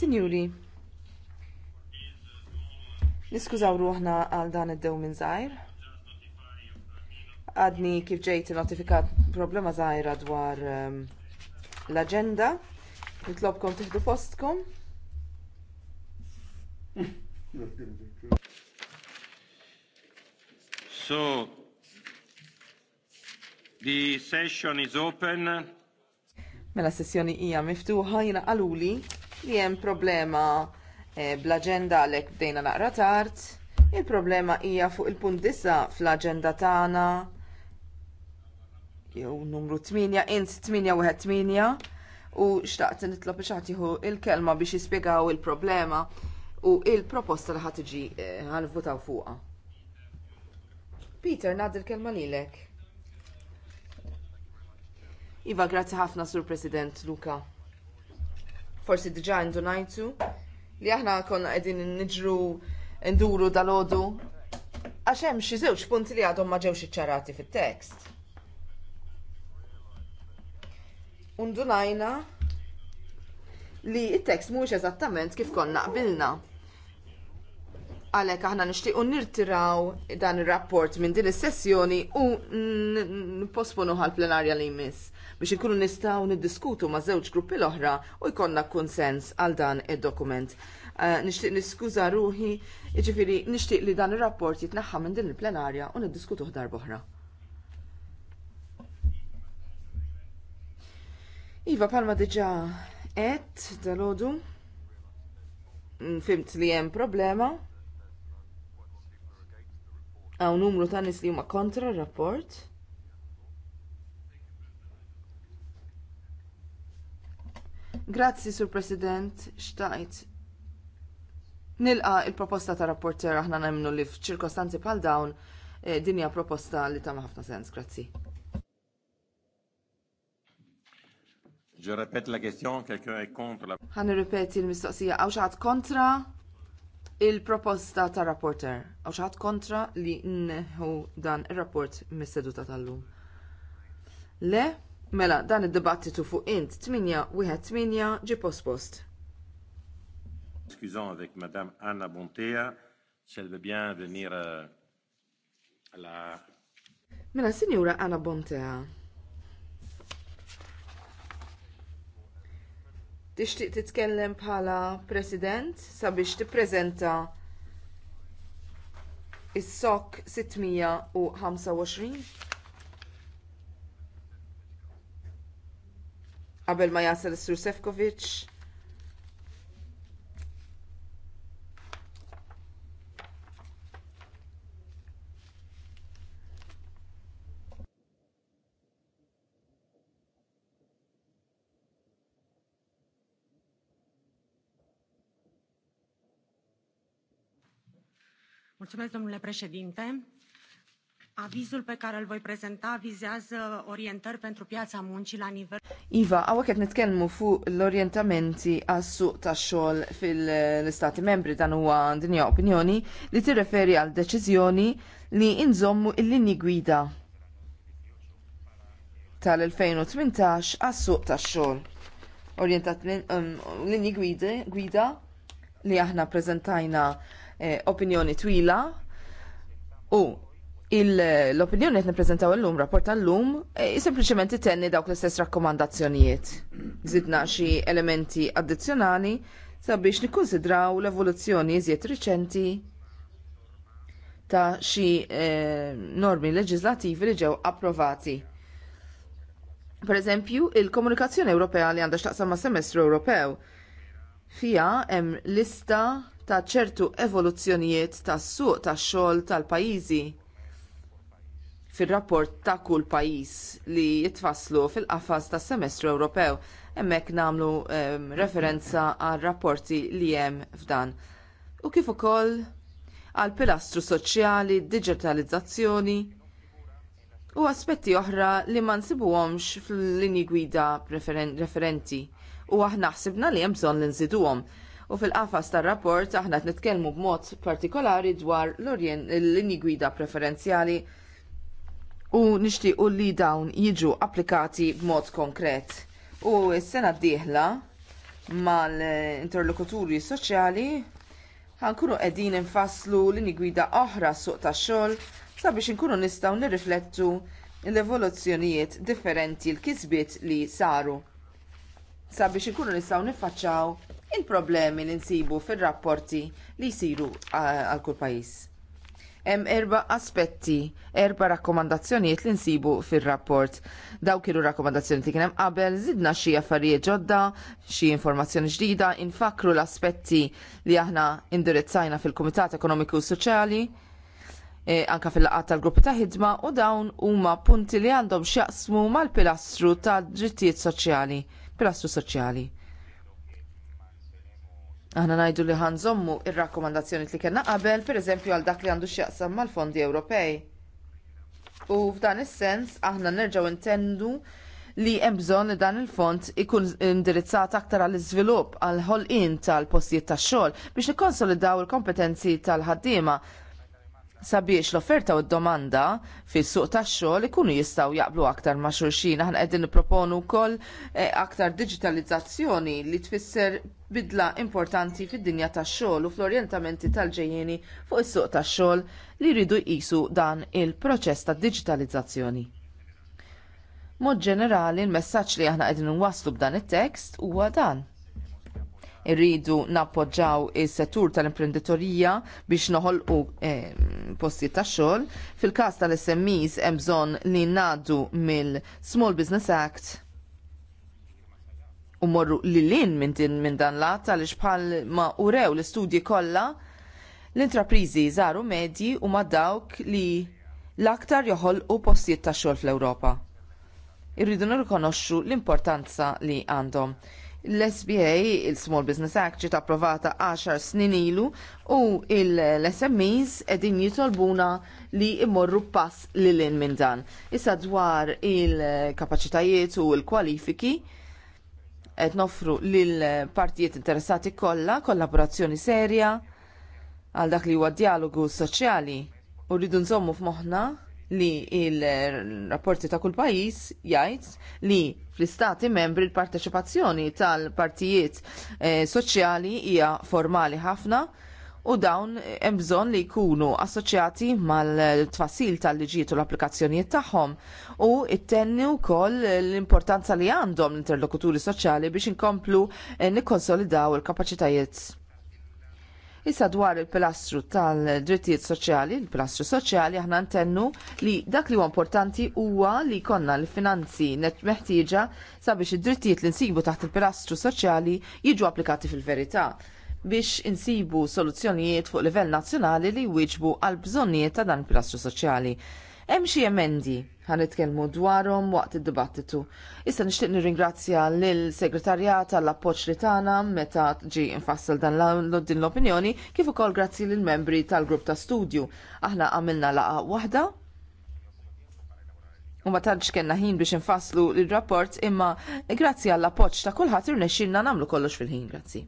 Sinjuri, niskużaw ruħna għal dan id-dew minn zaħir. Għadni kif ġejt notifikat problema zaħira dwar um, l-agenda. Nitlobkom tiħdu postkom. So, the session is open. Mela sessjoni hija miftuħa jina għaluli li hemm problema eh, bl-aġenda għalhekk bdejna naqra tard. Il-problema hija fuq il-punt disa fl-aġenda tagħna jew numru 8 int 8 u xtaqt nitlob biex ħatiħu il-kelma biex jispjegaw il-problema u l proposta li ħad tiġi eh, fuqha. Peter, ngħaddi l-kelma lilek. Iva, grazzi ħafna, Sur President Luka forsi diġà għandu najtu li aħna konna qegħdin niġru nduru dal-ħodu għax hemm xi żewġ punti li għadhom ma ġewx iċċarati fit-tekst. Undunajna li t tekst mhux eżattament kif konna qbilna għalek aħna nishtiqu nirtiraw dan ir rapport minn din is-sessjoni u n-posponu għal-plenarja li jmiss biex inkunu nistgħu niddiskutu ma' żewġ gruppi l-oħra u jkollna konsens għal dan id-dokument. Eh, nixtieq niskuża ruħi, jiġifieri nixtieq li dan ir-rapport jitnaħħa minn din il-plenarja u niddiskutu ħdar boħra. Iva, palma diġa et dal-ħodu, mm, fimt li jem problema, għaw numru ta' nis li huma kontra r-rapport, Grazzi, Sur President, xtajt. Nilqa il-proposta ta' rapporter aħna nemnu li f'ċirkostanzi bħal dawn eh, dinja proposta li ta' ħafna sens. Grazzi. Je répète la question, quelqu'un est contre la... Għan ripeti l-mistoqsija, għaw xaħat kontra il-proposta ta' rapporter. Għaw xaħat kontra li nneħu dan il-rapport mis-seduta tal-lum. Le? Mela, dan id-dibattitu fuq int 8 8 ġi pospost. Scusons avec Madame Anna Bontea, si elle veut bien venir euh, à la... Mela, Signora Anna Bontea. Tixtieq titkellem bħala president sabiex tippreżenta is-sok 625? Qabel ma jasal is-Sur Sefkovic. Mulțumesc, domnule președinte. Avizul pe care îl voi prezenta vizează orientări pentru piața muncii la nivel... Iva, awa kif nitkellmu fuq l-orientamenti għas-suq tax-xogħol fil-Istati Membri dan huwa dinja opinjoni li tirreferi għal deċiżjoni li inżommu il-linji gwida tal-2018 għas-suq tax-xogħol. Orientat l mm, mm, linji gwida, li aħna prezentajna eh, opinjoni twila u l-opinjoni qed nippreżentaw illum rapport tal-lum e, sempliċement itenni dawk l-istess rakkomandazzjonijiet. Żidna xi elementi addizzjonali sabiex nikkonsidraw l-evoluzzjoni iżjed riċenti ta' xi eh, normi leġislativi li ġew approvati. Per eżempju, il-komunikazzjoni Ewropea li għandha x'taqsam ma' semestru Ewropew fija hemm lista ta' ċertu evoluzzjonijiet tas-suq tax-xogħol tal-pajjiżi fir-rapport ta' kull pajjiż li jitfasslu fil-qafas tas semestru Ewropew. Hemmhekk nagħmlu um, referenza għal rapporti li hemm f'dan. U kif ukoll għal pilastru soċjali, digitalizzazzjoni u aspetti oħra li ma nsibuhomx fil-linji gwida referenti u aħna ħsibna li hemm bżonn li nżiduhom u fil-qafas tar-rapport aħna qed nitkellmu b'mod partikolari dwar l-linji gwida preferenzjali u nixtiequ li dawn jiġu applikati b'mod konkret. U s-sena d-dieħla mal-interlokuturi soċjali ħankunu qegħdin infasslu l gwida oħra suq tax-xogħol sabiex inkunu nistgħu nirriflettu l-evoluzzjonijiet differenti l-kisbiet li saru. Sabiex nkunu nistgħu niffaċċjaw il-problemi li nsibu fir-rapporti li jsiru għal kull pajjiż. Hemm erba aspetti, erba rakkomandazzjonijiet li nsibu fir-rapport. Daw kienu rakkomandazzjoni li kien hemm qabel, zidna xi affarijiet ġodda, xi informazzjoni ġdida, infakru l-aspetti li aħna indirizzajna fil-Kumitat Ekonomiku u Soċjali, e, anka fil-laqat tal-grupp ta' ħidma u dawn huma punti li għandhom x'jaqsmu mal-pilastru tad drittijiet soċjali, pilastru soċjali. Aħna ngħidu li ħanżommu ir-rakkomandazzjoni li kellna qabel, pereżempju għal dak li għandu x'jaqsam mal-fondi Ewropej. U f'dan is-sens aħna nerġgħu intendu li hemm bżonn li dan il-fond ikun indirizzat aktar għall iżvilupp għal ħolqien tal-postijiet tax-xogħol biex nikkonsolidaw il-kompetenzi tal-ħaddiema sabiex l-offerta u d-domanda fis-suq tax-xogħol ikunu jistgħu jaqblu aktar ma' xulxin. Aħna qegħdin nipproponu wkoll eh, aktar digitalizzazzjoni li tfisser bidla importanti fid-dinja tax-xogħol u fl-orjentamenti tal-ġejjieni fuq is-suq tax-xogħol li jridu jqisu dan il-proċess ta' digitalizzazzjoni. Mod ġenerali, il-messaġġ li aħna qegħdin inwasslu b'dan it-tekst huwa dan irridu nappoġġaw is-settur tal-imprenditorija biex noħolqu eh, postijiet ta' xogħol. Fil-każ tal-SMEs hemm bżonn li ngħaddu mill-Small Business Act u morru lilin minn din minn dan lat għaliex bħal ma urew l-istudji kollha l-intrapriżi żaru medji u ma dawk li l-aktar joħolqu postijiet ta' xogħol fl-Ewropa. Irridu nirrikonoxxu l-importanza li għandhom l-SBA, il-Small Business Act, ġiet approvata 10 snin ilu u l-SMEs edin jitolbuna li immorru pass li l minn dan. Issa dwar il-kapacitajiet u il-kwalifiki, qed noffru l partijiet interessati kollha kollaborazzjoni serja għal dak li huwa dialogu soċjali u rridu nżommu f'moħħna li il-rapporti ta' kull pajjiż jgħid li fl-istati membri l-parteċipazzjoni tal-partijiet eh, soċjali hija formali ħafna u dawn eh, hemm bżonn li jkunu assoċjati mal-tfassil tal-liġijiet u l-applikazzjonijiet tagħhom u ittenni wkoll l-importanza li għandhom l-interlokuturi soċjali biex inkomplu eh, nikkonsolidaw il-kapaċitajiet Issa dwar il-pilastru tal-drittijiet soċjali, il-pilastru soċjali, aħna ntennu li dak li huwa importanti huwa li konna l-finanzi net meħtieġa sabiex id-drittijiet li nsibu taħt il-pilastru soċjali jiġu applikati fil-verità biex insibu soluzzjonijiet fuq livell nazzjonali li jwieġbu għal bżonnijiet ta' dan il-pilastru soċjali. Hemm xi emendi ħanitkellmu dwarhom waqt id-dibattitu. Issa nixtieq nirringrazzja lil segretarjat għall appoġġ li tagħna meta ġi infassal dan din l-opinjoni kif ukoll grazzi lil membri tal-grupp ta' studju. Aħna għamilna laqa waħda U ma tantx kena ħin biex infasslu l rapport imma grazzi għall appoġġ ta' kulħadd irnexxinna nagħmlu kollox fil-ħin, grazzi.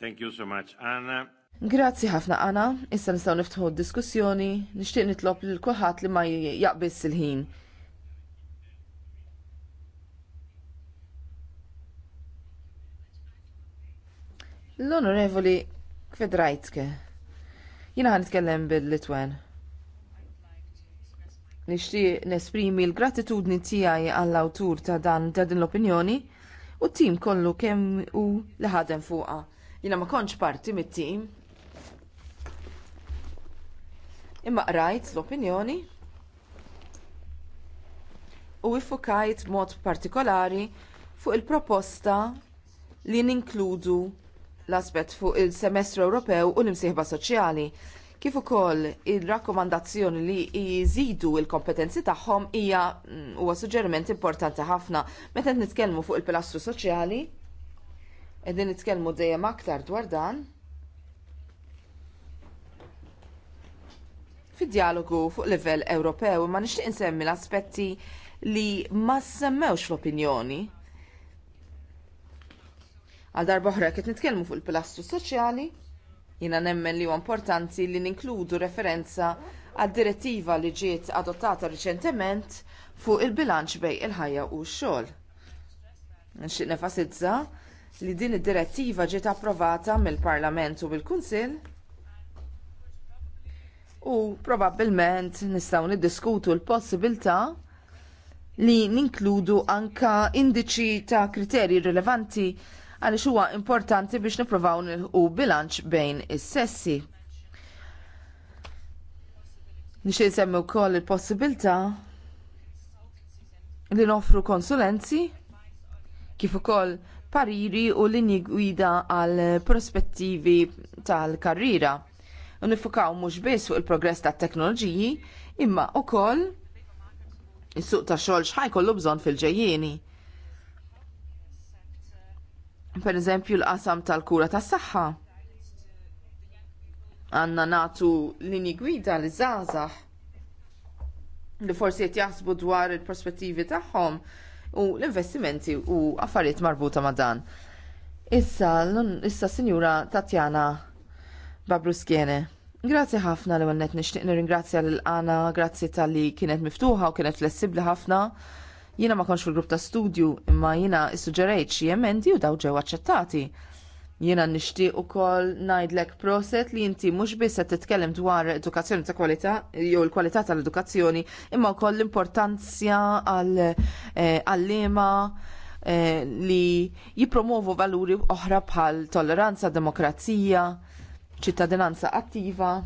Thank you so much, Anna. Grazzi ħafna għana, issa nistaw niftħu diskussjoni, nishtiq nitlob l kulħadd li ma jaqbis il-ħin. L-onorevoli Kvedrajtke, jina għan nitkellem bil-Litwen. Nishtiq nesprimi l-gratitudni tiegħi għall-awtur ta' dan ta' din l-opinjoni u t-tim kollu kemm u li ħadem fuqha. Jina ma konċ parti mit-tim imma qrajt l-opinjoni u iffukajt b'mod partikolari fuq il-proposta li ninkludu l-aspett fuq il-semestru Ewropew u l-imsieħba soċjali. Kif ukoll il-rakkomandazzjoni li jżidu l kompetenzi tagħhom hija mm, huwa suġġeriment importanti ħafna meta nitkellmu fuq il-pilastru soċjali. Qegħdin nitkellmu dejjem aktar dwar dan. fid-dialogu fuq livell Ewropew ma nixtieq insemmi l-aspetti li ma semmewx l-opinjoni. Għal darba oħra qed nitkellmu fuq il-pilastru soċjali, jiena nemmen li huwa importanti li ninkludu referenza għad direttiva li ġiet adottata riċentement fuq il-bilanċ bejn il-ħajja u x-xogħol. Nixtieq nefasizza li din id-direttiva ġiet approvata mill-Parlament u mill-Kunsill u probabbilment nistgħu niddiskutu l-possibilità li ninkludu anka indiċi ta' kriterji rilevanti għaliex huwa importanti biex nippruvaw nilħu bilanċ bejn is-sessi. Nixtieq semmi wkoll il-possibilità li noffru konsulenzi kif ukoll pariri u linji gwida għal prospettivi tal-karriera u nifukaw mhux biss fuq il-progress tat teknoloġiji imma wkoll is-suq ta' xogħol x'ħajkollu bżonn fil-ġejjieni. Pereżempju l-qasam tal-kura tas-saħħa. Għandna nagħtu lini gwida li zazax li forsi qed jaħsbu dwar il-prospettivi tagħhom u l-investimenti u affarijiet marbuta ma' dan. Issa, issa sinjura Tatjana Babruskiene. Grazzi ħafna li għannet nishtiq nirringrazzja l-għana, grazzi tal-li kienet miftuħa u kienet flessibli ħafna. Jina ma konx fil-grupp ta' studju imma jina suġġerejt xi emendi u daw ġew aċċettati. Jina nishtiq ukoll ngħidlek proset li inti mhux biss qed titkellem dwar edukazzjoni ta' kwalità jew l-kwalità tal-edukazzjoni imma wkoll l-importanzja eh, għall-liema eh, li jipromovu valuri oħra bħal tolleranza, demokrazija ċittadinanza attiva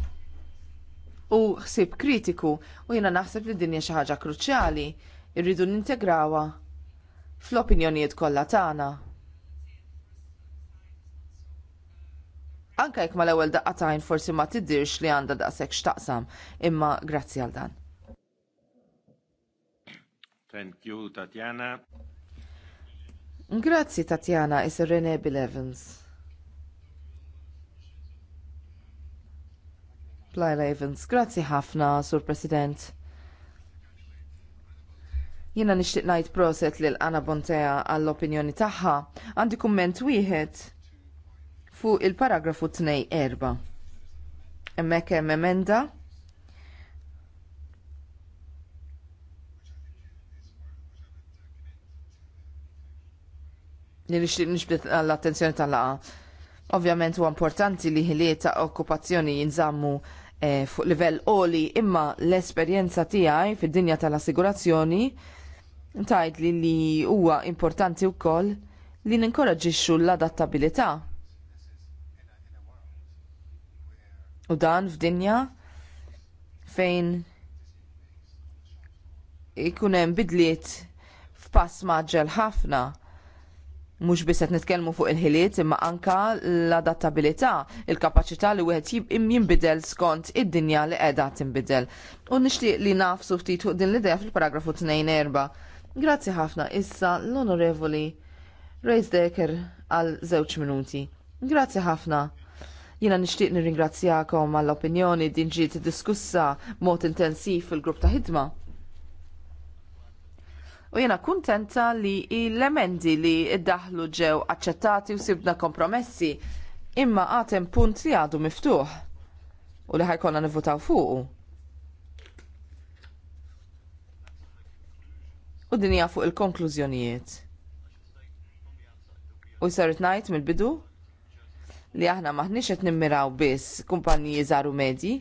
u ħsieb kritiku u jiena naħseb li dinja xi ħaġa kruċjali irridu nintegrawha fl-opinjonijiet kollha tagħna. Anke jekk mal-ewwel daqatajn forsi ma tiddirx li għandha daqshekk x'taqsam, imma grazzi għal dan. Thank you, Tatjana. Grazzi, Tatjana, is Rene Bill Evans. Lila Evans, grazzi ħafna, Sur President. Jiena nixtieq ngħid proset lil Anna Bontea għall-opinjoni tagħha. Għandi kumment wieħed fuq il-paragrafu 2-4. Hemmhekk hemm emenda li nixtieq nixbdet attenzjoni tal-laqa. Ovvjament huwa importanti li ħiliet ta' okkupazzjoni jinżammu Eh, fuq livell oli imma l-esperjenza tiegħi fid-dinja tal-assigurazzjoni tajt li li huwa importanti wkoll li ninkoraġixxu l-adattabilità. U dan f'dinja fejn ikun hemm bidliet f'pass maġġel ħafna mhux biss qed nitkellmu fuq il-ħiliet imma anka l-adattabilità, il-kapaċità li wieħed jinbidel skont id-dinja li qiegħda tinbidel. U nixtieq li nafsu ftit fuq din l-idea fil-paragrafu 24. Grazzi ħafna issa l-Onorevoli Reis Decker għal żewġ minuti. Grazzi ħafna jina nixtieq nirringrazzjakom għall opinjoni din ġiet diskussa mod intensiv fil-grupp ta' ħidma u jena kuntenta li l-emendi li id-daħlu ġew aċċettati u sibna kompromessi imma għatem punt li għadu miftuħ u li ħajkonna nivvotaw fuqu. U dinja fuq il-konklużjonijiet. U jisarit najt mill-bidu li aħna maħniex qed nimmiraw biss kumpaniji żaru medji,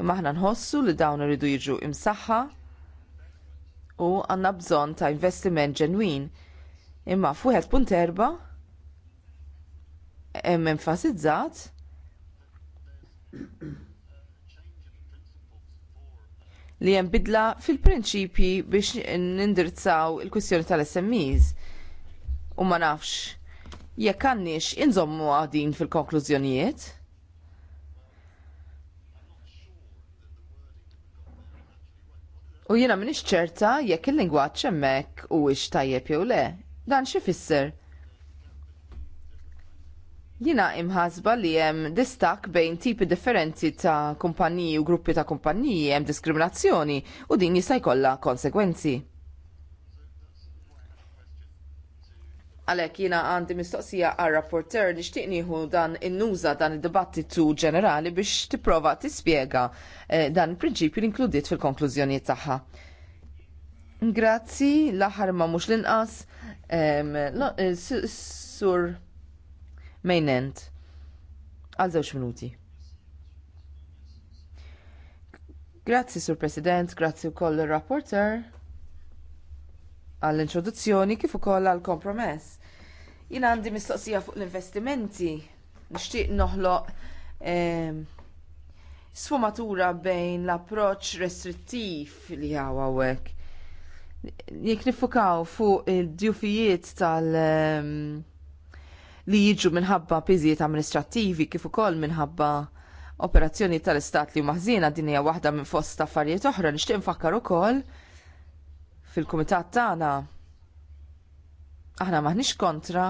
imma aħna nħossu li dawn iridu jiġu imsaħħa u għandna bżonn ta' investiment ġenwin. Imma wieħed punt erba' hemm enfasizzat li hemm bidla fil-prinċipji biex nindirizzaw il-kwistjoni tal-SMEs. U ma nafx jekk għandniex inżommu għadin fil-konklużjonijiet. U jiena m'iniex ċerta jekk il-lingwaġġ hemmhekk huwiex tajjeb jew le. Dan xi fisser? Jiena imħasba li hemm distak bejn tipi differenti ta' kumpaniji u gruppi ta' kumpaniji hemm diskriminazzjoni u din jista' jkollha konsegwenzi. Għalhekk jiena għandi mistoqsija għar rapporter nixtieq nieħu dan innuża dan id-dibattitu ġenerali biex tipprova tispjega eh, dan il-prinċipju li inkludiet fil-konklużjonijiet tagħha. Grazzi, l-aħħar ma mhux l-inqas eh, sur Mejnent għal żewġ minuti. Grazzi, Sur President, grazzi u koll rapporter għall-introduzzjoni kif ukoll għall-kompromess jina għandi mistoqsija fuq l-investimenti. Nixtieq noħloq ehm, sfumatura bejn l-approċ restrittiv li għaw għawek. Jek nifukaw fuq id-djufijiet tal- ehm, li jiġu minħabba piżijiet amministrattivi kif ukoll minħabba operazzjoni tal-istat li maħżina din hija waħda minn fost affarijiet oħra nixtieq nfakkar ukoll fil-kumitat tagħna Aħna maħniex kontra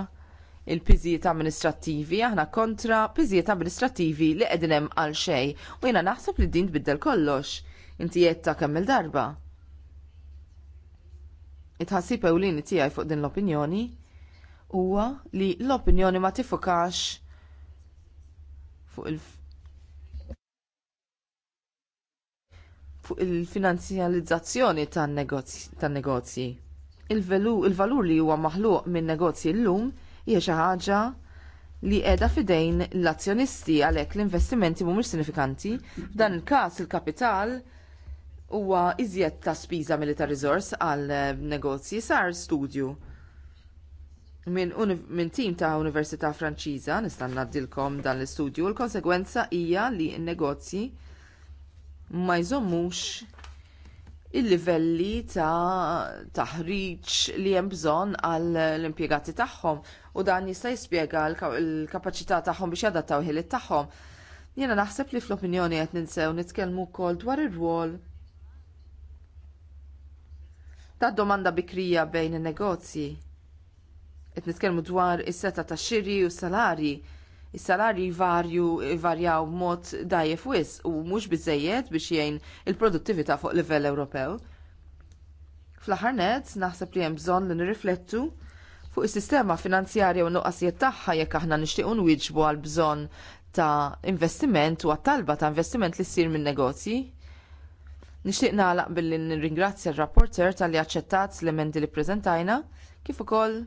il-piżijiet amministrattivi, aħna kontra piżijiet amministrativi li qegħdin hemm għal xejn u jiena naħseb li din tbiddel kollox. Inti qed ta' kemm il-darba. Itħassib ewlieni tiegħi fuq din l-opinjoni huwa li l-opinjoni ma tifukax fuq il- fuq il-finanzjalizzazzjoni tan-negozji. Tan il-valur li huwa maħluq minn negozji llum hija xi ħaġa li qiegħda fidejn l-azzjonisti għalhekk l-investimenti mhumiex sinifikanti, f'dan il-każ il-kapital huwa iżjed ta' spiża milli ta' għal eh, negozji sar studju minn min tim ta' Università Franċiża nista' ngħaddilkom dan l-istudju, l-konsegwenza hija li n-negozji ma jżommux il-livelli ta' taħriġ li hemm bżonn għall impjegati tagħhom u dan jista' jispjega l-kapaċità tagħhom biex jadattaw ħiliet tagħhom. Jiena naħseb li fl-opinjoni qed ninsew nitkellmu wkoll dwar ir-rwol ta' domanda bikrija bejn in-negozji. Qed nitkellmu dwar is-seta tax-xiri u s salarji is salarji varju varjaw mod dajjef wis u mhux biżejjed biex jgħin il-produttività fuq livell Ewropew. Fl-aħħar nett naħseb li hemm bżonn li nirriflettu fuq is-sistema finanzjarja u nuqqasijiet tagħha jekk aħna nixtiequ nwieġbu għal bżonn ta' investiment u għat-talba ta' investiment li ssir minn negozji. Nixtieq nagħlaq billi nirringrazzja r-rapporter talli aċċettat l-emendi li ppreżentajna kif ukoll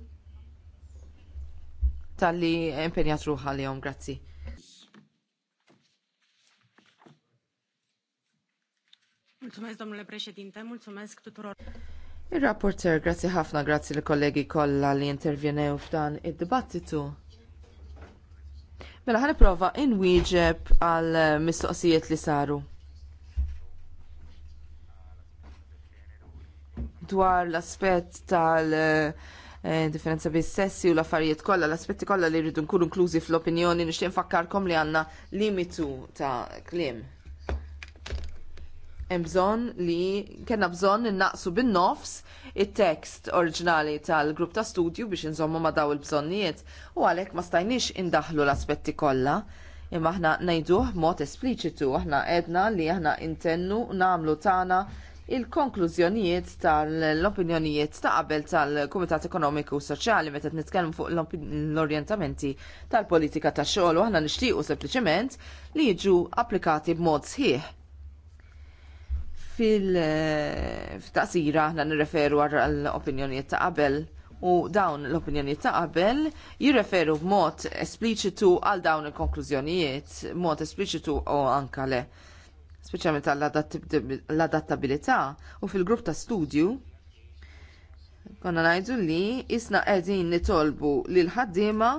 tal-li impenjat ruħa li jom, grazzi. Mulțumesc, domnule președinte, mulțumesc tuturor. Il-rapporter, grazzi ħafna, grazzi l-kollegi kollha li intervjenew f'dan id-dibattitu. Mela ħan prova wieġeb għal mistoqsijiet li saru. Dwar l-aspett tal- Eh, differenza bi sessi u l-affarijiet kollha, l-aspetti kollha li rridu nkunu inklużi fl-opinjoni nixtieq nfakkarkom li għandna limitu ta' Klim. Hemm bżonn li kellna bżonn innaqsu bin-nofs it-tekst oriġinali tal-grupp ta' studju biex inżommu ma' daw il-bżonnijiet u għalhekk ma stajniex indaħlu l-aspetti kollha imma aħna ngħiduh mod espliċitu aħna edna li aħna intennu nagħmlu tagħna il-konklużjonijiet tal-opinjonijiet ta' qabel tal-Kumitat Ekonomiku u Soċjali meta nitkellmu fuq l-orjentamenti tal-politika tax xogħol u aħna nixtiequ sempliċement li jiġu applikati b'mod sħiħ fil-taqsira aħna nirreferu għal opinjonijiet ta' qabel u dawn l-opinjonijiet ta' qabel jirreferu b'mod espliċitu għal dawn il-konklużjonijiet, mod espliċitu u anka le speċjalment tal-adattabilità u fil-grupp ta' studju konna ngħidu li isna qegħdin nitolbu lil ħaddiema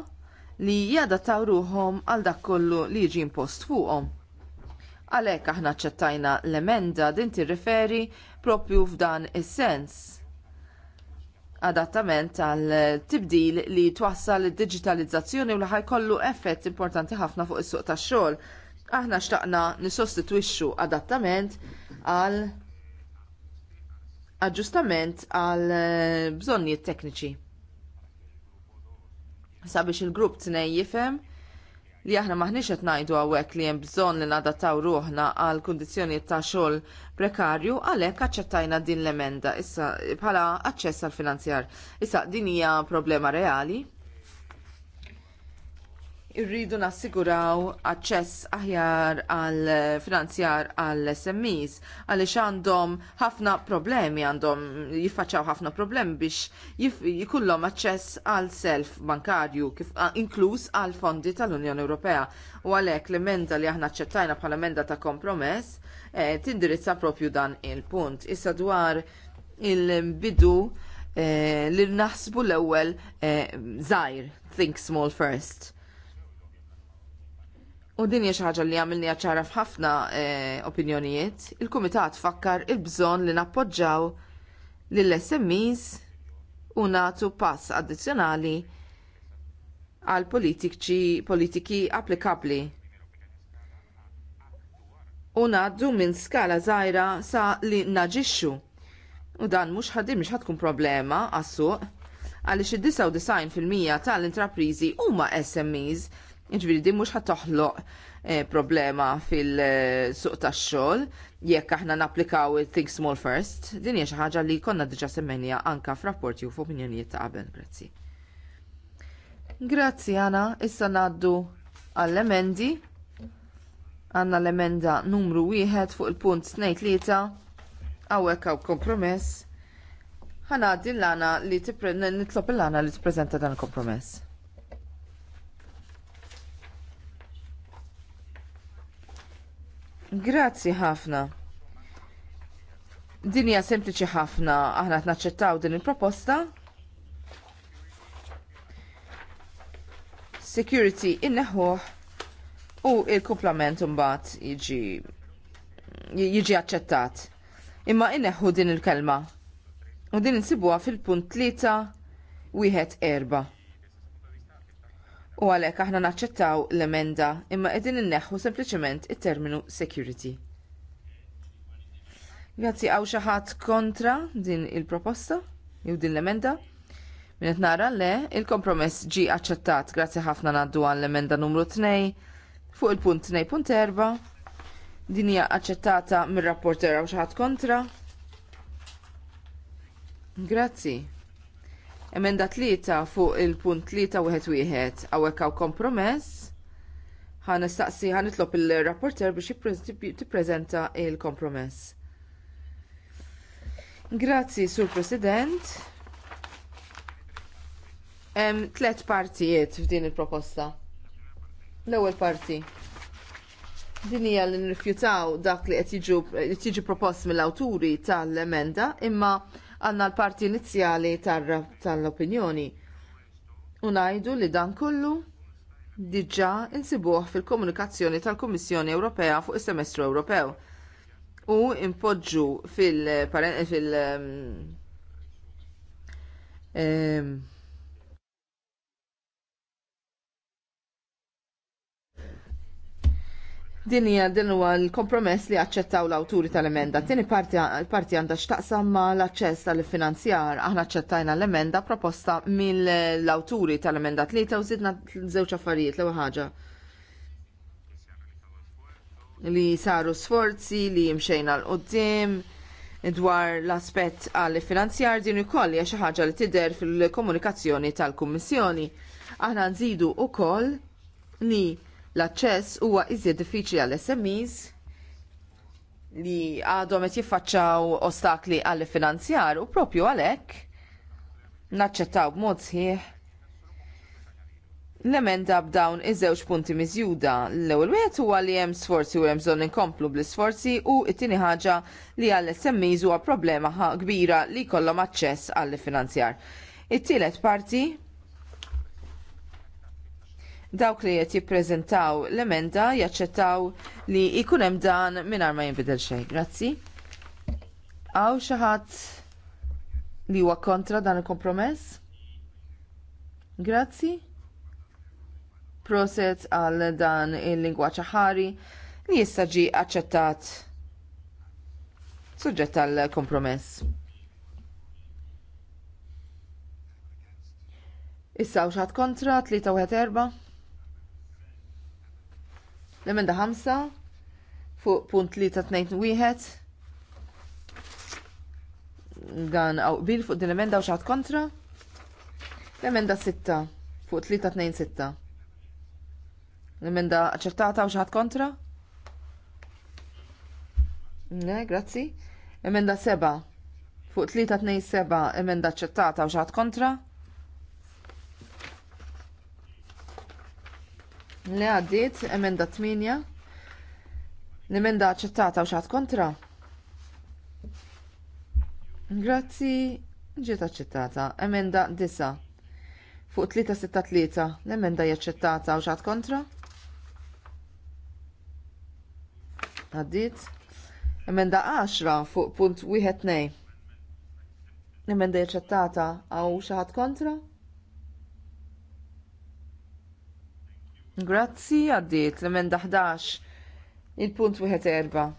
li jadattaw ruhom għal dak kollu li jiġi impost fuqhom. Għalhekk aħna ċettajna l-emenda din tirriferi propju f'dan is-sens. Adattament għal tibdil li twassal id-diġitalizzazzjoni u li ħajkollu effett importanti ħafna fuq is-suq tax-xogħol aħna xtaqna nisostitwixxu adattament għal aġġustament għal eh, bżonnijiet tekniċi. Sabiex il-grupp tnejn jifhem li aħna maħniex qed ngħidu hawnhekk li hemm bżonn li nadattaw ruħna għal kundizzjonijiet ta' xogħol prekarju għalhekk aċċettajna din l-emenda issa bħala aċċess għall finanzjar. Issa din hija problema reali irridu nassiguraw aċċess aħjar għal finanzjar għal SMEs għaliex għandhom ħafna problemi għandhom jiffaċċaw ħafna problemi biex jikullhom aċċess għal self bankarju kif inkluż għal fondi tal-Unjoni Ewropea u għalhekk l-emenda li aħna aċċettajna bħala emenda ta' kompromess eh, tindirizza propju dan il-punt. Issa dwar il-bidu eh, li naħsbu l-ewwel eh, zaħir, think small first U din hija xi ħaġa li għamilni ċara f'ħafna eh, opinjonijiet, il-Kumitat fakkar il-bżonn li nappoġġaw lill-SMEs u nagħtu pass addizzjonali għal politiki applikabbli. U ngħaddu minn skala żgħira sa li naġixxu. U dan mhux ħaddim mhux ħadkun problema għas-suq għaliex id fil-mija tal-intraprizi huma SMEs Iġviri, din mux ħatoħloq eh, problema fil-suq ta' xol, jekk aħna naplikaw il-Think Small First, din jiex xi ħaġa li konna diġa semmenja anka f'rapporti u f'opinjonijiet ta' qabel, grazzi. Grazzi għana, issa naddu għall-emendi, għanna l-emenda numru wieħed fuq il-punt 2-3, għawek għaw kompromess, Għanna l li nitlob l-għana li t-prezenta dan il-kompromess. Grazzi ħafna. Din hija sempliċi ħafna aħna t naċċettaw din il-proposta. Security inneħuħ u il komplement imbagħad jiġi jiġi aċċettat. Imma inneħħu din il-kelma. U din insibuha fil-punt tlieta wieħed erba' u għalhekk aħna naċċettaw l-emenda imma qegħdin inneħħu sempliċement it-terminu security. Grazzi għaw xi ħadd kontra din il-proposta jew din l-emenda. Min qed nara le, il-kompromess ġie aċċettat grazzi ħafna ngħaddu għall emenda numru 2 fuq il-punt 2.4 din hija aċċettata mir-rapporter għaw xi ħadd kontra. Grazzi. Emenda tlieta fuq il-punt tlieta wieħed wieħed hawnhekk għaw kompromess. Ħa nistaqsi għan itlop il-rapporter biex tippreżenta l kompromess Grazzi, Sur President. Hemm tliet partijiet f'din il-proposta. L-ewwel parti. Din hija li nirrifjutaw dak li qed jiġi propost mill-awturi tal-emenda, imma għanna l-parti inizjali tal-opinjoni. u ngħidu li dan kollu diġà insibuh fil-komunikazzjoni tal-Kummissjoni Ewropea fuq is-Semestru Ewropew u impoġġu fil-, fil Din hija din huwa l-kompromess li aċċettaw l-awturi tal-emenda. Tieni parti għandha x'taqsam ma l-aċċess tal-finanzjar. Aħna aċċettajna l-emenda proposta mill-awturi tal-emenda tlieta u żidna żewġ affarijiet l-ewwel ħaġa li saru sforzi li jimxejna l-qoddim dwar l-aspett għall finanzjar din ukoll hija xi ħaġa li tidher fil-komunikazzjoni tal-Kummissjoni. Aħna nżidu wkoll li L-aċċess huwa iżjed diffiċli għall SMEs li għadhom qed jiffaċċaw ostakli għall finanzjar u propju għalhekk naċċettaw b'mod sħiħ l-emenda b'dawn iż-żewġ punti miżjuda. L-ewwel wieħed huwa li hemm sforzi u hemm bżonn inkomplu bl-isforzi u t-tieni ħaġa li għall SMEs huwa problema kbira li jkollhom aċċess għall finanzjar It-tielet parti dawk li qed jippreżentaw l-emenda jaċċettaw li jkun hemm dan mingħajr ma jinbidel xejn. Grazzi. Għaw xi ħadd li huwa kontra dan il-kompromess? Grazzi. Proset għal dan il-lingwaċ ħari li jista' ġie aċċettat suġġett għal kompromess. Issa u xaħat kontra 3 4 L-emenda 5 fuq punt li ta' 2-1 dan għaw bil fuq din l-emenda u xaħat kontra. L-emenda 6 fuq 3 tnejn 6 L-emenda ċertata u xaħat kontra. Ne, grazzi. Emenda 7 fuq 3 tnejn 7 emenda ċertata u xaħat kontra. li għaddiet emenda 8 l-emenda aċċettata u xaħat kontra grazzi ġiet aċċettata emenda 9 fuq 363 l-emenda jaċċettata u xaħat kontra għaddiet emenda 10 fuq punt 1.2. l-emenda jaċċettata u xaħat kontra Grazzi, għaddiet l-emenda 11, il-punt 14.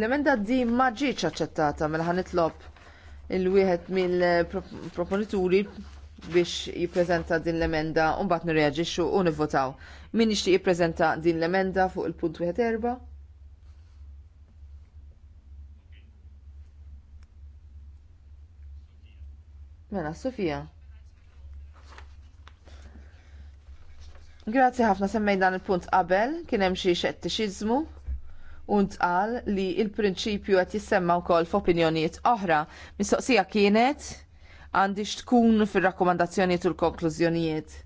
L-emenda di maġiċ aċċettata mela ħanitlob il-wieħed mill-proponituri biex jippreżenta din l-emenda u mbagħad nirreaġixxu u nivvotaw. Min jixtieq jippreżenta din l-emenda fuq il-punt wieħed erba'? Mela, Sofija. Grazzi ħafna semmej dan il-punt qabel, kien hemm xi xettixiżmu u ntqal li il-prinċipju qed jissemma wkoll f'opinjonijiet oħra. Mistoqsija kienet għandix tkun fir-rakkomandazzjonijiet u l-konklużjonijiet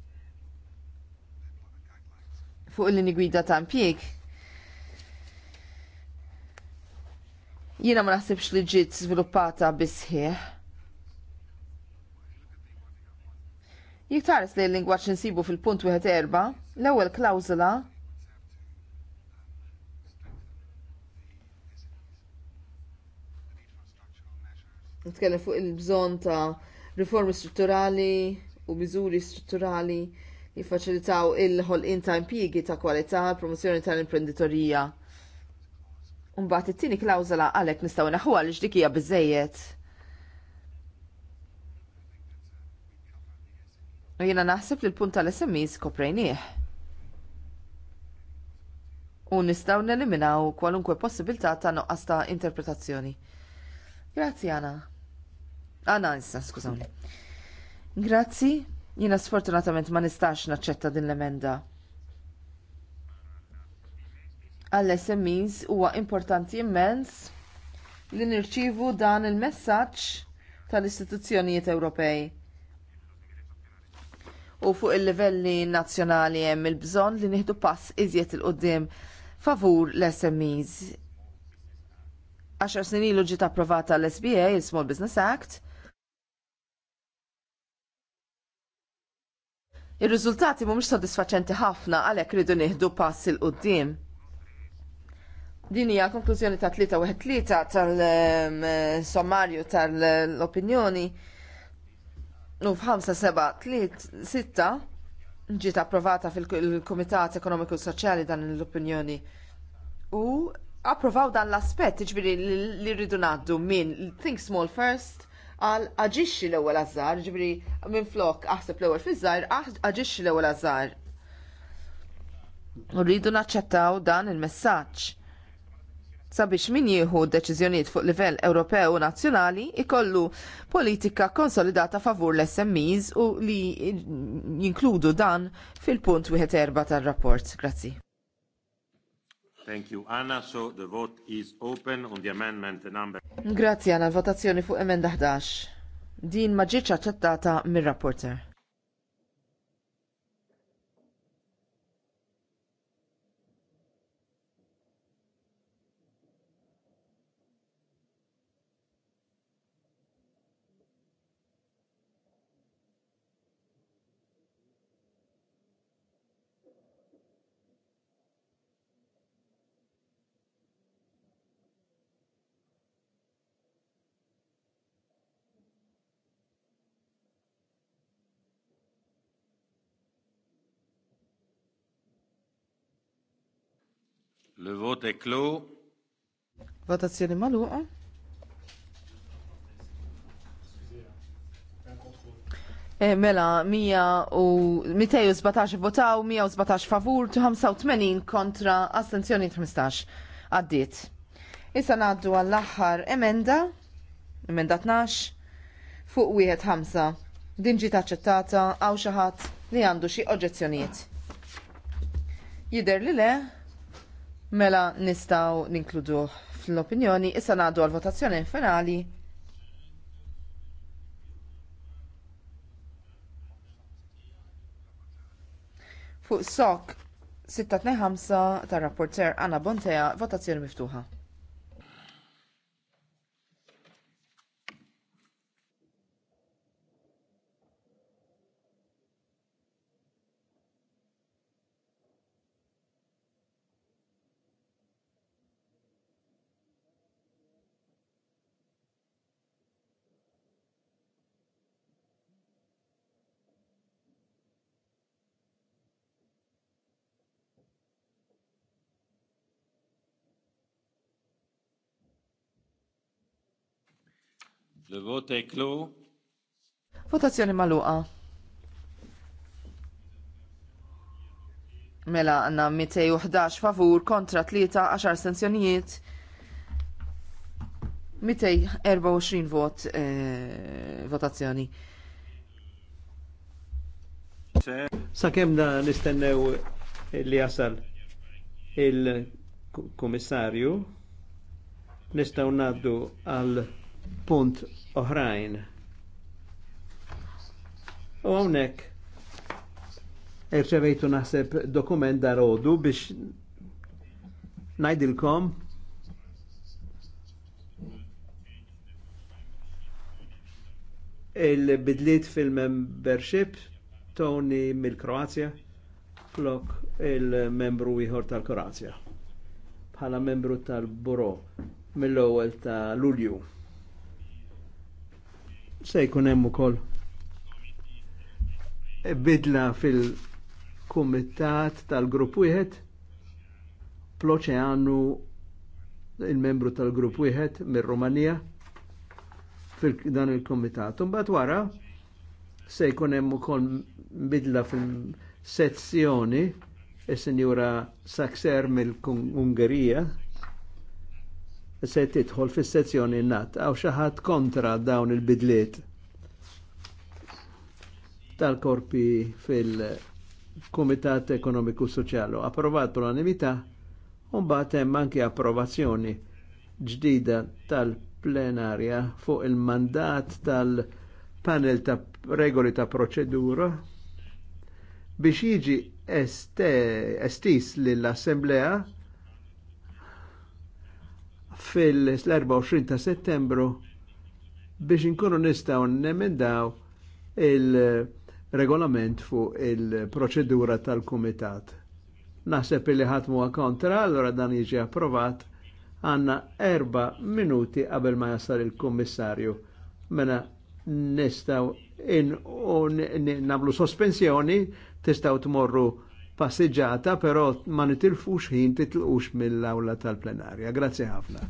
fuq il-lini gwida ta' impjieg. Jiena ma naħsibx li ġiet żviluppata bisħieħ Jiktarres li l-lingwaċ nsibu fil-punt 1-4, l-ewel klawzula nitkellem fuq il-bżon ta' riformi strutturali u miżuri strutturali li faċilitaw il-ħolqin ta' impjiegi ta' kwalità, promozzjoni tal-imprenditorija. Mbagħad it-tieni klawzula għalhekk nistgħu naħuha li x'dik hija biżejjed. U jiena naħseb li l-punt tal-SMEs koprejnieħ. U nistgħu neliminaw kwalunkwe possibilità ta' noqqas ta' interpretazzjoni. Grazzi Anna. Anna issa, skużawni. Grazzi, jiena sfortunatament ma nistax naċċetta din l-emenda. għall sms huwa importanti immens li nirċievu dan il-messaġġ tal-istituzzjonijiet Ewropej u fuq il-livelli nazzjonali hemm il-bżonn li nieħdu pass iżjed il-qudiem favur l-SMEs. Għaxar snin ilu ġiet approvata l-SBA, il-Small Business Act, Ir-riżultati mhumiex sodisfaċenti ħafna għalhekk ridu nieħdu pass il qudiem Din hija konklużjoni ta' 3 tal-sommarju ehm, tal-opinjoni. tal sommarju tal opinjoni u f'ħamsa 7 3 6 ġiet approvata fil-Kumitat Ekonomiku Soċjali dan l-opinjoni. U approvaw dan l-aspett, ġbiri li rridu ngħaddu minn think small first għal aġixxi l-ewwel azzar, ġbiri minn flok aħseb l-ewwel fiż-żgħar, aġixxi l-ewwel azzar. Rridu naċċettaw dan il-messaġġ sabiex min jieħu deċiżjonijiet fuq livell Ewropew u nazzjonali ikollu politika konsolidata favur l-SMEs u li jinkludu dan fil-punt wieħed erba' tar-rapport. Grazzi. Thank you, Anna. So the vote is open on the amendment number. Grazzi Anna, votazzjoni fuq emenda 11. Din ma ġietx aċċettata mir-rapporter. Le vote est clos. Votazzjoni maluqa. E, mela, 217 votaw, 117 favur, 85 kontra, astenzjoni 15. Għaddit. Issa naddu għall-axħar emenda, emenda 12, fuq wieħed 5. Din ġiet aċċettata għaw xi ħadd li għandu xi oġġezzjonijiet. Jidher li le, Mela nistaw ninkludu fl-opinjoni, issa ngħaddu għall votazzjoni finali fuq sok 6-5 tar rapporter Anna Bontea, votazzjoni miftuħa. Le vote est clos. Votazzjoni maluqa. Mela għanna 211 favur kontra 3 10 sanzjonijiet. 224 vot eh, votazzjoni. Sakemm da nistennew li jasal il-komissarju, nistaw naddu għal punt oħrajn. U għonek irċevejtu naħseb dokument darodu biex najdilkom il-bidliet fil-membership Tony mill-Kroazja flok il-membru ieħor tal-Kroazja bħala membru tal-Buro mill-ewwel ta' Lulju se jkun hemm ukoll bidla fil-kumitat tal-grupp wieħed ploċeanu il-membru tal-grupp wieħed mir-Rumanija fil-dan il-kumitat. Mbagħad wara se jkun hemm ukoll bidla fil-sezzjoni is-Sinjura Saxer mill-Ungerija se titħol fis-sezzjoni nat għaw xaħat kontra dawn il-bidliet tal-korpi fil-Kumitat Ekonomiku Soċjalu. Approvat l unanimità un hemm anke approvazzjoni ġdida tal-plenarja fuq il-mandat tal-panel ta' regoli ta' proċedura biex jiġi estis lill-Assemblea fil-24 ta' settembru biex inkunu nistaw nemendaw il-regolament fuq il-proċedura tal-Kumitat. Naħseb li ħatmu kontra, allora dan jiġi approvat għanna erba minuti qabel ma jasal il-Kummissarju. Mena nistaw in, namlu sospensjoni, tistaw tmorru passeġġata, però ma nitilfux ħin titlqux mill-awla tal-plenarja. Grazie ħafna.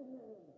Thank you.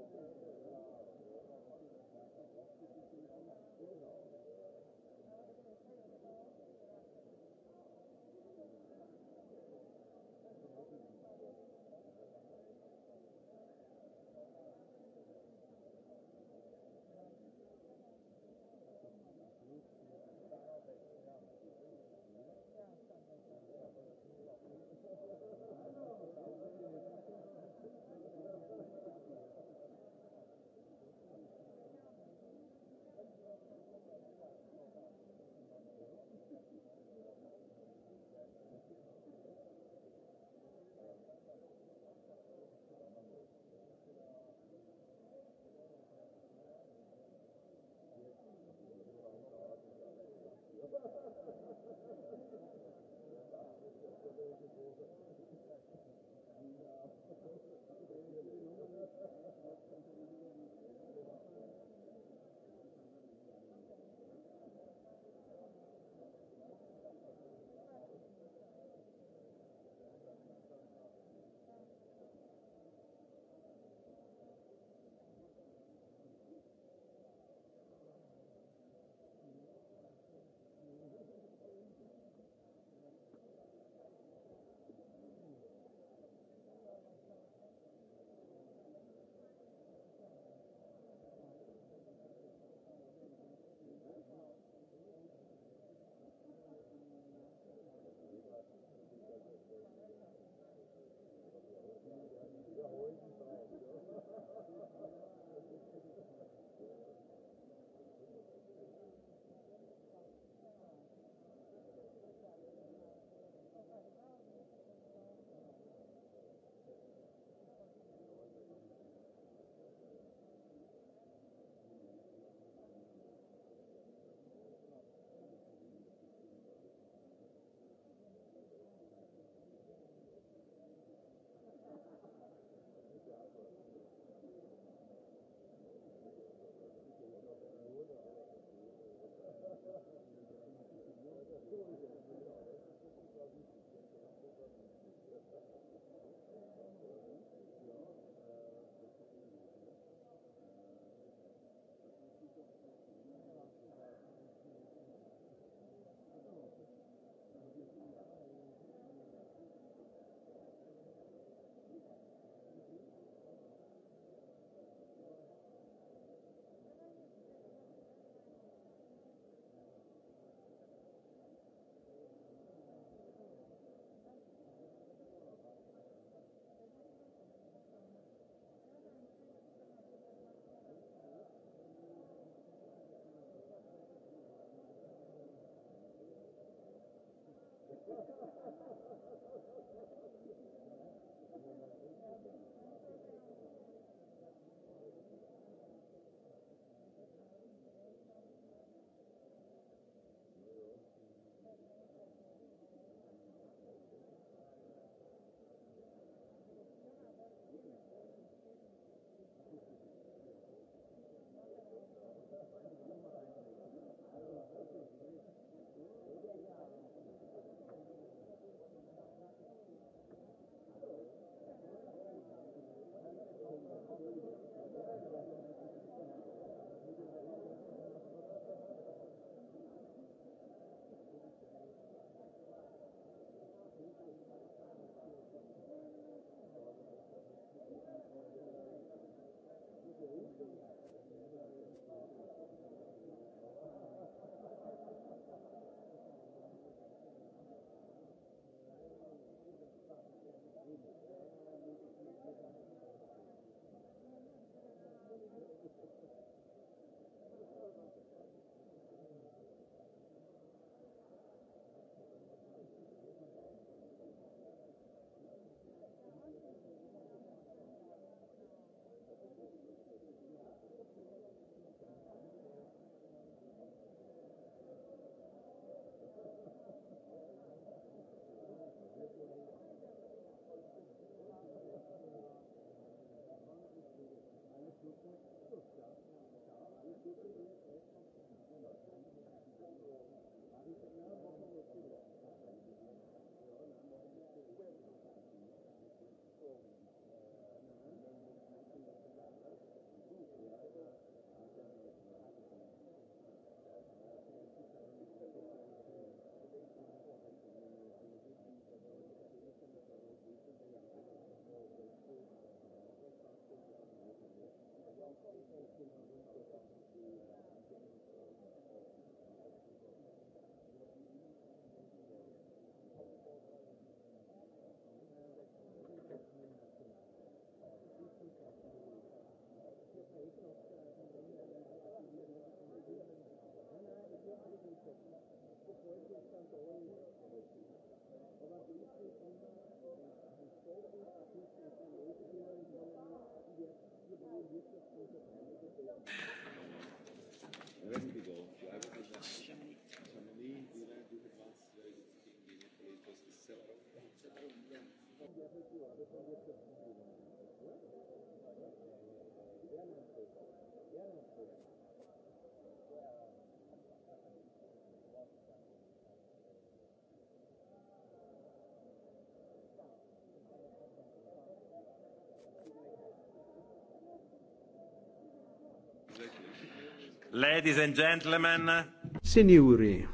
Ladies and gentlemen. Signori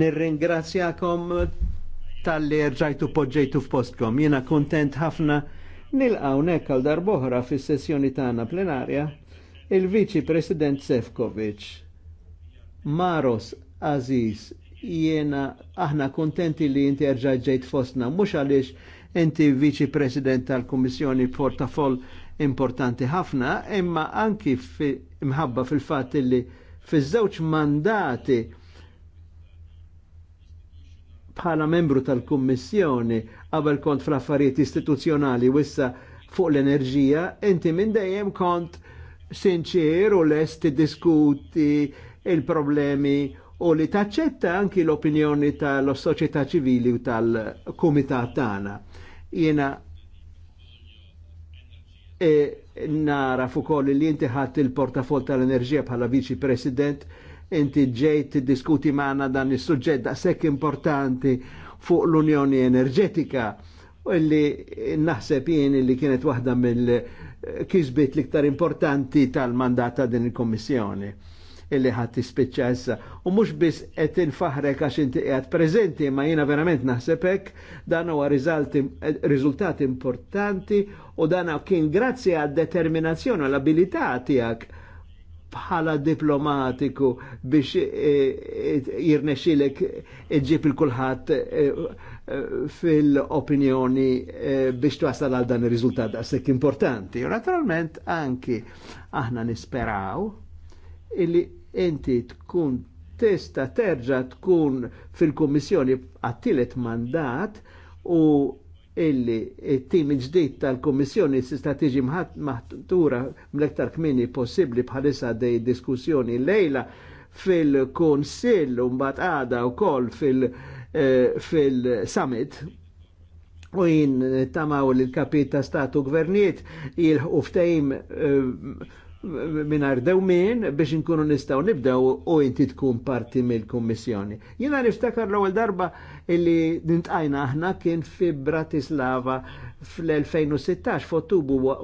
nirringrazzjakom tal-li rġajtu poġġejtu f'postkom. Jena kontent ħafna nilqaw nek għal darboħra fis sessjoni tagħna plenarja il-Viċi President Sefkovic. Maros Aziz, jena aħna kontenti li inti ġejt fostna, mux għalix inti Viċi President tal kummissjoni portafoll importanti ħafna, imma anki fi, mħabba fil-fat li fiż-żewġ mandati bħala membru tal-Kummissjoni qabel kont fl-affarijiet istituzzjonali wissa fuq l-enerġija, inti minn dejjem kont sinċer u lest diskuti il-problemi u li taċċetta anki l-opinjoni tal-soċjetà ċivili u tal-kumitat tagħna. Jiena e, nara fuq li inti ħadd il-portafol tal-enerġija bħala viċi president inti ġejt diskuti maħna dan is suġġett da sekk importanti fuq l-Unjoni Enerġetika illi naħseb jien illi kienet waħda mill-kisbit l-iktar importanti tal-mandata din il-Kommissjoni illi ħadd tispiċċa issa. U mhux biss qed il-faħre għax inti qiegħed preżenti, ma jina verament naħsebek, dan huwa rizultati importanti u dan kien grazzi għad determinazzjoni u l-abilità tiegħek bħala diplomatiku biex e, e, jirnexilek iġib il-kulħat e, fil-opinjoni biex twasal għal dan il-rizultat għasek importanti. Naturalment anki aħna nisperaw illi inti tkun testa terġa tkun fil-Kommissjoni għattilet mandat u illi it-tim ġdid tal-Kommissjoni sista tiġi maħtura mlektar kmini possibli bħalissa dej diskussjoni lejla fil konsil un mbagħad għada wkoll eh, fil-Summit u jien tamaw li l-kapit ta' statu gvernijiet il uftajim eh, minar dewmin biex nkunu nistaw nibdaw u inti tkun parti mill-Kommissjoni. Jiena niftakar l-ewwel darba illi nintqajna aħna kien fi Bratislava fl-2016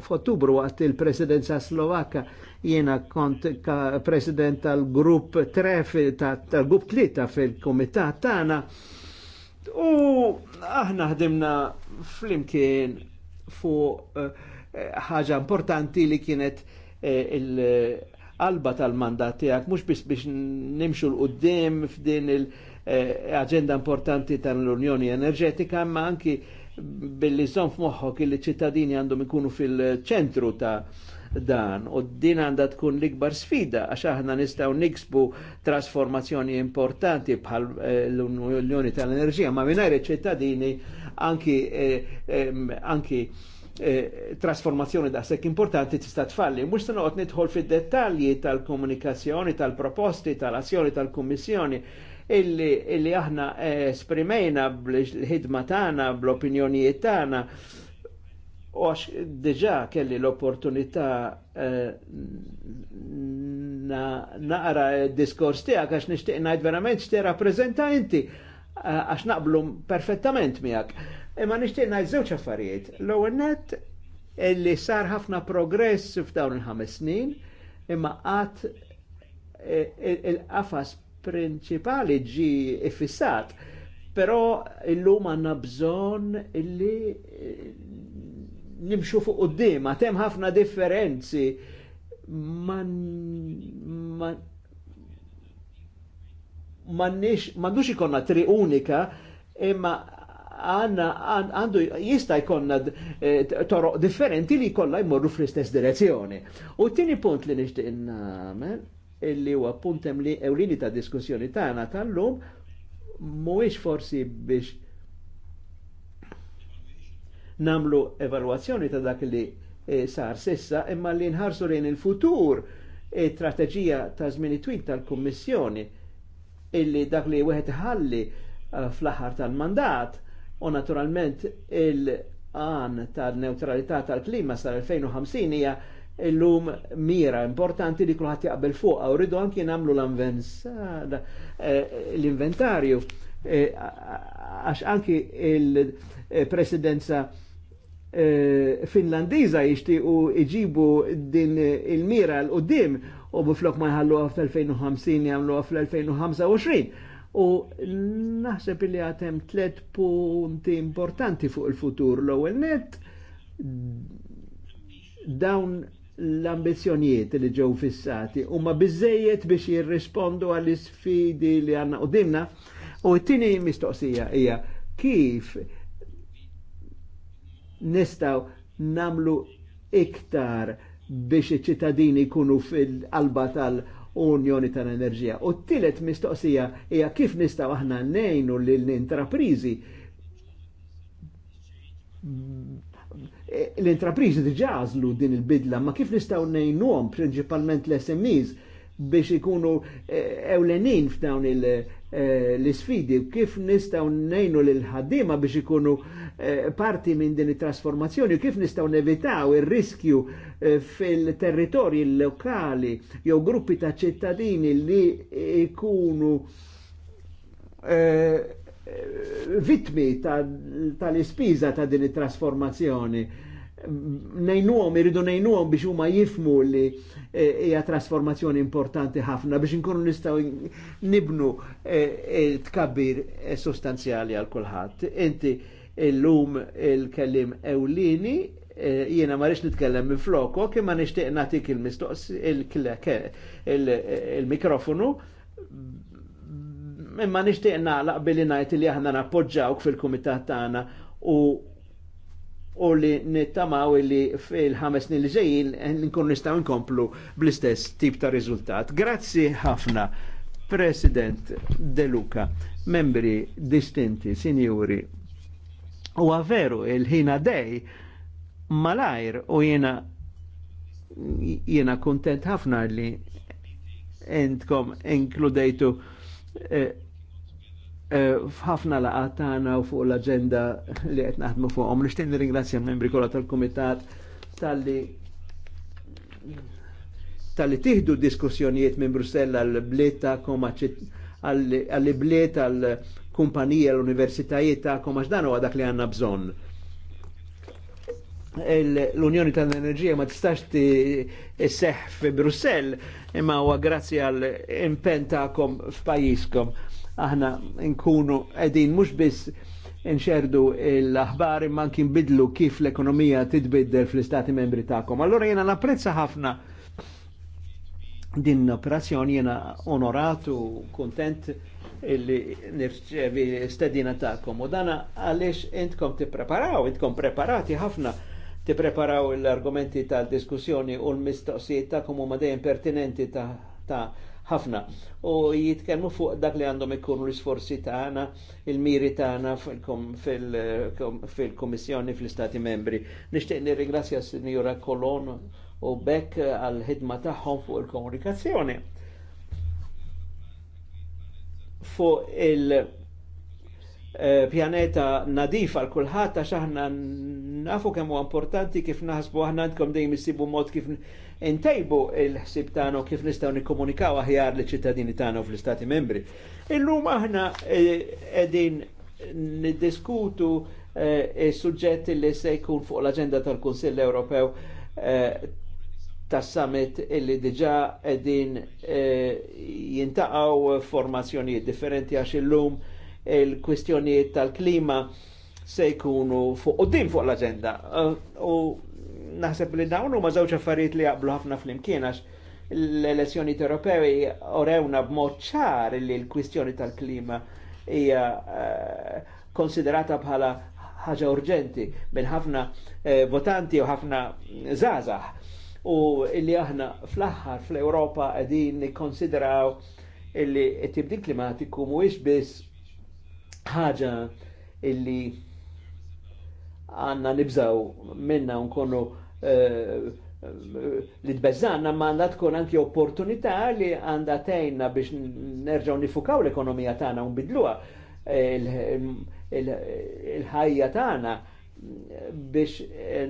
f'Ottubru waqt il-Presidenza Slovakka jiena kont president tal-grupp 3 tal-grupp 3 fil-Kumitat tagħna u aħna ħdimna flimkien fuq eh, ħaġa importanti li kienet eh, il-qalba tal-mandat tiegħek mhux biss biex nimxu l-qudiem f'din il- eh, agenda importanti tal-Unjoni Enerġetika, ma anki billi zonf moħħok il ċittadini għandhom ikunu fil-ċentru ta' dan u din għandha tkun l-ikbar sfida għax aħna nistgħu niksbu trasformazzjoni importanti bħal eh, l-Unjoni tal-Enerġija ma mingħajr iċ-ċittadini anki eh, anki eh, trasformazzjoni da sekk importanti tista' tfalli. Mhux se noqgħod nidħol fid-dettalji tal-komunikazzjoni, tal-proposti, tal-azzjoni tal-Kummissjoni, tal komunikazzjoni tal proposti tal azzjoni tal kummissjoni illi, illi aħna esprimejna bl-ħidma tagħna, bl-opinjonijiet tagħna. U għax diġà kelli l-opportunità eh, naqra diskors tiegħek għax nixtieq ngħid verament x'ti rappreżenta inti eh, għax naqblu perfettament miegħek. Imma nixtieq ngħid żewġ affarijiet. L-ewwel net illi sar ħafna progress f'dawn il-ħames snin, imma qatt eh, il-qafas prinċipali ġi effissat, però illum għanna bżon illi eh, nimxu fuq qoddim, għatem ħafna differenzi man man mannix mandux ikonna tri unika imma għanna għandu jista jkonna eh, toroq differenti li kollha jmorru fl-istess direzzjoni. U t-tieni punt li nixtieq nagħmel illi huwa puntem li ewlini ta' diskussjoni tagħna tal-lum mhuwiex forsi biex namlu evalwazzjoni ta' dak li e, sar sissa imma li nħarsu lejn il-futur e, strateġija ta' żmien twil tal-Kummissjoni illi dak li wieħed ħalli e, fl-aħħar tal-mandat u naturalment il-għan tal-neutralità tal-klima sal-2050 hija illum mira importanti li kulħat jaqbel fuq u rridu anki nagħmlu eh, l-inventarju eh, għax anki il-presidenza eh, finlandiza u iġibu din il-mira l-qoddim u biflok ma jħallu għaf 2050 jgħamlu għaf 2025 U naħseb li għatem tlet punti importanti fuq il-futur l ewwel net dawn l-ambizjonijiet li ġew fissati huma bizzejiet biex jirrispondu għall isfidi li għandna dimna. u t-tieni mistoqsija hija kif nistgħu namlu iktar biex iċ-ċittadini jkunu fil-qalba tal-Unjoni tal-Enerġija. U t-tielet mistoqsija hija kif nistgħu aħna nejnu lill-intraprizi l-intrapriżi diġażlu din il-bidla, ma kif nistgħu ngħinuhom prinċipalment l-SMEs biex ikunu eh, ewlenin f'dawn l-sfidi, eh, kif nistgħu ngħinu lil ħaddiema biex ikunu eh, parti minn din it-trasformazzjoni, kif nistgħu nevitaw ir-riskju fil-territorji lokali jew gruppi ta' ċittadini li ikunu vitmi tal-ispiża ta' din it-trasformazzjoni. Nejnuhom, iridu nejnuhom biex huma jifmu li hija trasformazzjoni importanti ħafna biex inkunu nistgħu nibnu tkabbir sostanzjali għal kulħadd. Inti illum il-kellim ewlini jiena ma rix nitkellem minn flokok imma nixtieq nagħtik il-mistoqs il-mikrofonu il mikrofonu imma nixtieq nagħlaq billi ngħid li aħna nappoġġawk fil-kumitat tagħna u u li nittamaw li fil-ħames snin li ġejjin nkun nistgħu nkomplu bl-istess tip ta' riżultat. Grazzi ħafna, President De Luca, membri distinti, sinjuri. U veru il-ħina dej malajr u jena jena kontent ħafna li entkom inkludejtu eh, Eh, f'ħafna laqat tagħna u fuq l-aġenda li qed naħdmu fuqhom. Nixtieq nirringrazzja membri kollha tal-kumitat tal-li tal-li tieħdu diskussjonijiet minn Brussell għal bliet tagħkom għal bliet għal kumpanija l-universitajiet tagħkom għax dan huwa dak li għandna bżonn. L-Unjoni tal-Enerġija ma tistax tisseħ fi Brussell imma huwa grazzi għall impen tagħkom f'pajjiżkom aħna nkunu qegħdin mhux biss nxerdu l-aħbar imma kien bidlu kif l-ekonomija titbiddel fl-istati membri tagħkom. Allora jiena napprezza ħafna din operazzjoni jena onorat u kontent illi nirċevi stedina ta'kom. U dana għalix intkom tippreparaw, intkom preparati ħafna tippreparaw l-argumenti tal-diskussjoni u l-mistoqsijiet ta'kom u madajem pertinenti ta', ta ħafna. U jitkellmu fuq dak li għandhom ikunu l-isforzi tagħna, il-miri tagħna fil-Kummissjoni fl-Istati membri. Nixtieq nirringrazzja s-Sinjura Kolon u Bekk għal-ħidma tagħhom fuq il-komunikazzjoni. Fuq il- eh, pjaneta nadif għal kulħadd għax aħna nafu kemm importanti kif naħsbu aħna għandkom dejjem issibu mod kif intejbu il-ħsib tagħna kif nistgħu nikkomunikaw aħjar li ċittadini tagħna fl-Istati membri. Illum aħna eh, qegħdin niddiskutu eh, is-suġġett li se jkun fuq l-aġenda tal-Kunsill Ewropew eh, tas summit illi diġà qegħdin jintaqgħu formazzjonijiet differenti għax illum il-kwistjonijiet tal-klima se jkunu fuq qudiem din fuq l-agenda. U naħseb li dawn huma żewġ affarijiet li jaqblu ħafna flimkien għax l-elezzjoni Ewropewi orewna b'mod ċar li l-kwistjoni tal-klima hija eh, konsiderata bħala ħaġa urġenti minn ħafna eh, votanti u ħafna zazax u illi aħna fl-aħħar fl-Ewropa qegħdin nikkonsideraw illi t-tibdil klimatiku mhuwiex biss ħaġa illi għanna nibżaw minna nkunu eh, eh, li tbeżanna ma għandha tkun anki opportunità li għandha tejna biex nerġgħu nifukaw l-ekonomija tagħna u nbidluha il-ħajja tagħna biex eh,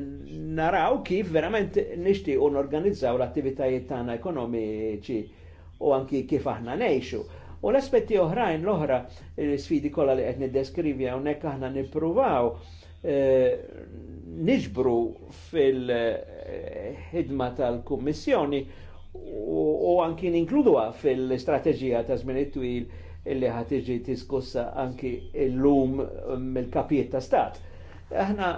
naraw kif verament nixtiequ norganizzaw l-attivitajiet tagħna ekonomiċi u anki kif aħna nejxu. U l-aspetti oħrajn l-oħra, l-sfidi kollha li qed niddeskrivja hawnhekk aħna nippruvaw Eh, niġbru fil-ħidma tal-Kummissjoni u anki ninkluduha fil-istrateġija ta' żmien it-twil illi ħatiġi tiskussa anki l-lum mill-kapijiet ta' stat. Aħna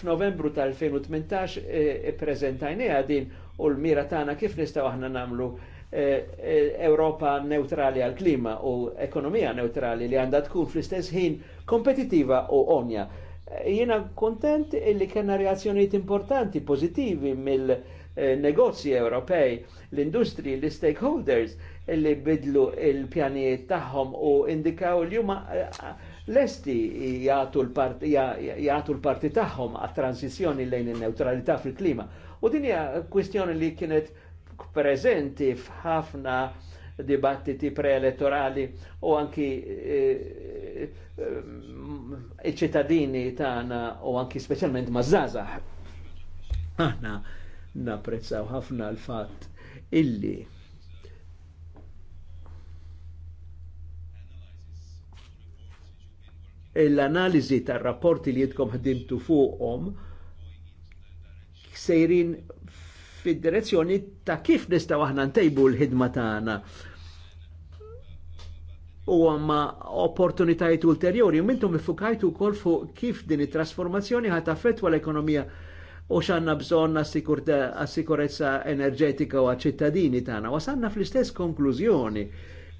f'Novembru tal-2018 eh, ippreżentajniha din u l-mira tagħna kif nistgħu aħna nagħmlu eh, Ewropa neutrali għal klima u ekonomija neutrali li għandha tkun fl-istess ħin kompetitiva u onja. Jiena kontent illi kena reazzjonijiet importanti, pozitivi mill-negozji Ewropej, l-industri, l-stakeholders illi bidlu il-pjanijiet tagħhom u indikaw li huma eh, lesti jgħatu l-parti tagħhom għat-transizjoni lejn il-neutralità fil-klima. U din hija kwistjoni li kienet preżenti f'ħafna dibattiti preelettorali u anki eh, eh, il ċittadini tagħna u anki speċjalment maż-żgħażagħ. Aħna napprezzaw ħafna l-fatt illi l analizi tar-rapporti li jitkom ħdimtu fuqhom sejrin fid-direzzjoni ta' kif nistgħu aħna ntejbu l-ħidma tagħna u għamma opportunitajiet ulterjori, u mifukajtu ifukajtu kol fuq kif din it-trasformazzjoni ħat affettwa l-ekonomija u xanna bżon għas-sikurezza enerġetika u għal-ċittadini tagħna. Wasanna fl-istess konklużjoni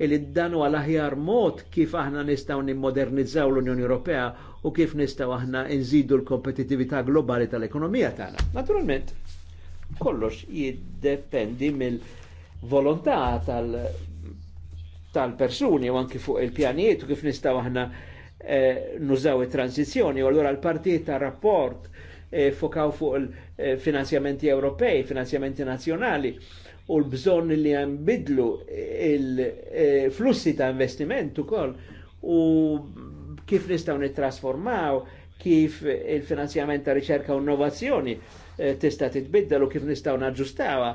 li dan huwa l-aħjar mod kif aħna nistgħu nimmodernizzaw l-Unjoni Ewropea u kif nistaw aħna nżidu l-kompetitività globali tal-ekonomija tagħna. Naturalment, kollox jiddependi mill-volontà tal-persuni tal u anki fuq il-pjanijiet u kif nistaw aħna eh, nużaw it-transizjoni u allura l-partijiet ta' rapport eh, fokaw fuq il-finanzjamenti eh, Ewropej, finanzjamenti nazjonali u l-bżon li jambidlu il-flussi eh, ta' investiment ukoll u kif nistaw nittrasformaw kif il-finanzjament ta' riċerka u innovazzjoni eh, tista' titbiddel u kif nistgħu naġġustawha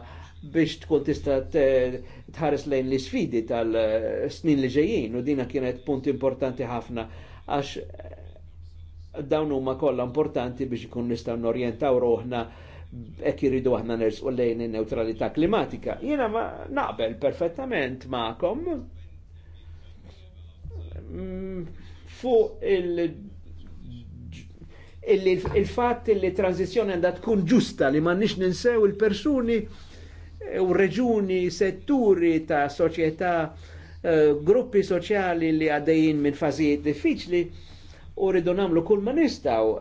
biex tkun tista tħares lejn l sfidi tal-snin li ġejjin u dina kienet punt importanti ħafna għax eh, dawn huma kollha importanti biex ikun nistgħu norjentaw ruħna hekk iridu aħna nersqu lejn in newtralità klimatika. Jiena ma naqbel perfettament ma'kom mm, fuq il- il-fatt li tranzizjoni għandha tkun ġusta li m'għandniex ninsew il-persuni eh, u reġuni, setturi ta' soċjetà, eh, gruppi soċjali li għaddejjin minn fażijiet diffiċli u rridu nagħmlu kull ma nistgħu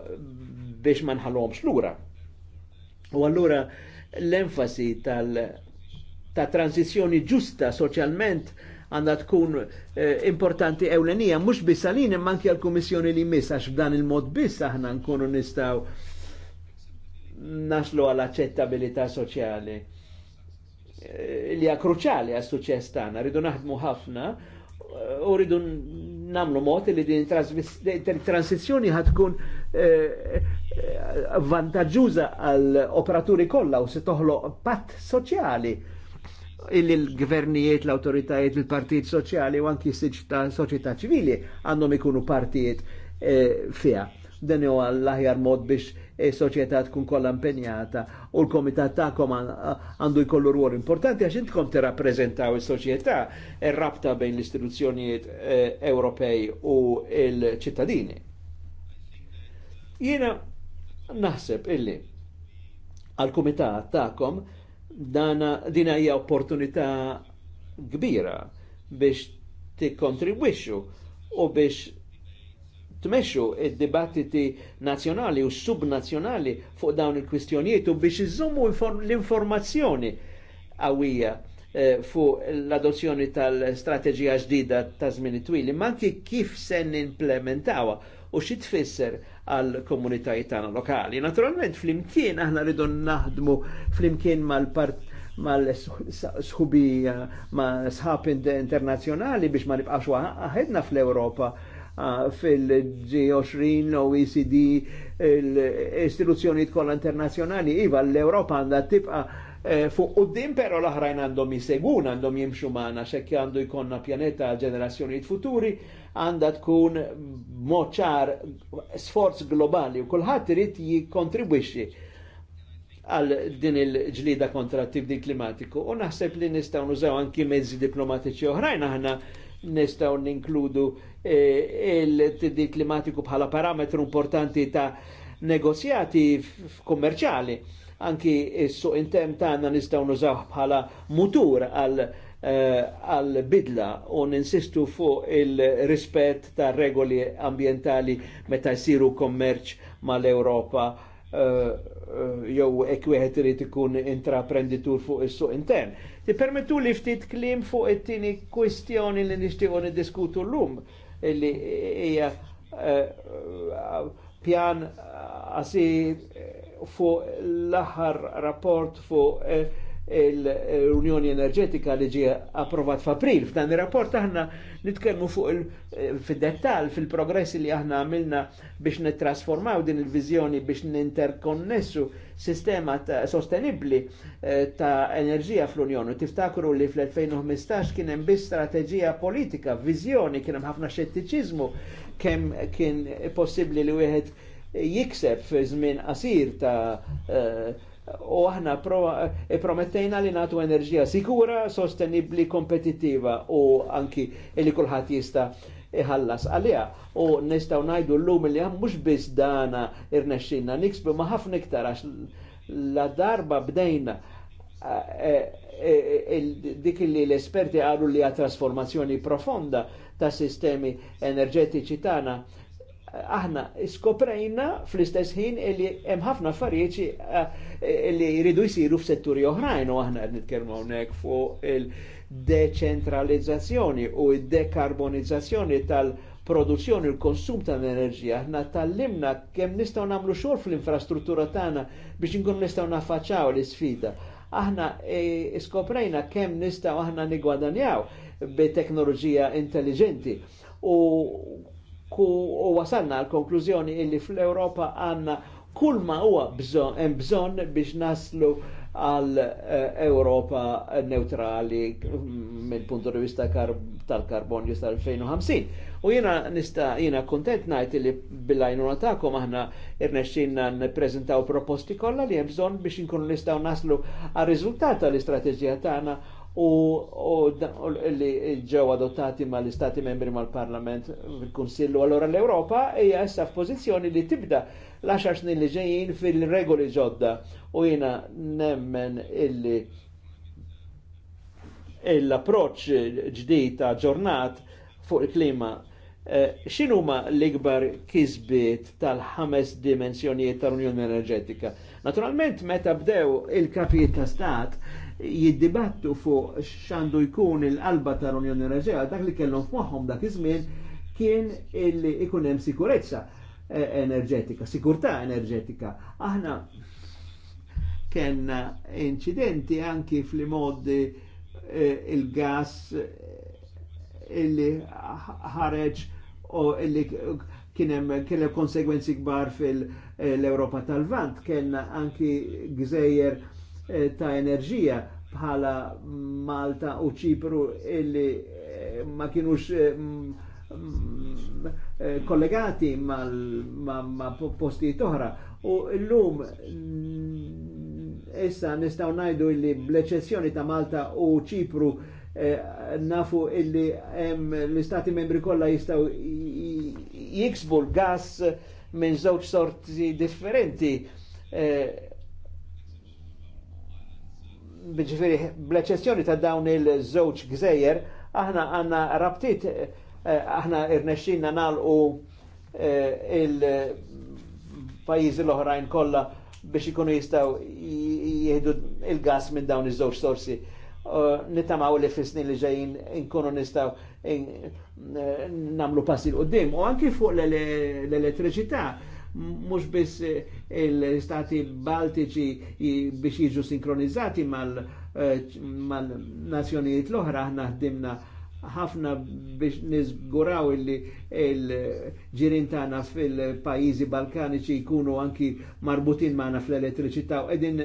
biex ma nħallhomx lura. U allura l-enfasi tal ta' tranzizjoni ġusta soċjalment għanna tkun eh, importanti ewlenija, mhux bisalin għalin imma anke għall-Kummissjoni li miss għax b'dan il-mod biss aħna nkunu nistaw naslu għal aċċettabilità soċjali eh, li hija kruċjali għas suċċess tagħna, rridu naħdmu ħafna eh, u rridu namlu mod li din transizjoni ħatkun vantaġġuża għal operaturi kollha u se toħloq patt soċjali il gvernijiet l-autoritajiet, il-partijiet soċjali u anki s-soċjetà ċivili għandhom ikunu partijiet eh, fija. Dan huwa l-aħjar mod biex e, soċjetà tkun kollha impenjata u l-komitat tagħkom għandu jkollu rwol importanti għax intkom tirrappreżentaw is-soċjetà ir-rabta e bejn l-istituzzjonijiet eh, Ewropej u l-ċittadini. Jiena naħseb illi għal-komitat tagħkom dana dina hija opportunità kbira biex tikkontribwixxu u biex tmexxu id-dibattiti nazzjonali u subnazzjonali fuq dawn il-kwistjonijiet u biex iżommu l-informazzjoni għawija eh, fuq l-adozzjoni tal-strateġija ġdida ta' żmien twili, ma kif se nimplementawha u xi tfisser għal komunitajiet tagħna lokali. Naturalment flimkien aħna rridu naħdmu flimkien mal-part mal-sħubija ma' sħab internazjonali biex ma nibqax aħedna fl-Europa fil-G20, OECD, l-istituzzjonijiet kollha internazzjonali, iva l-Europa għandha tibqa' Eh, fuq qudiem però l-aħrajn għandhom jisegun, għandhom jimxu magħna xekk għandu jkollna pjaneta ġenerazzjonijiet futuri, għandha tkun moċar sforz globali u kulħadd irid jikkontribwixxi għal din il-ġlida kontra t-tibdil klimatiku. U naħseb li nistgħu nużaw anki mezzi diplomatiċi oħrajn aħna nistaw ninkludu eh, il-tibdil klimatiku bħala parametru importanti ta' negozjati kommerċali anki s-suq intem tagħna nistgħu nużaw bħala mutur għal eh, għal bidla u ninsistu fuq il-rispett ta' regoli ambientali meta jsiru kommerċ mal-Europa eh, eh, jew hekk wieħed irid ikun intraprenditur fuq is-suq intern. Tippermettu li ftit klim fuq it-tieni kwistjoni li nixtiequ niddiskutu llum illi hija pjan għasir fuq l-aħħar rapport fuq eh, l-Unjoni Enerġetika li ġie approvat f'April. F'dan ir-rapport aħna nitkellmu fuq eh, fid-dettall fil-progressi li aħna għamilna biex nittrasformaw din il-viżjoni biex ninterkonnessu sistema sostenibbli eh, ta' enerġija fl-Unjoni. Tiftakru li fl-2015 kien hemm biss strateġija politika, viżjoni, kien hemm ħafna xettiċiżmu kemm kien possibbli li wieħed jikseb fi żmien qasir ta' eh, u aħna eh, promettejna li natu enerġija sikura, sostenibli, kompetittiva u anki li kulħadd jista' iħallas għalija u nistaw najdu l-lum li għam mux bis dana irnexxinna niksbu ma ħafna iktar għax la darba bdejna eh, dik li l-esperti għalu li għat trasformazzjoni profonda ta' sistemi enerġetiċi tana aħna skoprejna fl-istess ħin li hemm ħafna affarijiet eh, eh, li jridu jsiru f'setturi oħrajn u aħna qed nitkellmu hawnhekk fuq il-deċentralizzazzjoni u id-dekarbonizzazzjoni tal-produzzjoni l konsum tal-enerġija. Aħna tallimna kemm nistgħu nagħmlu xogħol fl-infrastruttura tagħna biex inkun nistgħu naffaċċaw l-isfida. Aħna eh, iskoprejna kemm nistgħu aħna nigwadanjaw bi teknoloġija intelligenti u ku u wasalna l-konklużjoni illi fl-Europa għanna kull ma huwa bżon bżonn biex naslu għal eh, Europa neutrali mill punto di vista tal-karbonju tal-2050. U jena nista jena kontent najt li bil-għajnuna ta'kom aħna irnexxinna n-prezentaw proposti kollha li hemm bżonn biex inkunu nistgħu naslu għal riżultat tal-istrateġija tagħna u li ġew adottati mal-Istati membri mal-Parlament fil-Kunsillu. Allora l-Europa hija issa f'pożizzjoni li tibda l-10 snin li ġejjin fil-regoli ġodda u jiena nemmen illi l-approċ ġdid ta' ġornat fuq il-klima eh, x'inhuma l-ikbar kisbiet tal-ħames dimensjonijiet tal-Unjoni Enerġetika. Naturalment meta bdew il-kapijiet ta' stat jiddibattu fuq xandu jkun il-qalba tal-Unjoni Reġea, dak li kellhom f'moħħom dak iż-żmien kien illi ikun hemm sikurezza eh, enerġetika, sikurtà enerġetika. Aħna kellna incidenti anki fl-modi eh, il-gas eh, illi ħareġ u illi kien hemm konsegwenzi kbar fil ewropa tal-Vant, kellna anki gżejjer Eh, ta' enerġija bħala Malta u Ċipru illi eh, ma kienux eh, mm, mm, kollegati ma' posti toħra U l-lum mm, issa nistaw najdu illi bl-eċezzjoni ta' Malta u Ċipru nafu illi l-istati membri kolla jistaw jiksbu l-gas minn żewġ sorti differenti bġifiri, bl ta' dawn il-żewġ gżejjer, aħna għanna rabtit, eh, aħna irnexxina nalqu eh, il pajjiżi l-oħrajn kollha biex ikunu jistaw jihdu il-gas minn dawn iż-żewġ sorsi. Eh, nittamaw li fis li ġejjin inkunu nistaw namlu passi l-qoddim u anki fuq l-elettriċità mhux biss eh, l-istati baltiċi biex jiġu sinkronizzati mal-nazzjonijiet eh, l-oħra ħna ħdimna ħafna biex nizguraw illi il-ġirin tagħna fil-pajjiżi balkaniċi jkunu anki marbutin magħna fl-elettriċità u qegħdin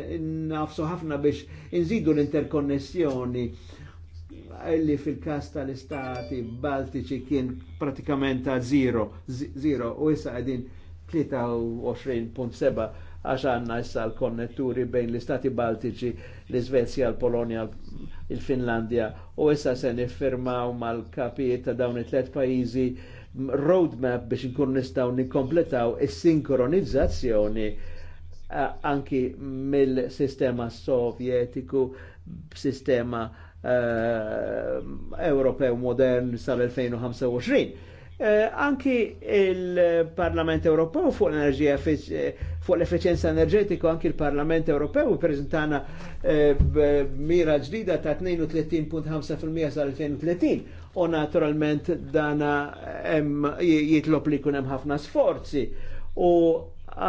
nafsu ħafna biex inżidu l-interkonnessjoni illi fil-kas tal-istati baltiċi kien pratikament ta' zero, zero u issa qegħdin 23.7 għax għanna jissa l-konnetturi bejn l-Istati Baltiċi, l-Svezja, l-Polonja, l-Finlandja u issa se niffirmaw mal-kapijiet ta' dawn it-tlet pajizi roadmap biex nkun nistaw nikompletaw is-sinkronizzazzjoni anki mill-sistema sovjetiku b'sistema uh, eh, Ewropew modern sal-2025 Eh, anki il-Parlament Ewropew fuq l-enerġija eh, fuq l-efficienza enerġetika, anki il-Parlament Ewropew ippreżentana eh, mira ġdida ta' 32.5% sal-2030. U naturalment dana eh, jitlob li kunem ħafna sforzi. U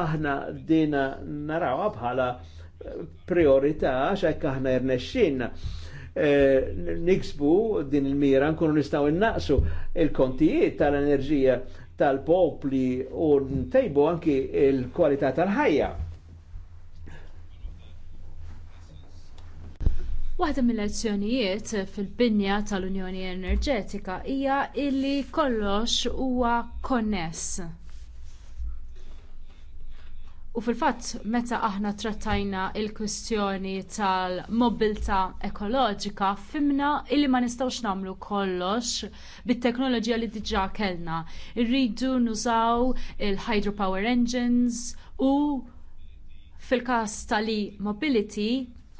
aħna dina narawa bħala eh, priorità hekk aħna irnexxinna. Eh, niksbu din il-mira nkunu nistaw innaqsu il-kontijiet tal-enerġija tal-popli u ntejbu anki il-kwalità tal-ħajja. Waħda mill-azzjonijiet fil-binja tal-Unjoni Enerġetika hija illi kollox huwa konness U fil-fatt meta aħna trattajna l kwistjoni tal-mobilità ekoloġika fimna illi ma nistgħux nagħmlu kollox bit-teknoloġija li diġa' kellna. Irridu nużaw il-hydropower engines u fil-każ tal-e mobility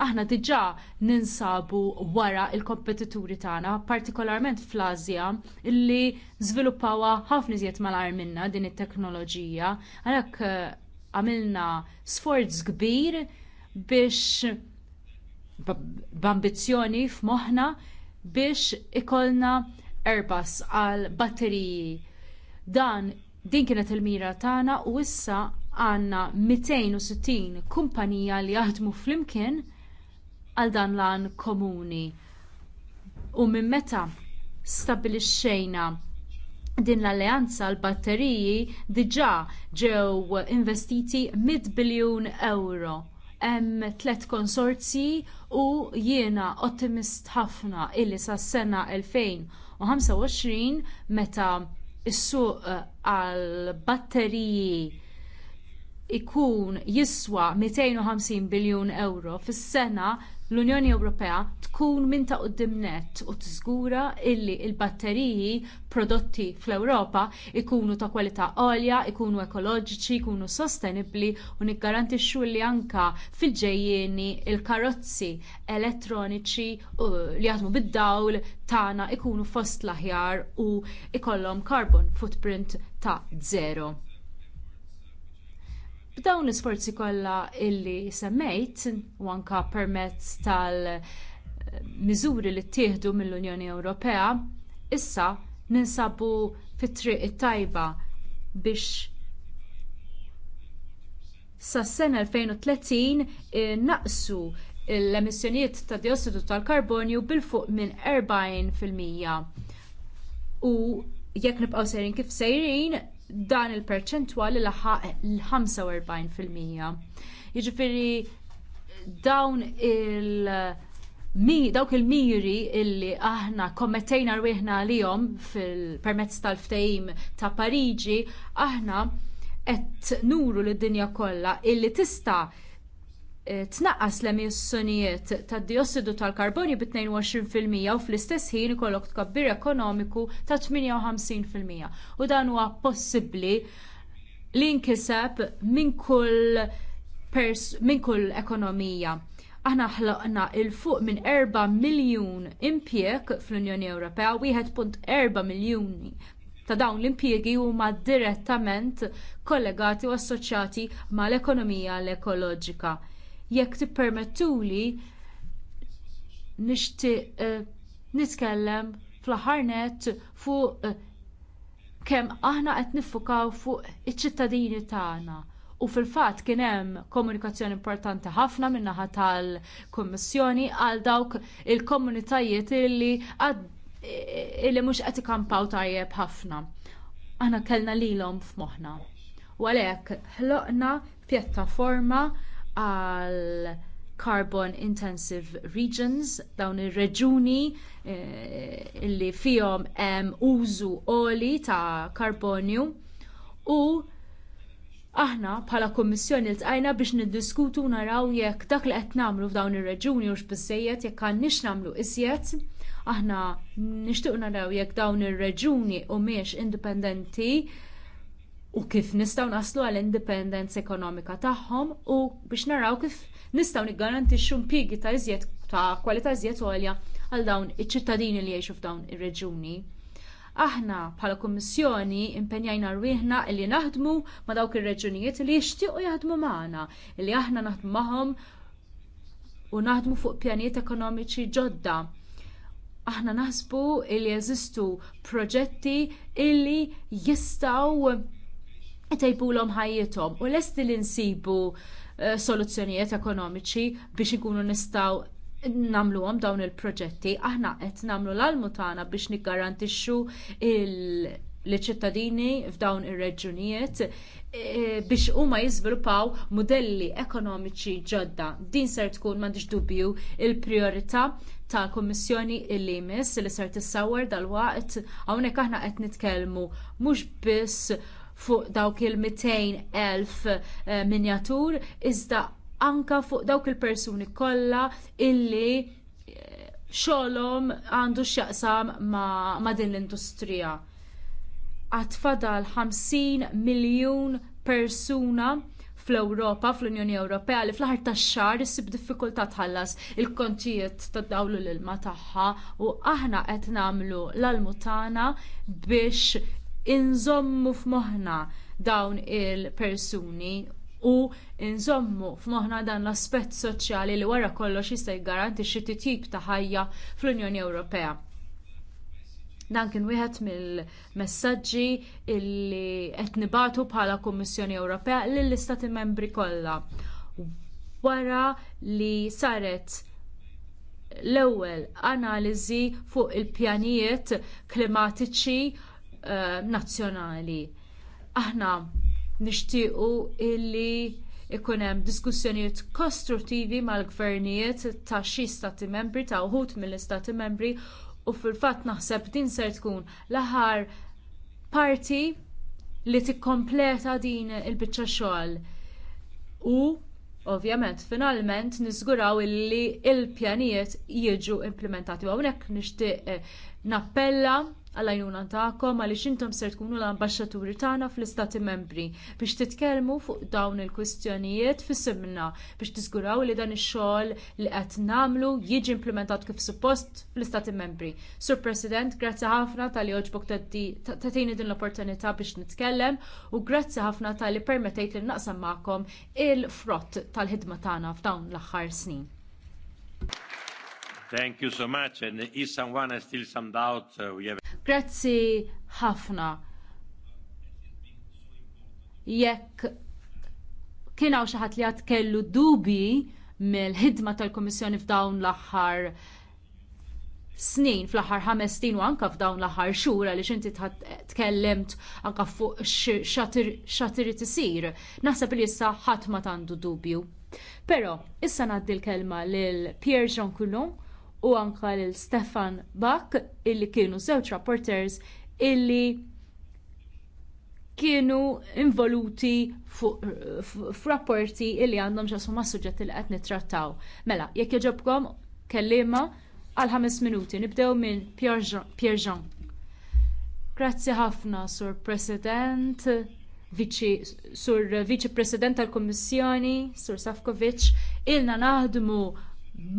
aħna diġà ninsabu wara l kompetituri tagħna, partikolarment fl-Asja, illi żviluppawha ħafna iżjed malajr minna din it-teknoloġija. Għalhekk għamilna sforz kbir biex b'ambizzjoni f'moħħna biex ikollna Airbus għal batteriji. Dan din kienet il-mira tagħna u issa għandna 260 kumpanija li jaħdmu flimkien għal dan lan komuni. U minn meta stabbilixxejna din l-alleanza l-batteriji diġà ġew investiti 100 biljun euro. Hemm tliet konsorzji u jiena ottimist ħafna illi sas-sena 2025 meta s-suq eh, għall batteriji ikun jiswa 250 biljun euro fis-sena L-Unjoni Ewropea tkun minn ta' qudiem net u tiżgura illi l batteriji prodotti fl-Ewropa ikunu ta' kwalità għolja, ikunu ekoloġiċi, ikunu sostenibbli u niggarantixxu li anke fil-ġejjieni il-karozzi elettroniċi li jaħdmu bid-dawl tagħna ikunu fost l-aħjar u ikollhom carbon footprint ta' zero. B'dawn l-isforzi kollha illi semmejt u anke permezz tal-miżuri li ttieħdu mill-Unjoni Ewropea, issa ninsabu fit-triq it-tajba biex sas-sena 2030 eh, naqsu l-emissjonijiet ta' diossidu tal-karbonju bil-fuq minn 40% fil-mija. u jekk nibqgħu sejrin kif sejrin dan il perċentwali laħħa laħaq l-45%. Jiġifieri dawn il- Mi, dawk il-miri illi aħna kommettejna rwieħna għalihom fil-permezz tal-ftehim ta' Pariġi, aħna qed nuru lid dinja kollha illi tista' Eh, tnaqqas l-emissjonijiet tad dijossidu tal-karbonju bi 22% u fl-istess ħin ikollok tkabbir ekonomiku ta' 58%. U dan huwa possibbli li nkiseb minn kull minn kull ekonomija. Aħna ħloqna il fuq minn 4 miljun impjeg fl-Unjoni Ewropea, 1.4 miljuni ta' dawn l-impjiegi huma direttament kollegati u assoċjati mal-ekonomija l-ekoloġika jekk tippermettuli nixtieq uh, nitkellem fl-aħħar nett fuq uh, kemm aħna qed niffukaw fuq iċ-ċittadini tagħna. U fil-fatt kien hemm komunikazzjoni importanti ħafna min-naħa tal-Kummissjoni għal dawk il-komunitajiet illi eh, illi mhux qed ikampaw tajjeb ħafna. Aħna kellna lilhom f'moħħna. U għalhekk ħloqna pjattaforma għal carbon intensive regions, dawn ir-reġuni eh, li fihom hemm użu oli ta' karbonju u aħna bħala kummissjoni ltqajna biex niddiskutu naraw jekk dak li qed nagħmlu f'dawn ir-reġuni hux biżżejjed jekk għandniex nagħmlu iżjed aħna nixtieq naraw jekk dawn ir-reġuni humiex indipendenti u kif nistgħu naslu għall indipendenza ekonomika tagħhom u biex naraw kif nistgħu niggarantixxu impjiegi ta' iżjed ta' kwalità iżjed għolja għal dawn iċ-ċittadini li jgħixu f'dawn ir-reġuni. Aħna bħala Kummissjoni impenjajna rwieħna li naħdmu ma' dawk ir-reġunijiet li jixtiequ jaħdmu magħna, li aħna naħdmu magħhom u naħdmu fuq pjanijiet ekonomiċi ġodda. Aħna naħsbu li jeżistu proġetti illi jistgħu tajbulhom ħajjithom u lesti li nsibu eh, soluzzjonijiet ekonomiċi biex ikunu nistgħu għom dawn il-proġetti, aħna qed namlu l-almu tagħna biex niggarantixxu l-ċittadini f'dawn ir-reġunijiet eh, biex huma jiżviluppaw mudelli ekonomiċi ġodda. Din ser tkun m'għandix dubju il-priorità tal kummissjoni il-Limis li ser dal waqt hawnhekk aħna qed nitkellmu mhux biss fuq dawk il-200,000 eh, minjatur iżda anka fuq dawk il-persuni kollha illi eh, xolom għandu x'jaqsam ma, ma din l-industrija. Għatfadal 50 miljun persuna fl-Ewropa, fl-Unjoni Ewropea li fl-aħħar tax-xahar issib diffikultà tħallas il-kontijiet ta' dawlu l-ilma tagħha u aħna qed nagħmlu l-almutana biex inżommu f'moħħna dawn il-persuni u nżommu f'moħħna dan l-aspett soċjali li wara kollox jista' xi titjib ta' ħajja fl-Unjoni Ewropea. Dan kien wieħed mill-messaġġi li qed nibatu bħala Kummissjoni Ewropea lill-Istati Membri kollha. Wara li saret l-ewwel analiżi fuq il-pjanijiet klimatiċi Eh, nazzjonali. Aħna nixtiequ illi ikun hemm diskussjonijiet kostruttivi mal-gvernijiet ta' xi stati membri ta' wħud mill-istati membri u fil-fatt naħseb din ser tkun l-aħħar parti li tikkompleta din il-biċċa xogħol. U ovvjament finalment niżguraw illi l il pjanijiet jiġu implementati. Hawnhekk nixtieq eh, nappella għal-għajnuna tagħkom għaliex intom ser tkunu l ambaxxaturi tagħna fl-istati membri biex titkellmu fuq dawn il-kwistjonijiet fisimna biex tiżguraw li dan ix-xogħol li qed nagħmlu jiġi implementat kif suppost fl-istati membri. Sur President, grazzi ħafna tal-li oġbok tagħtini din l-opportunità biex nitkellem u grazzi ħafna tal-li permettejt li naqsam magħkom il-frott tal-ħidma tagħna f'dawn l-aħħar snin. Thank you so much. And if someone has still some doubt, uh, we have Grazzi ħafna. Jekk kien hawn xi ħadd li għat kellu dubi mill-ħidma tal-Kummissjoni f'dawn l-aħħar snin fl-aħħar ħames snin u anke f'dawn l-aħħar xhur għaliex inti tkellemt anka fuq xatir isir. Naħseb li issa ħadd ma tandu dubju. Però issa ngħaddi l-kelma lil Pierre Jean Coulon u anka lil Stefan Bach illi kienu żewġ rapporters illi kienu involuti f'rapporti illi għandhom xasum ma' suġġett li qed nittrattaw. Mela, jekk jogħġobkom kelliema għal ħames minuti, nibdew minn Pierre-Jean. Grazzi ħafna, Sur President, vici, Sur Viċi President tal-Kommissjoni, Sur Safkovic, ilna naħdmu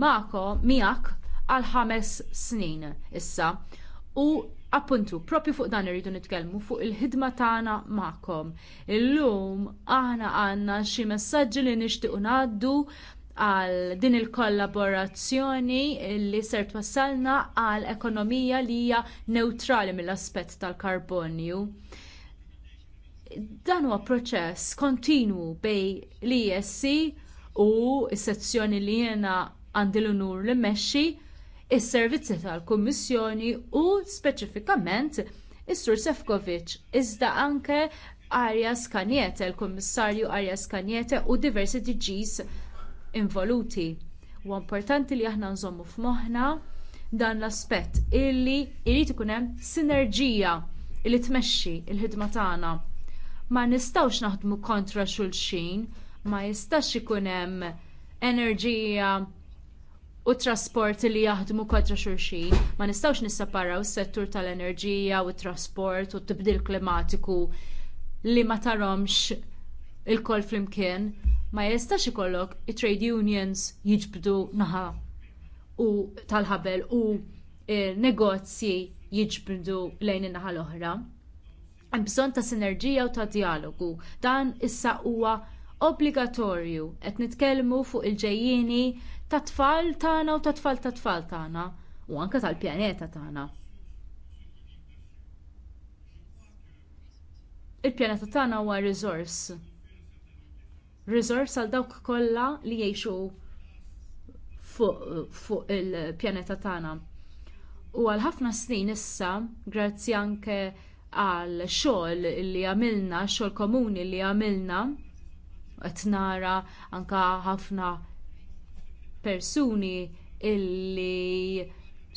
mako miak għal ħames snin issa. U appuntu, propju fuq dan irridu nitkellmu fuq il-ħidma tagħna magħkom. Illum aħna għandna xi messaġġi li nixtiequ ngħaddu għal din il-kollaborazzjoni li ser twassalna għal ekonomija li hija neutrali mill-aspett tal-karbonju. Dan huwa proċess kontinwu bejn l-ISC u s-sezzjoni li jiena għandi l-unur li mmexxi is-servizzi tal-Kummissjoni u speċifikament is-Sur Sefcovic iżda anke Arias Kanjete, il-Kummissarju Arias Kanjete u diversi DGs involuti. Huwa importanti li aħna nżommu f'moħħna dan l-aspett illi jrid ikun hemm sinerġija illi tmexxi l ħidma tagħna. Ma nistgħux naħdmu kontra xulxin, ma jistax ikun hemm enerġija u trasport li jaħdmu kontra xulxin. Ma nistgħux nissaparaw is-settur tal-enerġija u t trasport u t-tibdil klimatiku li ma taromx il-kol flimkien ma jistax ikollok i-trade unions jiġbdu naħa u tal-ħabel u e, negozji jiġbdu lejn in-naħa l-oħra. Hemm bżonn ta' sinerġija u ta' dialogu. Dan issa huwa obbligatorju qed nitkellmu fuq il-ġejjieni tat tfal tagħna u tat tfal tat tfal tagħna u anke tal-pjaneta tagħna. Il-pjaneta tagħna huwa resource. Resource għal dawk kollha li jgħixu fuq fu il-pjaneta tagħna. U għal ħafna snin issa, grazzi anke għal xogħol li għamilna, xogħol komuni li għamilna, qed nara anke ħafna persuni illi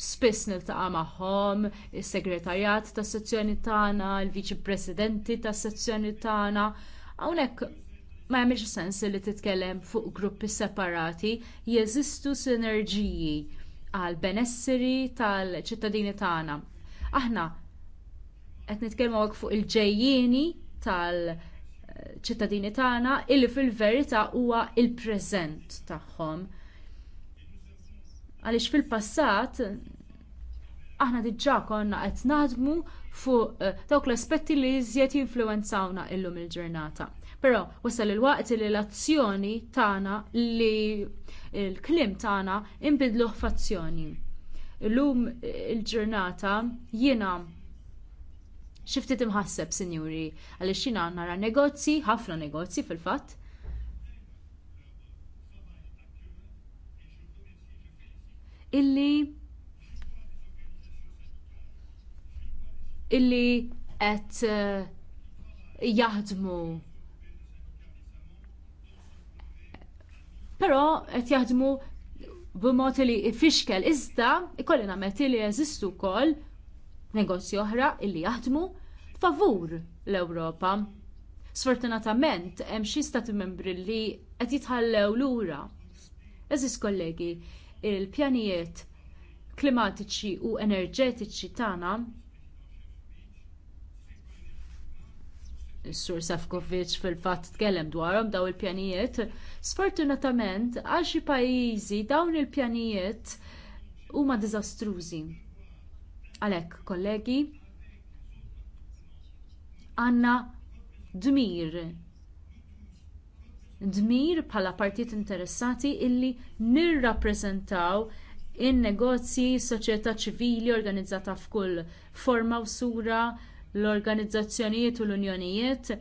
spiss niltaqa' magħhom, is-segretarjat tas-sezzjoni tagħna, il-viċi presidenti tas-sezzjoni tagħna. Hawnhekk ma jagħmilx sens li titkellem fuq gruppi separati, jeżistu sinerġiji għall benesseri tal-ċittadini tagħna. Aħna qed nitkellmu hekk fuq il-ġejjieni tal-ċittadini tagħna illi fil-verità huwa l preżent tagħhom Għaliex fil-passat aħna diġà konna qed naħdmu fuq eh, dawk l-aspetti li jżjed jinfluwenzawna illum il-ġurnata. Però wasal il-waqt li l-azzjoni tagħna li l-kliem tagħna inbidlu f'azzjoni. Illum eh, il-ġurnata jiena xi ftit imħasseb, sinjuri, għaliex jiena nara negozji, ħafna negozji fil-fatt, illi illi qed eh, jaħdmu Però qed jaħdmu b'mod li ifixkel iżda ikolli nagħmel li jeżistu wkoll negozji oħra illi jaħdmu favur l-Ewropa. Sfortunatament hemm xi stati membri li qed jitħallew lura. Eżis kollegi, il-pjanijiet klimatiċi u enerġetiċi tagħna Is-Sur Safkovic fil-fatt tkellem dwarhom dawn il-pjanijiet, sfortunatament għal xi pajjiżi dawn il-pjanijiet huma diżastrużi. Għalhekk, kollegi, għandna dmir dmir bħala partit interessati illi nirrappreżentaw in-negozji, soċjetà ċivili organizzata f'kull forma u sura, l-organizzazzjonijiet u l-unjonijiet.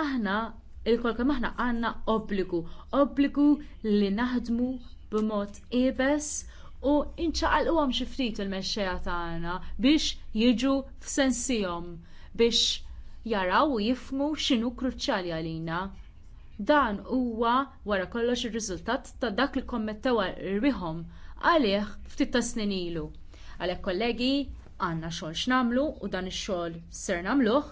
Aħna il kemm aħna għandna obbligu, obbligu li naħdmu b'mod ibes u nċaqalquhom xi ftit il-mexxejja tagħna biex jiġu f'sensihom biex jaraw u jifmu x'inhu kruċjali għalina Dan huwa wara kollox ir-riżultat ta' dak li kommettewa rwieħhom għalih ftit ta' snin ilu. Għalhekk kollegi għandna xogħol x'namlu u dan ix-xogħol ser nagħmluh.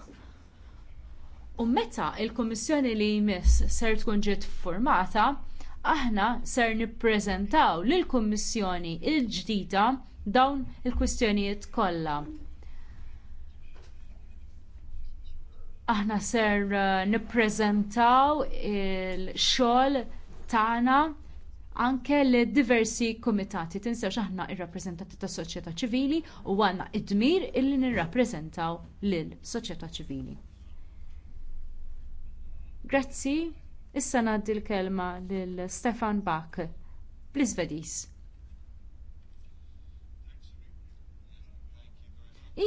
U meta l kummissjoni li jmiss ser tkun ġiet formata, aħna ser nippreżentaw lill-Kummissjoni l ġdida dawn il-kwistjonijiet kollha. aħna ser uh, nippreżentaw il-xogħol tagħna anke li diversi komitati tinsewx aħna ir-rappreżentanti tas soċjetà ċivili u għandna id-dmir illi nirrappreżentaw lil soċjetà ċivili. Grazzi, issa ngħaddi l-kelma lil Stefan Bach bl-Iżvediż.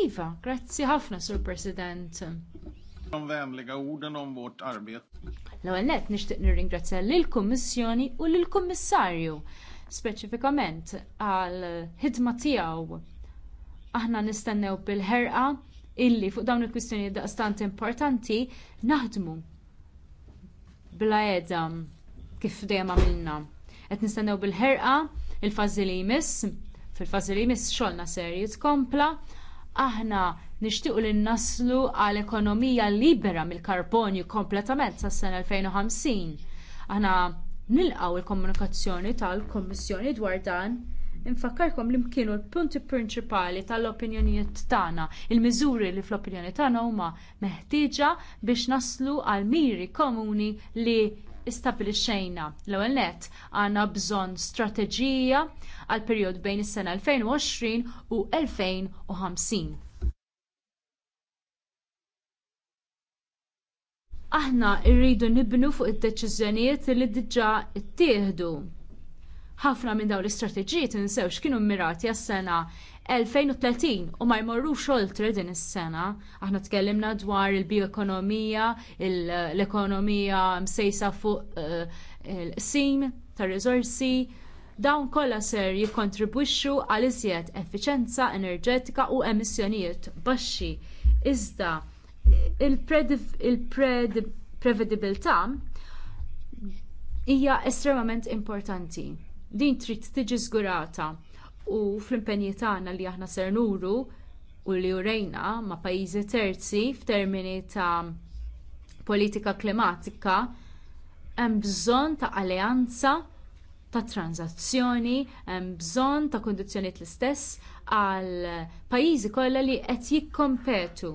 Iva, grazzi ħafna, Sur President. De vänliga orden om vårt arbete. L-ewwel nett nirringrazzja lill-Kummissjoni u lill-Kummissarju speċifikament għal ħidma tiegħu. Aħna nistennew bil-ħerqa illi fuq dawn il-kwistjoni daqstant importanti naħdmu bla edha kif dejjem għamilna. Qed nistennew bil-ħerqa il-fażi li jmiss, fil-fażi li jmiss xogħolna serju tkompla aħna nixtiequ li naslu għal ekonomija libera mill-karbonju kompletament sas-sena 2050. Aħna nilqgħu il-komunikazzjoni tal-Kommissjoni dwar dan infakkarkom li mkienu l-punti prinċipali tal-opinjonijiet tagħna, il-miżuri li fl-opinjoni tagħna huma meħtieġa biex naslu għal miri komuni li istabilixxejna. L-ewwel nett għandna bżonn strateġija għal perjodu bejn is-sena 2020 u 2050. Aħna rridu nibnu fuq id-deċiżjonijiet li diġà ttieħdu. Ħafna minn dawn l-istrateġijiet insewx kienu mmirati għas-sena 2030 u ma jmorrux oltre din is-sena. Aħna tkellimna dwar il-bioekonomija, l-ekonomija msejsa fuq eh, il-sim tar riżorsi dawn kollha ser jikkontribwixxu għal iżjed effiċjenza enerġetika u emissjonijiet baxxi. Iżda il-prevedibilità hija estremament importanti. Din trid tiġi żgurata u fl-impenji tagħna li aħna ser nuru u li urejna ma' pajjiżi terzi f'termini ta' politika klimatika hemm bżonn ta' alleanza ta' tranzazzjoni, hemm bżonn ta' kundizzjonijiet l-istess għal pajjiżi kollha li qed jikkompetu.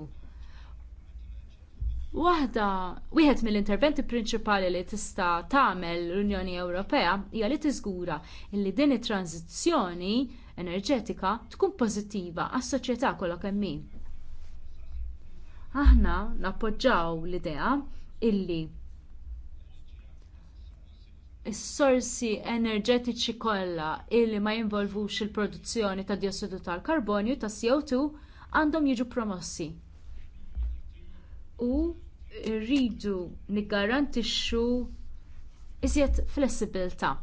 Waħda, wieħed mill-interventi prinċipali li tista' tagħmel l-Unjoni Ewropea hija li tiżgura li din it-tranzizzjoni enerġetika tkun pożittiva għas-soċjetà kollha kemm hi. Aħna nappoġġaw l-idea illi is-sorsi enerġetiċi kollha li ma jinvolvux il-produzzjoni ta' dijossidu tal-karbonju ta' CO2 għandhom jiġu promossi. U rridu niggarantixxu iżjed flessibilità.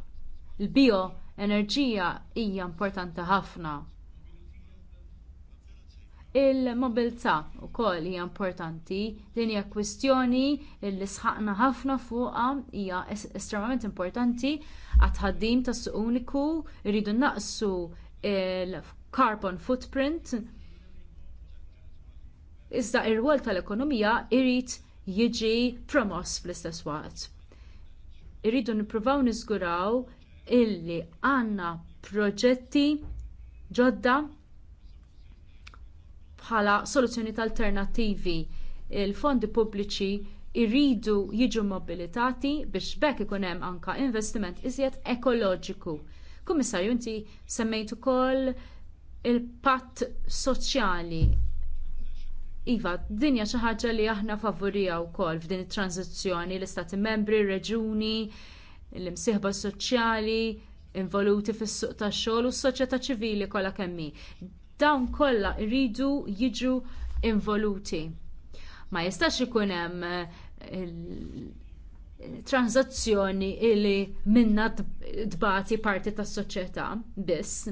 Il-bio enerġija hija importanti ħafna. Il-mobilità wkoll hija importanti, din hija kwistjoni li sħaqna ħafna fuqha hija estremament importanti għat-ħaddim tas-suq uniku, rridu naqsu il-carbon footprint. Iżda ir wol tal-ekonomija jrid jiġi promoss fl-istess waqt. Irridu nippruvaw niżguraw illi għandna proġetti ġodda bħala soluzzjoni alternattivi il-fondi pubbliċi jridu jiġu mobilitati biex bekk ikun hemm anke investiment iżjed ekoloġiku. Kummissarju inti semmejt ukoll il-patt soċjali Iva, dinja xi ħaġa li aħna favorija wkoll f'din it-tranzizzjoni l-istati membri, reġuni, l-imsieħba soċjali involuti fis-suq tax-xogħol u s-soċjetà ċivili kollha kemm Dawn kollha jridu jiġu involuti. Ma jistax ikun hemm eh, transazzjoni li minna tbati parti tas-soċjetà biss.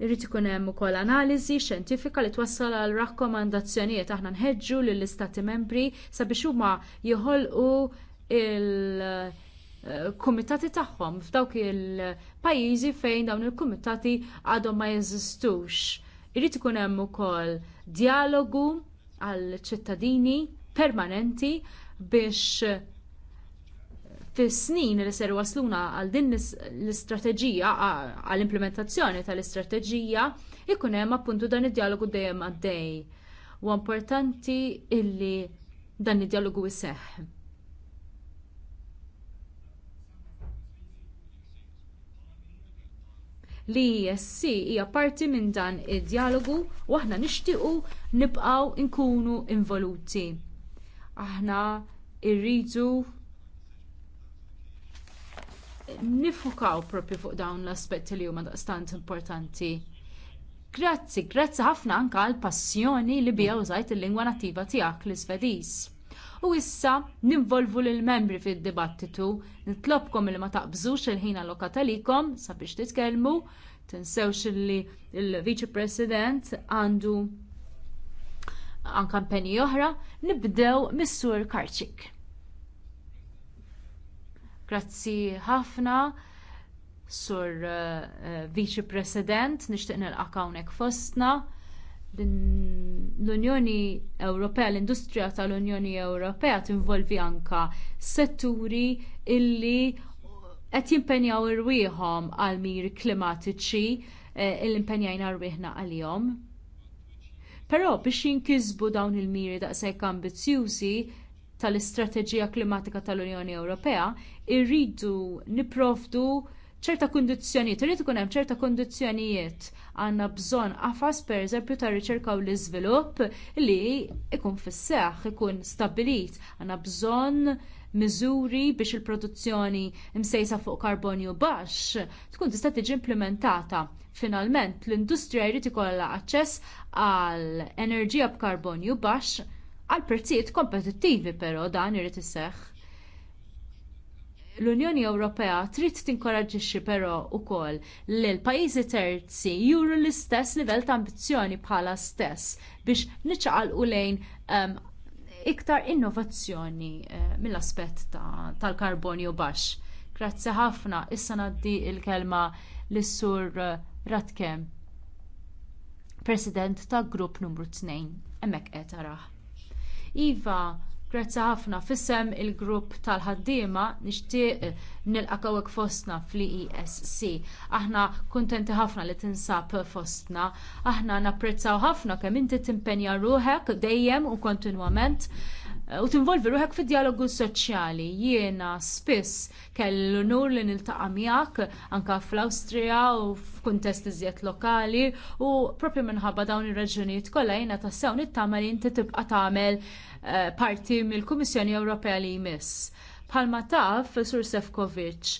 Irrid ikun hemm ukoll analiżi xjentifika li twassal għal rakkomandazzjonijiet aħna nħeġġu lill istati membri sabiex huma jħolqu il-kumitati eh, tagħhom f'dawk il-pajjiżi fejn dawn il-kumitati għadhom ma jeżistux. Irrid ikun hemm ukoll dialogu għall ċittadini permanenti biex fis-snin li ser wasluna għal din l-istrateġija għall implementazzjoni tal-istrateġija ikun hemm appuntu dan id-dialogu dejjem għaddej. U importanti illi dan id-dialogu jseħħ. li ESC hija parti minn dan id-dialogu u aħna nixtiequ nibqgħu nkunu involuti. Aħna rridu nifukaw propju fuq dawn l-aspetti li huma daqstant importanti. Grazzi, grazzi ħafna anke għall passjoni li bija użajt il-lingwa nattiva tiegħek l-Svediż. U issa ninvolvu lill membri fid-dibattitu, nitlobkom li ma taqbżux il-ħin allokat sabiex titkellmu, tinsewx li l-Viċi President għandu għan kampenji oħra, nibdew mis-sur Karċik. Grazzi ħafna. Sur uh, Vice President, nixtieq nilqak hawnhekk fostna. L-Unjoni Ewropea, l-industrija tal-Unjoni Ewropea tinvolvi anka setturi illi qed jimpenjaw irwieħhom għal miri klimatiċi eh, illi impenjajna rwieħna għalihom. Però biex jinkisbu dawn il-miri daqshekk ambizzjużi, tal-istrateġija klimatika tal-Unjoni Ewropea, irridu nipprovdu ċerta kundizzjonijiet, irridu ikun hemm ċerta kundizzjonijiet għandna bżonn qafas pereżempju ta' riċerka u l-iżvilupp li ikun fis-seħħ, ikun stabbilit, għandna bżonn miżuri biex il-produzzjoni msejsa fuq karbonju baxx tkun tista' tiġi implementata. Finalment, l-industrija jrid ikollha aċċess għal enerġija b'karbonju baxx għal prezzijiet kompetittivi però dan irid isseħħ. L-Unjoni Ewropea trid tinkoraġġixxi però wkoll li l-pajjiżi terzi juru l-istess livell ta' ambizzjoni bħala stess biex niċċaqalqu lejn um, iktar innovazzjoni uh, mill-aspett tal-karbonju ta baxx. Grazzi ħafna, issa ngħaddi l kelma lis sur eh, Ratkem, President tal grupp numru 2, emmek qed araħ. Iva, Grazzi ħafna. Fissem il-grupp tal-ħaddiema nixtieq nilqa' għawek fostna fl-ESC. Aħna kuntenti ħafna li tinsab fostna. Aħna napprezzaw ħafna kemm inti timpenja ruħek dejjem u kontinwament u tinvolvi ruħek fid dialogu soċjali. Jiena spiss kelli l-unur li niltaqa' miegħek anke fl-Awstrija u f'kuntest iżjed lokali u proprju minħabba dawn ir-raġunijiet kollha jiena tassew nittama li inti tibqa' tagħmel eh, parti mill-Kummissjoni Ewropea li jmiss. Palma taf, Sur Sefcovic,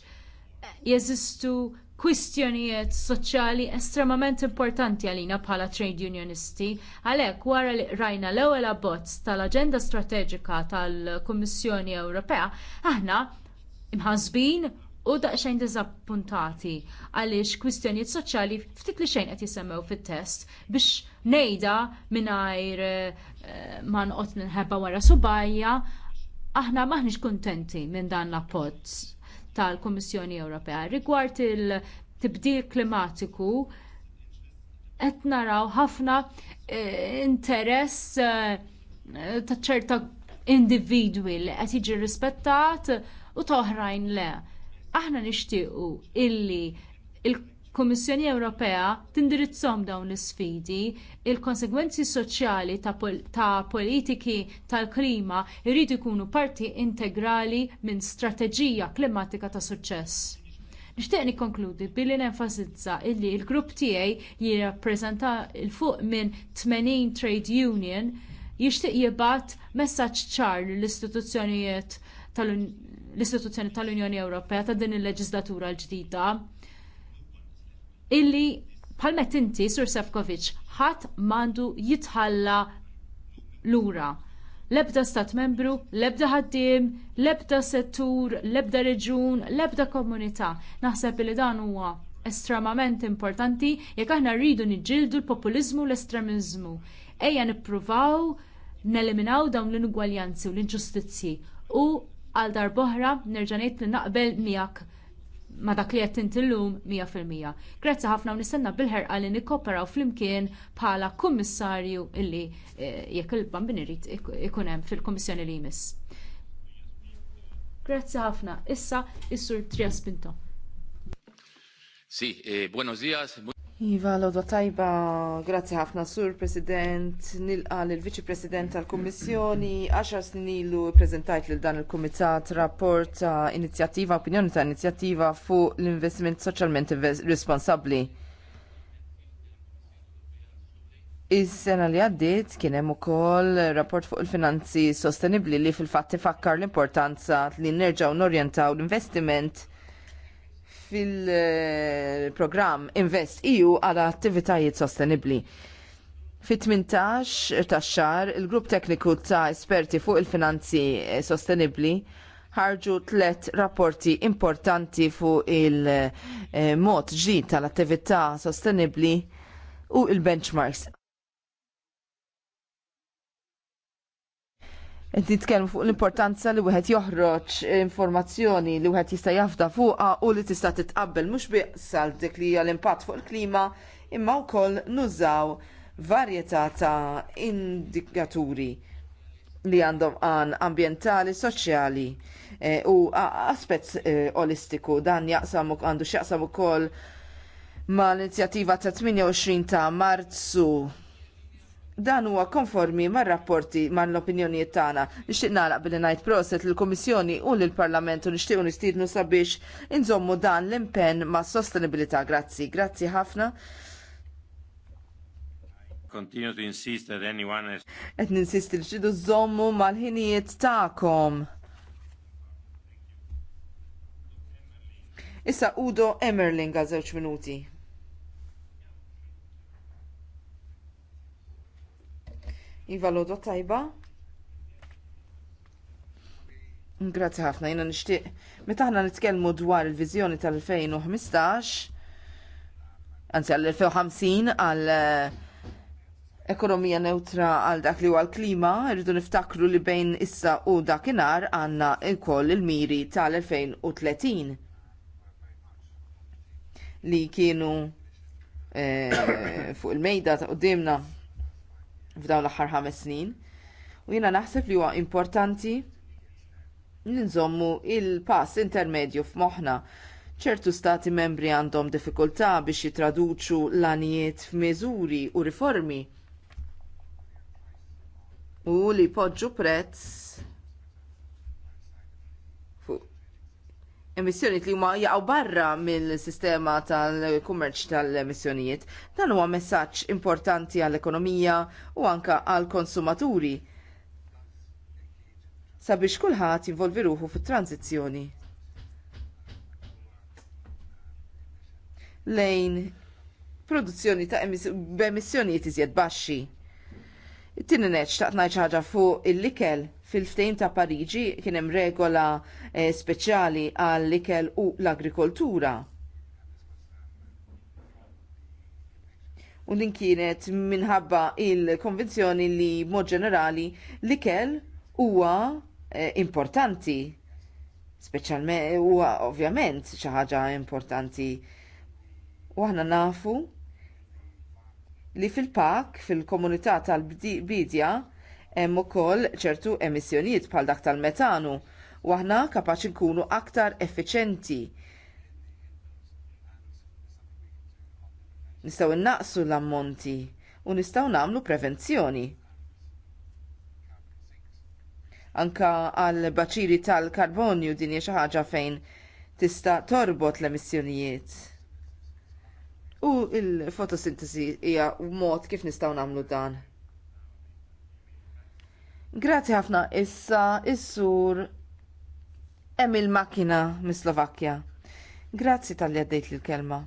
jeżistu kwistjonijiet soċjali estremament importanti għalina bħala trade unionisti. Għalhekk wara li rajna l-ewwel abbozz tal-Aġenda Strateġika tal-Kummissjoni Ewropea, aħna imħasbin u daqsxejn diżappuntati għaliex kwistjonijiet soċjali ftit li xejn qed jisemmew fit-test biex ngħidha mingħajr eh, ma noqgħod minħebba wara subajja aħna maħniex kuntenti minn dan l-abbozz tal-Kummissjoni Ewropea. Rigward il-tibdil klimatiku, qed naraw ħafna eh, interess eh, ta' ċerta individwi li qed jiġi rispettat u toħrajn le. Aħna nixtiequ illi il Komissjoni Ewropea tindirizzom dawn l-isfidi, il-konsegwenzi soċjali ta', pol ta politiki tal-klima jridu jkunu parti integrali minn strateġija klimatika ta' suċċess. Nixtieq nikkonkludi billi nenfasizza illi l-grupp tiegħi tiegħi jirrappreżenta l fuq minn 80 trade union jixtieq jibgħat messaġġ ċar lill-istituzzjonijiet tal-Unjoni tal Ewropea ta' din il-leġislatura l-ġdida illi palmet inti, Sur Sefkovic, ħadd mandu jitħalla lura. Lebda stat membru, lebda ħaddim, lebda settur, lebda reġun, lebda komunità. Naħseb li dan huwa estremament importanti jekk aħna rridu niġġieldu l-populizmu u l-estremizmu. Ejja nippruvaw neliminaw dawn l-inugwaljanzi u l-inġustizzji u għal nerġa' ngħid li naqbel miegħek ma dak li jettin tillum 100%. Grazzi ħafna u nistenna bil-ħerqa li nikkoperaw flimkien bħala kummissarju illi eh, jekk il bambini rrit ikun hemm fil kommissjoni li jmiss. Grazzi ħafna. Issa issur sur Trias Pinto. Si, eh, buenos dias. Iva, l tajba, grazzi ħafna sur President, nilqa l viċi President tal-Kommissjoni, 10 snin ilu prezentajt l dan il-Komitat rapport ta' inizjattiva, opinjoni ta' inizjattiva fuq l-investiment soċjalment responsabli. Is-sena li għaddiet kien hemm ukoll rapport fuq il-finanzi sostenibbli li fil-fatt ifakkar l-importanza li nerġgħu norjentaw l-investiment fil-programm Invest EU għal attivitajiet sostenibli. Fit-18 ta' xar, il-grupp tekniku ta' esperti fuq il-finanzi sostenibli ħarġu tlet rapporti importanti fuq il-mod eh, ġdid tal-attività sostenibli u il-benchmarks. Inti tkellem fuq l-importanza li wieħed joħroġ informazzjoni li wieħed jista' jafda fuqha u li tista' titqabbel mhux biqsal dik li hija l-impatt fuq il-klima imma wkoll nużaw varjetà ta' indikaturi li għandhom għan ambjentali, soċjali eh, u aspett eh, olistiku dan jaqsam għandu x'jaqsam ukoll mal inizjattiva ta' 28 ta' Marzu dan huwa konformi mar-rapporti ma' l-opinjonijiet tagħna. Nixtieq nagħlaq billi ngħid proset lill-Kummissjoni u lill-Parlament u nixtiequ nistiednu sabiex inżommu dan l-impenn ma' sostenibilità. Grazzi, grazzi ħafna. Continue to insist that anyone Et ninsisti li xidu żommu mal-ħinijiet tagħkom. Issa Udo Emerling għal żewġ minuti. Iva Lodo tajba. Grazzi ħafna, jina nishtiq. Meta ħna nitkellmu dwar il-vizjoni tal-2015, anzi għal-2050, għal eh, ekonomija neutra għal dak li huwa l-klima, rridu niftakru li bejn issa u dakinhar għandna wkoll il-miri tal-2030 li kienu eh, fuq il-mejda ta' qudiemna f'dawn l-aħħar ħames snin. U jiena naħseb li huwa importanti ninżommu il-pass intermedju f'moħħna. ċertu stati membri għandhom diffikultà biex jitraduċu l-anijiet f'miżuri u riformi u li jpoġġu prezz emissjoni li huma jaqgħu barra mill-sistema tal-kummerċ tal-emissjonijiet. Dan huwa messaġġ importanti għall-ekonomija u anke għall-konsumaturi sabiex kulħadd jinvolvi ruħu fit-tranzizzjoni. Lejn produzzjoni ta' emissjonijiet iżjed baxxi. It-tieni neċ taqt ngħid ħaġa fuq il-likel fil-ftejn ta' Pariġi kien hemm regola eh, speċjali għall-ikel u l-agrikoltura. U din kienet minħabba il-konvenzjoni li mod ġenerali l-ikel huwa eh, importanti. Speċjalment huwa ovvjament xi ħaġa importanti. U aħna nafu li fil-pak, fil-komunità tal-bidja, Hemm ukoll ċertu emissjonijiet bħal dak tal-metanu u aħna kapaċi nkunu aktar effiċenti. Nistgħu innaqsu l-ammonti u nistgħu nagħmlu prevenzjoni. Anka għal baċiri tal-karbonju din hija xi ħaġa fejn tista' torbot l-emissjonijiet. U l fotosintesi hija mod kif nistgħu nagħmlu dan. Grazzi ħafna issa is-sur hemm il-makina mis-Slovakkja. Grazzi tal-li għaddejt l-kelma.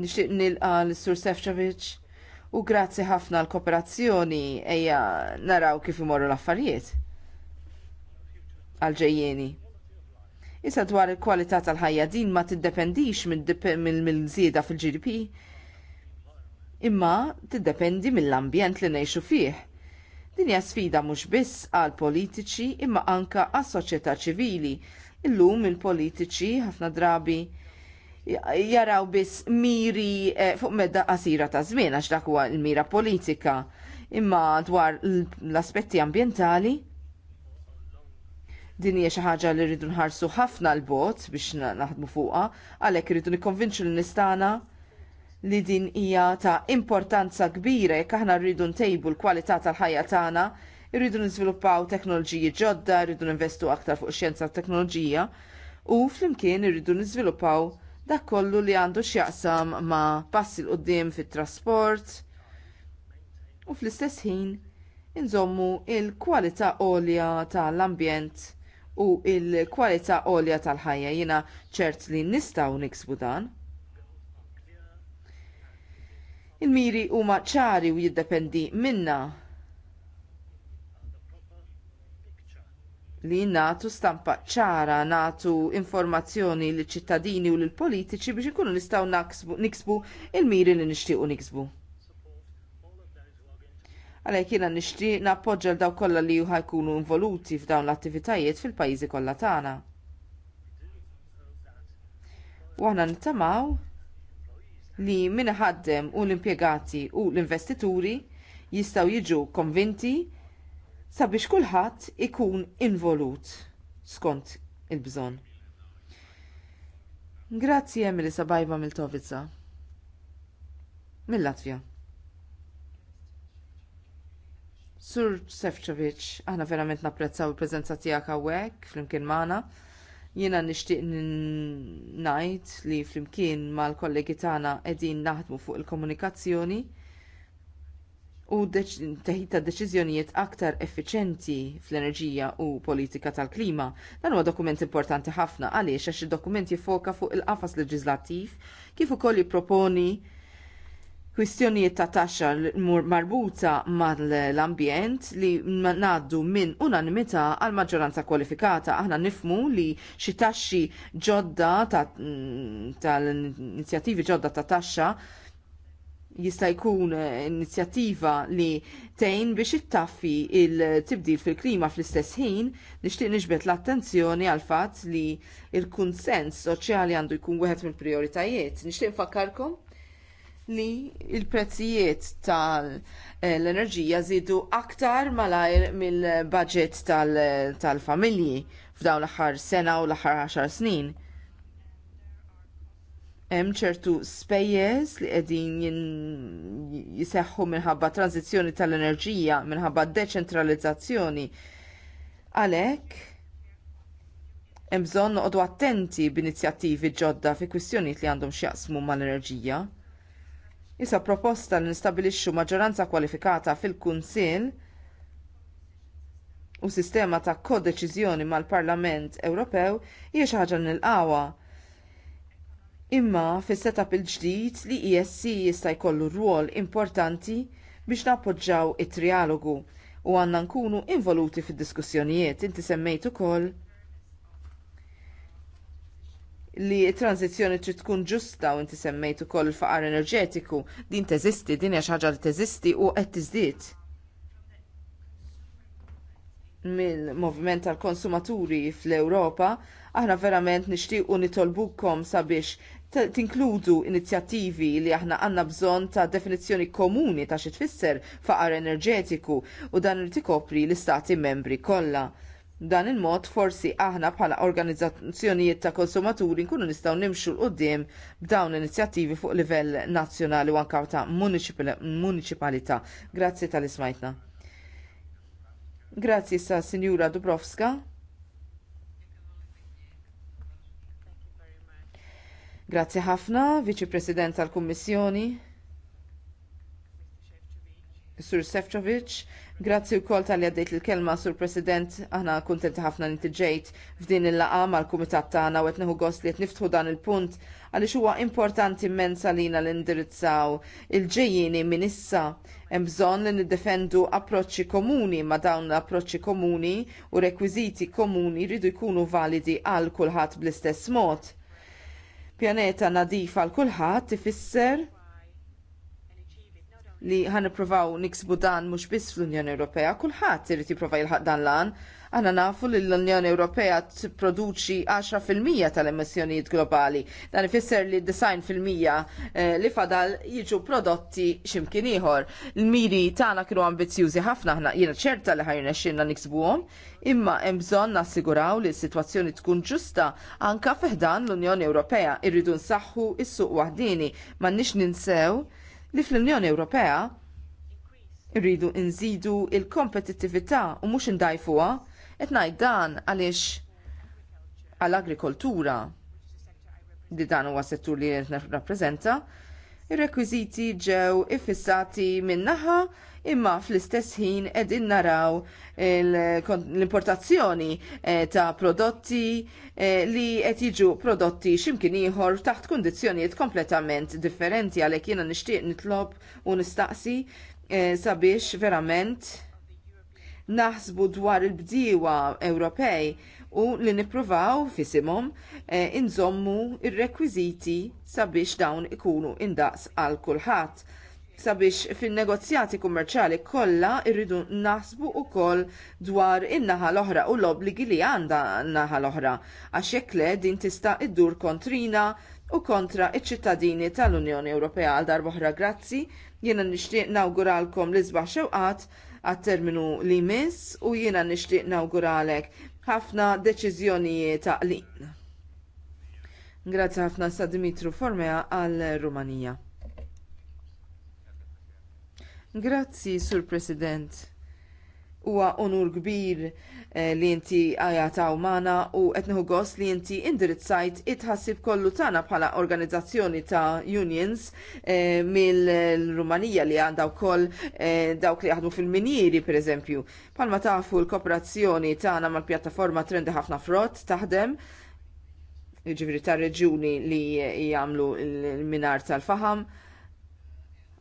Nixtieq nilqa l-sur Sefcovic u grazzi ħafna l-kooperazzjoni ejja naraw kif imorru l-affarijiet għal-ġejjeni. Issa dwar il-kwalità tal-ħajja din ma tiddependix mill-żieda fil-GDP, imma tiddependi mill-ambjent li ngħixu fih. Din hija sfida mhux biss għal politiċi imma anke għas soċjetà ċivili. Illum il-politiċi ħafna drabi jaraw biss miri eh, fuq medda qasira ta' żmien għax dak huwa l-mira politika. Imma dwar l-aspetti ambjentali din hija xi ħaġa li rridu nħarsu ħafna l-bot biex naħdmu fuqha, għalhekk irridu nikkonvinċu l-nistana li din hija ta' importanza kbira jekk aħna rridu ntejbu l-kwalità tal-ħajja tagħna, irridu niżviluppaw teknoloġiji ġodda, irridu ninvestu aktar fuq xjenza u teknoloġija u flimkien irridu niżviluppaw dak kollu li għandu x'jaqsam ma' passi l qudiem fit-trasport u fl-istess ħin inżommu l kwalità għolja tal-ambjent u l kwalità għolja tal-ħajja jiena ċert li nistgħu niksbu dan. Il-miri huma ċari u jiddependi minna li natu stampa ċara, natu informazzjoni li ċittadini u l politiċi biex ikunu nistaw niksbu il-miri li nishtiqu niksbu. Għalek jina nishtiq nappoġġa l-daw kolla li ħajkunu involuti f'dawn l-attivitajiet fil-pajizi kolla tagħna. U aħna nittamaw li min ħaddem u l-impjegati u l-investituri jistgħu jiġu konvinti sabiex kulħadd ikun involut skont il-bżonn. Grazzi Emily Sabajba mill Mill-Latvja. Sur Sefcovic, aħna verament napprezzaw il-prezenza tiegħek hawnhekk flimkien magħna. Jiena nixtieq ngħid li flimkien mal-kollegi tagħna qegħdin naħdmu fuq il-komunikazzjoni u teħid ta' deċiżjonijiet aktar effiċenti fl-enerġija u politika tal-klima. Dan huwa dokument importanti ħafna għaliex għax id-dokument jiffoka fuq il-qafas leġislattiv kif ukoll jipproponi proponi kwistjonijiet ta' taxxa marbuta mal-ambjent li ngħaddu minn unanimità għal maġġoranza kwalifikata. Aħna nifmu li xi taxxi ġodda mm, tal-inizjattivi ġodda ta' taxxa jista' jkun eh, inizjattiva li tejn biex ittaffi il-tibdil fil-klima fl-istess ħin nixtieq niġbed l-attenzjoni għal fatt li l kunsens soċjali għandu jkun wieħed mill-prijoritajiet. Nixtieq nfakkarkom li il-prezzijiet tal-enerġija zidu aktar malajr mill-budget tal-familji f'dawn l-aħħar sena u l-aħħar 10 snin hemm ċertu spejjeż li qegħdin jiseħħu minħabba tranzizzjoni tal-enerġija, minħabba deċentralizzazzjoni. Għalhekk hemm bżonn noqogħdu attenti b'inizjattivi ġodda fi kwistjonijiet li għandhom x'jaqsmu mal-enerġija. Issa proposta li nistabilixxu maġġoranza kwalifikata fil-Kunsill u sistema ta' kodeċiżjoni mal-Parlament Ewropew hija xi ħaġa nilqawha. Imma fis-setup il-ġdid li ESC jista' jkollu rwol importanti biex nappoġġjaw it-trialogu u għandna nkunu involuti fid-diskussjonijiet inti semmejt ukoll li t tranzizjoni trid tkun ġusta u inti semmejt ukoll il-faqar enerġetiku din teżisti, din hija xi ħaġa li teżisti u qed tiżdied. Mill-moviment tal-konsumaturi fl-Ewropa, aħna verament nixtiequ nitolbukom sabiex tinkludu inizjattivi li aħna għandna bżonn ta' definizzjoni komuni ta' xi tfisser faqar enerġetiku u dan li tikopri l-istati membri kollha dan il-mod forsi aħna bħala organizzazzjonijiet ta' konsumaturi nkunu nistgħu nimxu l qudiem b'dawn inizjattivi fuq livell nazzjonali u anke ta' municipalità. Grazzi tal-ismajtna. Grazzi sa' Sinjura Dubrovska. Grazzi ħafna, Viċi President tal-Kummissjoni. Sur Sefcovic, grazzi wkoll tal-li għaddejt il-kelma, Sur President, aħna kuntenti ħafna li ġejt f'din il laqgħa mal-Kumitat tagħna u qed neħu gost li qed niftħu dan il-punt għaliex huwa importanti li għina li indirizzaw il ġejjini minn issa hemm bżonn li niddefendu approċċi komuni ma dawn l-approċċi komuni u rekwiżiti komuni jridu jkunu validi għal kulħadd bl-istess mod. Pjaneta nadifa għal kulħadd tifisser li ħanipruvaw niksbu dan mhux biss fl-Unjoni Ewropea, kulħadd irid jipprova jilħaq dan lan. Aħna nafu li l-Unjoni Ewropea tipproduċi 10% tal-emissjonijiet globali. Dan ifisser li fil-mija eh, li fadal jiġu prodotti x'imkien ieħor. l miri tagħna kienu ambizzjużi ħafna aħna jiena ċerta li ħajna xinna niksbuhom, imma hemm bżonn nassiguraw li s-sitwazzjoni tkun ġusta anka fiħdan l-Unjoni Ewropea irridu nsaħħu s suq ma m'għandniex ninsew li fl-Unjoni Ewropea irridu nżidu l kompetittività u mhux indajfuha qed ngħid dan għaliex għall-agrikoltura li dan huwa settur li qed rappreżenta ir-rekwiżiti ġew iffissati min-naħa imma fl-istess ħin qegħdin naraw l-importazzjoni eh, ta' prodotti eh, li qed jiġu prodotti x'imkien ieħor taħt kundizzjonijiet kompletament differenti għalhekk jiena nixtieq nitlob u nistaqsi eh, sabiex verament naħsbu dwar il-bdiewa Ewropej u li nippruvaw fisimhom eh, inżommu r-rekwiżiti sabiex dawn ikunu indaqs għal kulħadd sabiex fin-negozjati kummerċjali kollha rridu naħsbu wkoll dwar in-naħa l-oħra u l-obbligi li għandha n-naħa l-oħra għax hekk le din tista' iddur kontrina u kontra iċ-ċittadini tal-Unjoni Ewropea għal oħra grazzi, jiena nixtieq nawguralkom l-isbaħ xewqat għat-terminu li miss u jiena nixtieq nawguralek ħafna deċiżjonijiet għalin. Grazzi ħafna sa Dimitru Formea għal Rumanija. Grazzi, Sur President huwa onur kbir eh, li inti għajataw magħna u qed nieħu gost li inti indirizzajt it kollu tagħna bħala organizzazzjoni ta' unions eh, mill-Rumanija li għandha wkoll eh, dawk li jaħdmu fil-minieri pereżempju. Palma tafu l-kooperazzjoni tagħna mal-pjattaforma Trendi ħafna frott taħdem ġifiri ta' reġuni li jagħmlu l-minar tal-faham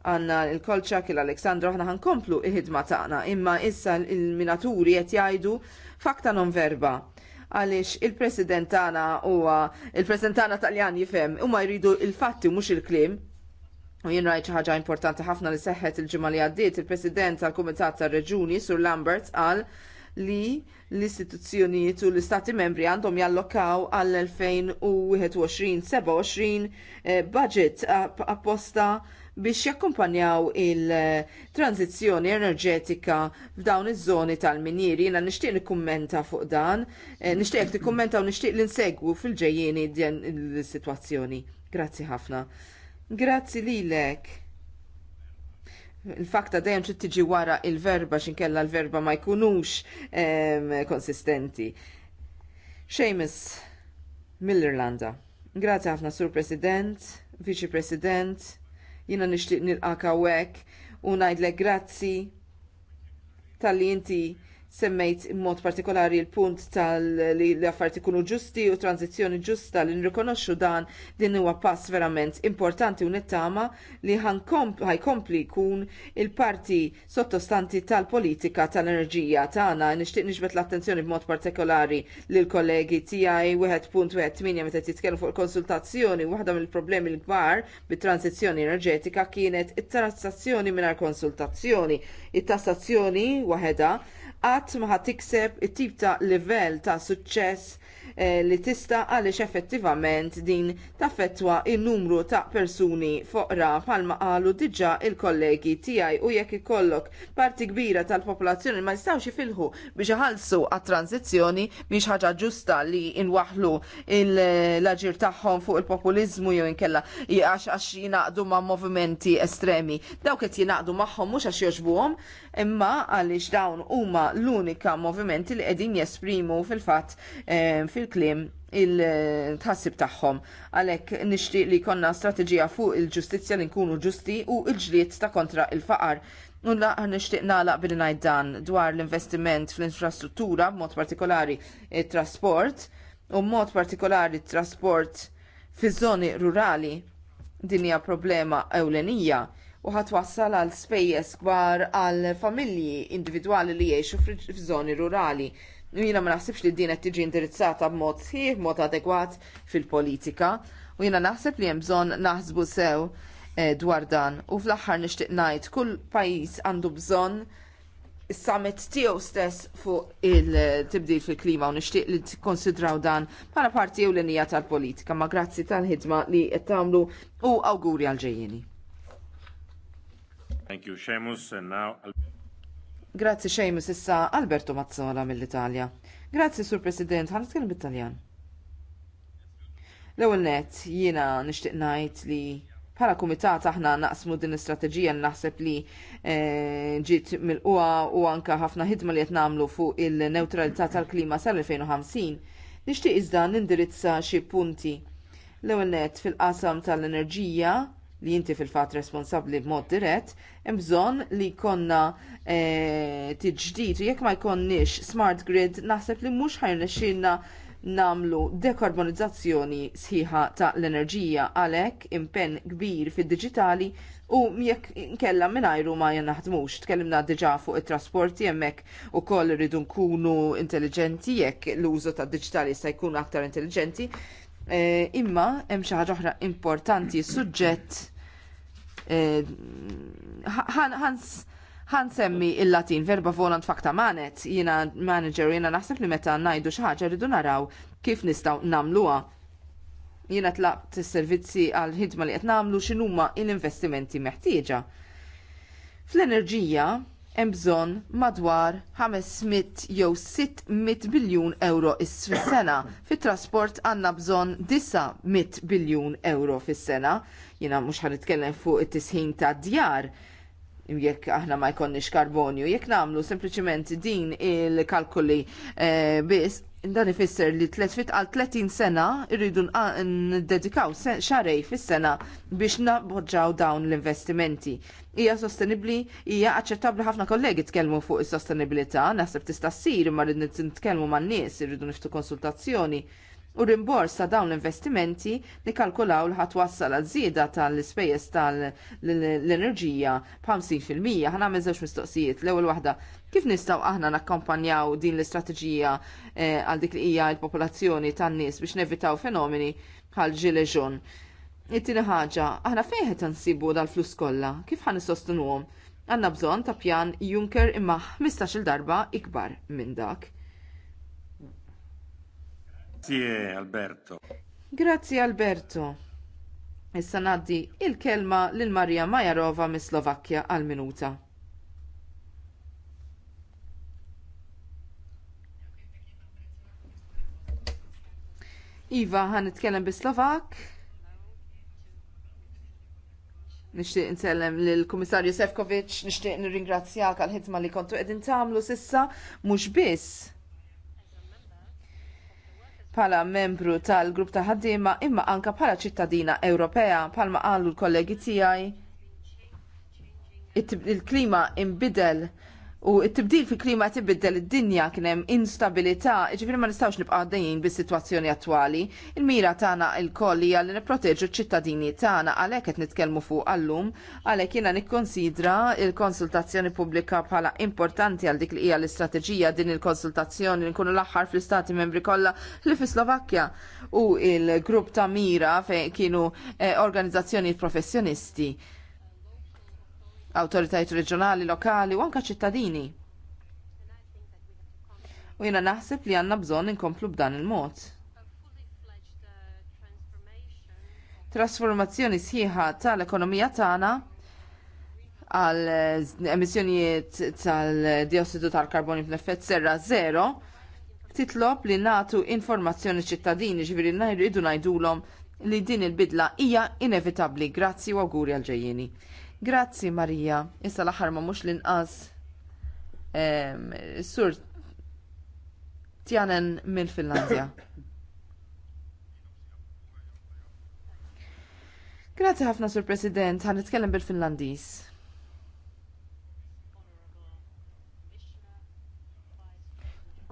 għanna il-kolċak il Aleksandro ħna ħankomplu il-ħidma tagħna imma issa il-minaturi qed jgħidu fakta non verba għaliex il-president tagħna huwa il-president tagħna Taljan jifhem huma jridu il-fatti mhux il-kliem. U jien rajt ħaġa importanti ħafna li seħħet il-ġimgħa li għaddiet il-President tal-Kumitat tar-Reġuni Sur Lambert qal li l-istituzzjonijiet u l-istati membri għandhom jallokaw għall 2021-27 eh, budget apposta biex jakkumpanjaw il transizzjoni enerġetika f'dawn iż-żoni tal-minjiri. Jiena nixtieq nikkummenta fuq dan, eh, nixtieq nikkummenta u nixtieq li nsegwu fil-ġejjieni din is-sitwazzjoni. Grazzi ħafna. Grazzi lilek il-fakta dejjem trid tiġi wara il-verba xinkella l-verba ma jkunux ehm, konsistenti. Seamus mill-Irlanda. Grazie ħafna Sur President, Viċi President, Jiena nixtieq nilqaka wek, u ngħidlek grazzi tal-li inti semmejt mod partikolari il-punt tal li l-affarijiet ikunu ġusti u tranzizjoni ġusta li nrikonoxxu dan din huwa pass verament importanti u nittama li ħajkompli jkun il-parti sottostanti tal-politika tal-enerġija tagħna nixtieq nixbet l-attenzjoni b'mod partikolari lil kollegi tiegħi wieħed punt wieħed tminja meta titkellmu fuq konsultazzjoni waħda mill-problemi l-kbar bit-tranzizzjoni enerġetika kienet it-tassazzjoni mingħajr konsultazzjoni. It-tassazzjoni waħedha qatt ma ħad tikseb it-tip ta' livell ta' suċċess Eh, li tista' għaliex effettivament din taffettwa n numru ta' persuni foqra bħalma qalu diġà il-kollegi tiegħi u jekk ikollok parti kbira tal-popolazzjoni ma jistgħux ifilħu biex iħallsu għat-tranzizzjoni mhix ħaġa ġusta li inwaħlu l-aġir tagħhom fuq il-populiżmu jew inkella għax jingħaqdu ma' movimenti estremi. Dawk qed jingħaqdu magħhom mhux għax jogħġbuhom, imma għaliex dawn huma l-unika movimenti li qegħdin jesprimu fil-fatt eh, fil kliem il-tħassib tagħhom għalhekk nixtieq li jkollna strateġija fuq il-ġustizzja li nkunu ġusti u l-ġlied ta' kontra il-faqar. Nulla nixtieq nagħlaq billi ngħid dan dwar l-investiment fl-infrastruttura b'mod partikolari t trasport u b'mod partikolari t trasport fiż-żoni rurali din hija problema ewlenija u ħatwassal għal spejjeż kbar għal familji individwali li jgħixu f'żoni rurali. Jiena ma naħsibx li din qed tiġi indirizzata b'mod sħiħ, b'mod adegwat fil-politika u jiena naħseb li hemm bżonn naħsbu sew eh, dwar dan. U fl-aħħar nixtieq ngħid kull pajjiż għandu bżonn s summit tiegħu stess fuq il-tibdil fil-klima u nixtieq li tikkonsidraw dan bħala parti l-inija tal-politika. Ma grazzi tal-ħidma li qed tagħmlu u awguri għal ġejjeni. Thank you, Seamus, and now Grazzi Seamus issa Alberto Mazzola mill-Italja. Grazzi Sur President, ħan nitkellem bit-Taljan. L-ewwel nett jiena nixtieq ngħid li bħala kumitat aħna naqsmu din l-istrateġija naħseb li e, ġiet mill u anka ħafna ħidma li qed nagħmlu fuq il newtralità tal-klima sal-2050, nixtieq iżda nindirizza xi punti l-ewwel net fil-qasam tal-enerġija li inti fil-fat responsabbli b'mod dirett, hemm bżonn li jkollna eh, tiġdid u jekk ma jkollniex smart grid naħseb li mhux ħajrnexxilna nagħmlu dekarbonizzazzjoni sħiħa ta' l-enerġija għalhekk impenn kbir fid-diġitali u jekk nkella mingħajr ma naħdmux, Tkellimna diġà fuq it-trasporti hemmhekk ukoll rridu nkunu intelligenti jekk l-użu tad-diġitali se jkun aktar intelligenti Eh, imma hemm xi ħaġa oħra importanti, suġġett eh, ħan semmi il-Latin verba volant fakta manet, jina manager, jina naħseb li meta najdu ħaġa rridu naraw kif nistgħu nagħmluha. Jina tlaqt is servizzi għal-ħidma li qed nagħmlu x'inhuma l-investimenti meħtieġa. Fl-enerġija, hemm bżonn madwar 500 jew 600 biljun euro fis-sena. Fit-trasport għandna bżonn 900 biljun euro fis-sena. Jiena mhux ħanitkellem fuq it-tisħin ta' djar jekk aħna ma jkollniex karbonju, jekk nagħmlu sempliċement din il-kalkoli eh, biss Dan ifisser li tlet fit għal 30 sena irridu ndedikaw xarej fis-sena biex naboġġaw dawn l-investimenti. Hija sostenibbli, hija aċċettabbli ħafna kollegi tkellmu fuq is-sostenibilità, naħseb tista' ssir imma rrid nitkellmu man-nies, irridu niftu konsultazzjoni. U rimbors ta' dawn l-investimenti nikkalkulaw li ħat wassal għal żieda tal-ispejjeż tal-enerġija b'50 fil-mija. Ħana mezzewx mistoqsijiet. L-ewwel waħda Kif nistaw aħna nakkampanjaw din l-istrateġija eh, għal dik li hija l-popolazzjoni tan-nies biex nevitaw fenomeni bħal ġileġun? It-tieni ħaġa, aħna fejn nsibu dal-flus kollha, kif ħan nisostenuhom? Għandna bżonn ta' pjan Juncker imma 15-il darba ikbar minn dak. Grazie Alberto. Grazie Alberto. Issa naddi il-kelma lil Marija Majarova mis-Slovakkja għal-minuta. Iva, għan nitkellem bi Slovak. Nishtiq nsellem l-Komissarju Sefkovic, nishtiq nirringrazzjak għal ħidma li kontu edin tamlu sissa, mux biss. Pala membru tal-grupp ta' ħaddiema imma anka pala ċittadina Ewropea, palma għallu l-kollegi tijaj. Il-klima imbidel U t-tibdil fi klima tibiddel id-dinja kien hemm instabilità, jiġifieri ma nistgħux nibqa' għaddejjin bis-sitwazzjoni attwali. Il-mira tagħna l kollija li nipproteġu ċ-ċittadini tagħna għalhekk qed nitkellmu fuq għallum għalhekk jiena nikkonsidra il-konsultazzjoni pubblika bħala importanti għal dik li hija l-istrateġija din il-konsultazzjoni li nkunu l-aħħar fl-istati membri kollha li fi Slovakkja u il-grupp ta' mira fejn kienu eh, organizzazzjoni professjonisti awtoritajiet reġjonali, lokali u anke ċittadini. U jiena naħseb li għandna bżonn inkomplu b'dan il-mod. Trasformazzjoni sħiħa tal-ekonomija tagħna għal emissjonijiet tal-diossidu tal-karboni f'neffett serra zero titlob li natu informazzjoni ċittadini ġifiri najridu najdulom li din il-bidla hija inevitabli. Grazzi u auguri għal-ġejjini. Grazzi Marija, issa l-aħħar ma mhux l-inqas sur Tjanen mill-Finlandja. Grazzi ħafna sur President, għan nitkellem bil-Finlandis.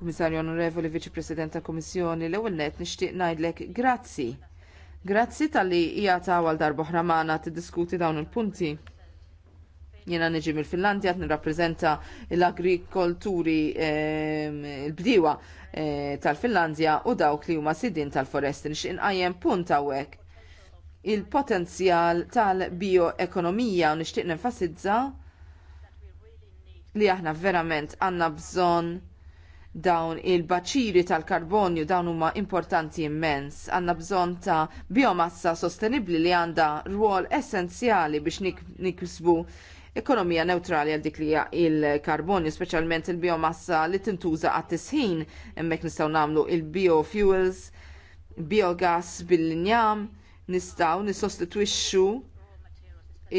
Komissarju Onorevoli Viċi President ta' Kummissjoni l-ewwel nett nixtieq ngħidlek grazzi. Grazzi tal-li hija tawal darba oħra magħna tiddiskuti dawn il-punti. Jiena niġi mill-Finlandja għat nirrapprezenta l-agrikolturi ehm, l bdiwa eh, tal-Finlandja u dawk li huma sidin tal-foresti nixtieq inqajjem punt hawnhekk il-potenzjal tal-bioekonomija u nixtieq nenfasizza li aħna verament għandna bżonn dawn il-baċiri tal-karbonju dawn huma importanti immens. Għandna bżonn ta' biomassa sostenibbli li għandha rwol essenzjali biex nikisbu nik ekonomija neutrali għal dik li hija il-karbonju, speċjalment il-biomassa li tintuża għat tisħin hemmhekk nistgħu nagħmlu il-biofuels, biogas bil-linjam, nistgħu nissostitwixxu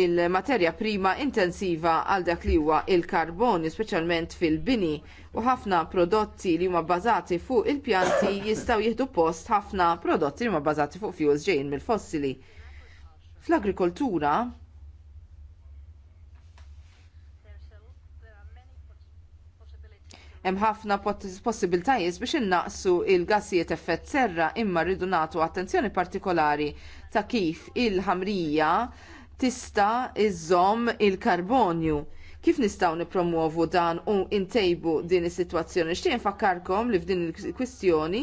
il-materja prima intensiva għal dak li huwa il-karbonju, speċjalment fil-bini, u ħafna prodotti li huma bbażati fuq il-pjanti jistgħu jieħdu post ħafna prodotti li huma bbażati fuq fuels ġejjin mill-fossili. Fl-agrikoltura, Hemm ħafna possibiltajiet biex innaqsu l gassijiet effett serra imma rridu nagħtu attenzjoni partikolari ta' kif il-ħamrija tista' iżżomm il-karbonju. Kif nistgħu nippromuovu dan u ntejbu din is-sitwazzjoni? Xtieq nfakkarkom li f'din il-kwistjoni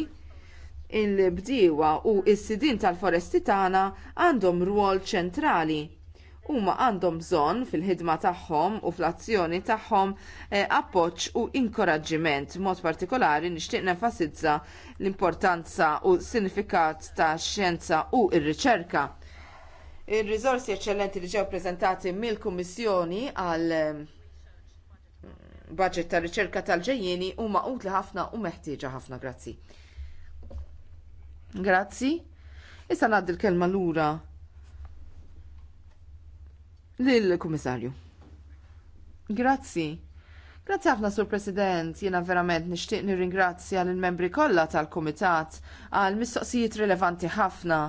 il-bdiewa u s-sidin tal-foresti tagħna għandhom rwol ċentrali huma għandhom bżonn fil-ħidma tagħhom u fl-azzjoni tagħhom eh, appoġġ u inkoraġġiment. Mod partikolari nixtieq nenfasizza l-importanza u s-sinifikat ta' xjenza u r-riċerka. Ir-riżorsi eċċellenti li ġew ppreżentati mill-Kummissjoni għal mm, budget ta' riċerka tal-ġejjieni huma utli ħafna u meħtieġa ħafna grazzi. Grazzi. Issa ngħaddi l-kelma lura lill-Kummissarju. Grazzi. Grazzi ħafna Sur President, jiena verament nixtieq nirringrazzja lill membri kollha tal-Kumitat għal mistoqsijiet rilevanti ħafna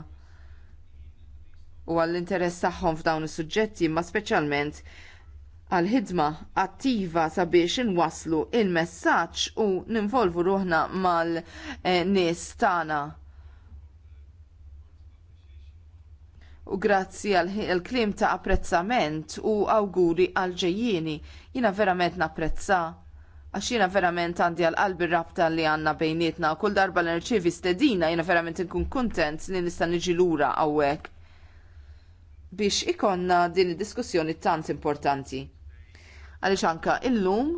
u għall interess tagħhom f'dawn is-suġġetti, ma speċjalment għal ħidma attiva sabiex inwasslu il-messaġġ u ninvolvu ruħna mal-nies tagħna u grazzi għal kliem ta' apprezzament u awguri għal ġejjieni. Jiena verament napprezza għax jiena verament għandi għal qalbi rabta li għandna bejnietna u kull darba li nirċievi stedina jiena verament nkun kuntent li nista' niġi lura għawek. biex ikonna din id-diskussjoni tant importanti. Għaliex anke illum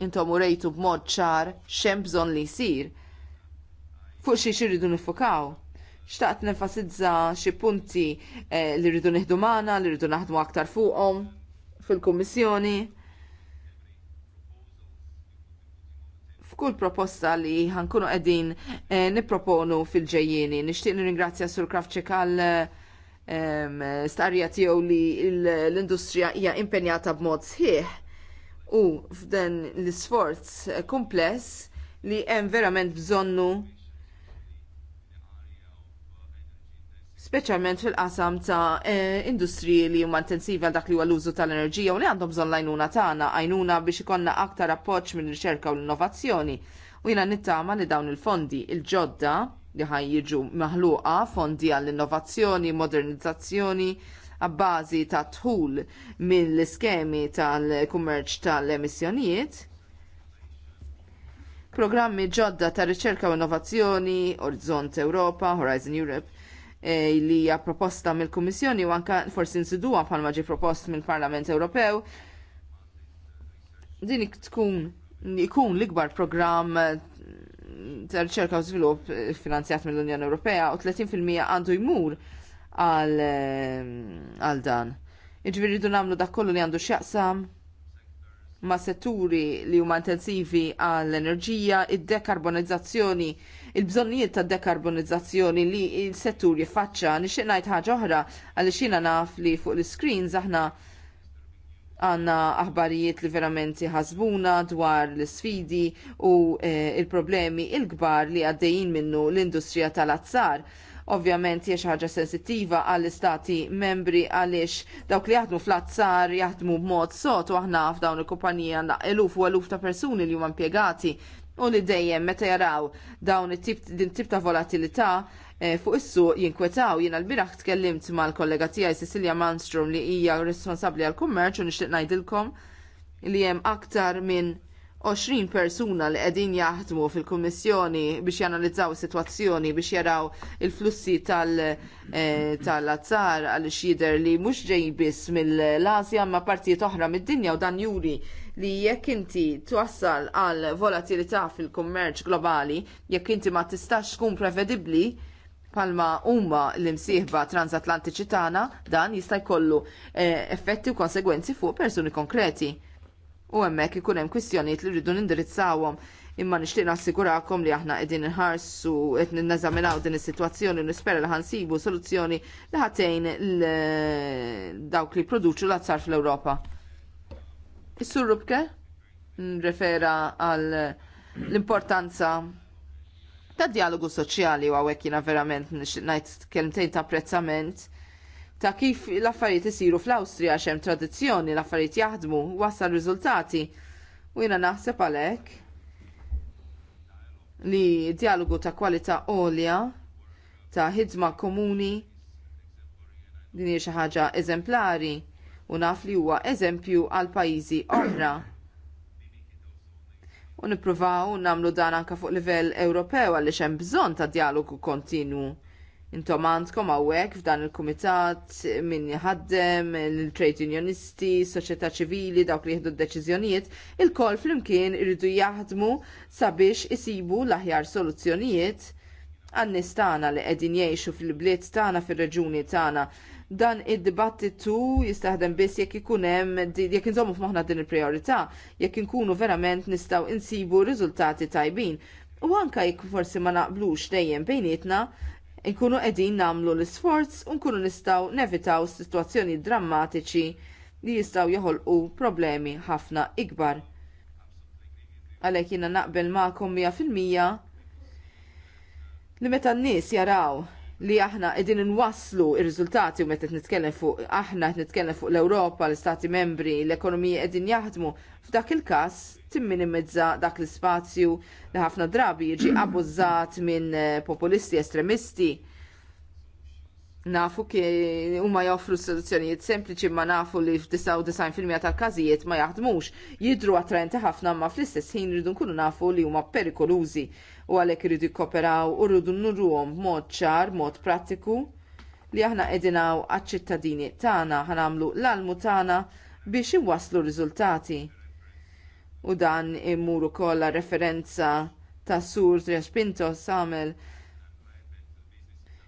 intom urejtu b'mod ċar xem bżonn li jsir fuq xi jridu nifukaw Xtaqt nenfasizza xi punti eh, li rridu nieħdu magħna, li rridu naħdmu aktar fuqhom fil-Kummissjoni. f'kull proposta li ħankunu qegħdin eh, nipproponu fil-ġejjieni. Nixtieq nirringrazzja Sur Krafċik għal ehm, starja tiegħu li l-industrija hija impenjata b'mod sħiħ u f'dan l-isforz kumpless li hemm verament bżonnu speċjalment fil-qasam ta' eh, industriji li huma intensivi għal dak li huwa l-użu tal-enerġija u li għandhom bżonn għajnuna tagħna, għajnuna biex ikonna aktar appoġġ minn riċerka u l-innovazzjoni. U jiena nittama li dawn il-fondi il-ġodda li ħaj jiġu maħluqa fondi għall-innovazzjoni, modernizzazzjoni, għabbażi ta' tħul mill-iskemi tal-kummerċ tal-emissjonijiet, programmi ġodda ta' riċerka u innovazzjoni, Orizzont Europa, Horizon Europe, E, li hija proposta mill-Kummissjoni u anke forsi nsiduha bħalma ġie propost mill-Parlament Ewropew. Din tkun ikun l-ikbar programm e, ta' riċerka u żvilupp e, finanzjat mill-Unjoni Ewropea u 30% għandu jmur għal dan. Iġviri du namlu dak kollu li għandu x'jaqsam ma' setturi li huma intensivi għall enerġija id-dekarbonizzazzjoni il-bżonnijiet ta' dekarbonizzazzjoni li il-settur jiffaċċa nixtieq ngħid ħaġa oħra għaliex jiena naf li fuq l-screens aħna għandna aħbarijiet li verament ħasbuna dwar l isfidi u eh, il-problemi l kbar li għaddejjin minnu l-industrija tal-azzar ovvjament hija xi ħaġa sensittiva għall istati membri għaliex dawk li jaħdmu fl-azzar jaħdmu b'mod sot u aħna f'dawn il-kumpanija eluf u eluf ta' persuni li huma impjegati U li dejjem meta jaraw dawn din tip ta' volatilità eh, fuq issu jinkwetaw jiena l-biraħ tkellimt mal-kollega tiegħi Cecilia Manstrom li hija responsabbli għall-kummerċ u nixtieq ngħidilkom li hemm aktar minn 20 persuna li qegħdin jaħdmu fil-Kummissjoni biex janalizzaw is-sitwazzjoni biex jaraw il-flussi eh, tal-azzar għal jidher li mhux ġej biss mill-Asja ma partijiet oħra mid-dinja u dan juri li jekk inti twassal għal volatilità fil-kummerċ globali, jekk inti ma tistax tkun prevedibbli palma huma l-imsieħba transatlantiċi tagħna, dan jista' jkollu eh, effetti u konsegwenzi fuq persuni konkreti. U hemmhekk ikun hemm kwistjonijiet li rridu nindirizzawhom imma nixtieq nassigurakom li aħna qegħdin inħarsu qed ninneżaminaw din is-sitwazzjoni u nispera li ħansibu soluzzjoni li ħatejn dawk li jipproduċu l-azzar fl-Ewropa. Is-sur Rubke refera għal l-importanza ta' dialogu soċjali u għawek jina verament najt kelmtejn ta' apprezzament ta' kif l-affarijiet isiru fl-Awstrija xem tradizzjoni l-affarijiet jaħdmu wasal riżultati u jina naħseb għalek li dialogu ta' kwalità għolja ta' ħidma komuni din hija xi ħaġa eżemplari u naf li huwa eżempju għal pajjiżi oħra. U nippruvaw nagħmlu dan anke fuq livell Ewropew għaliex hemm bżonn ta' dialogu kontinu. Intom għandkom hawnhekk f'dan il-kumitat min jħaddem, il-trade unionisti, soċjetà ċivili, dawk li jieħdu d-deċiżjonijiet, il-kol flimkien iridu jaħdmu sabiex isibu l-aħjar soluzzjonijiet għan-nies tagħna li qegħdin jgħixu fil-bliet tagħna fir-reġuni tagħna dan id-dibattitu jistaħdem biss jekk ikun hemm jekk inżommu f'moħħna din il-priorità, jekk inkunu verament nistgħu insibu riżultati tajbin. U anke jekk forsi ma naqblux dejjem bejnietna, nkunu qegħdin nagħmlu l-isforz u nkunu nistgħu nevitaw sitwazzjoni drammatiċi li jistgħu joħolqu problemi ħafna ikbar. Għalhekk jiena naqbel magħkom mija fil-mija li meta n-nies jaraw li aħna qegħdin inwasslu il riżultati u meta nitkellem fuq aħna qed nitkellem fuq l-Ewropa, l-Istati Membri, l-ekonomija qegħdin jaħdmu, f'dak il-każ timminimizza dak l-ispazju li ħafna drabi jiġi abbużat minn populisti estremisti Nafu ki huma joffru soluzzjonijiet sempliċi ma nafu li fil-mija tal-każijiet ma jaħdmux. Jidru attrenti ħafna ma fl-istess ħin rridu nkunu nafu li huma perikolużi u għalhekk iridu jikkoperaw u rridu nurruhom mod ċar, mod prattiku li aħna qegħdinaw għaċ-ċittadini tagħna ħanamlu l-almu tagħna biex iwasslu riżultati. U dan immur ukoll referenza ta' Sur Trias Pinto samel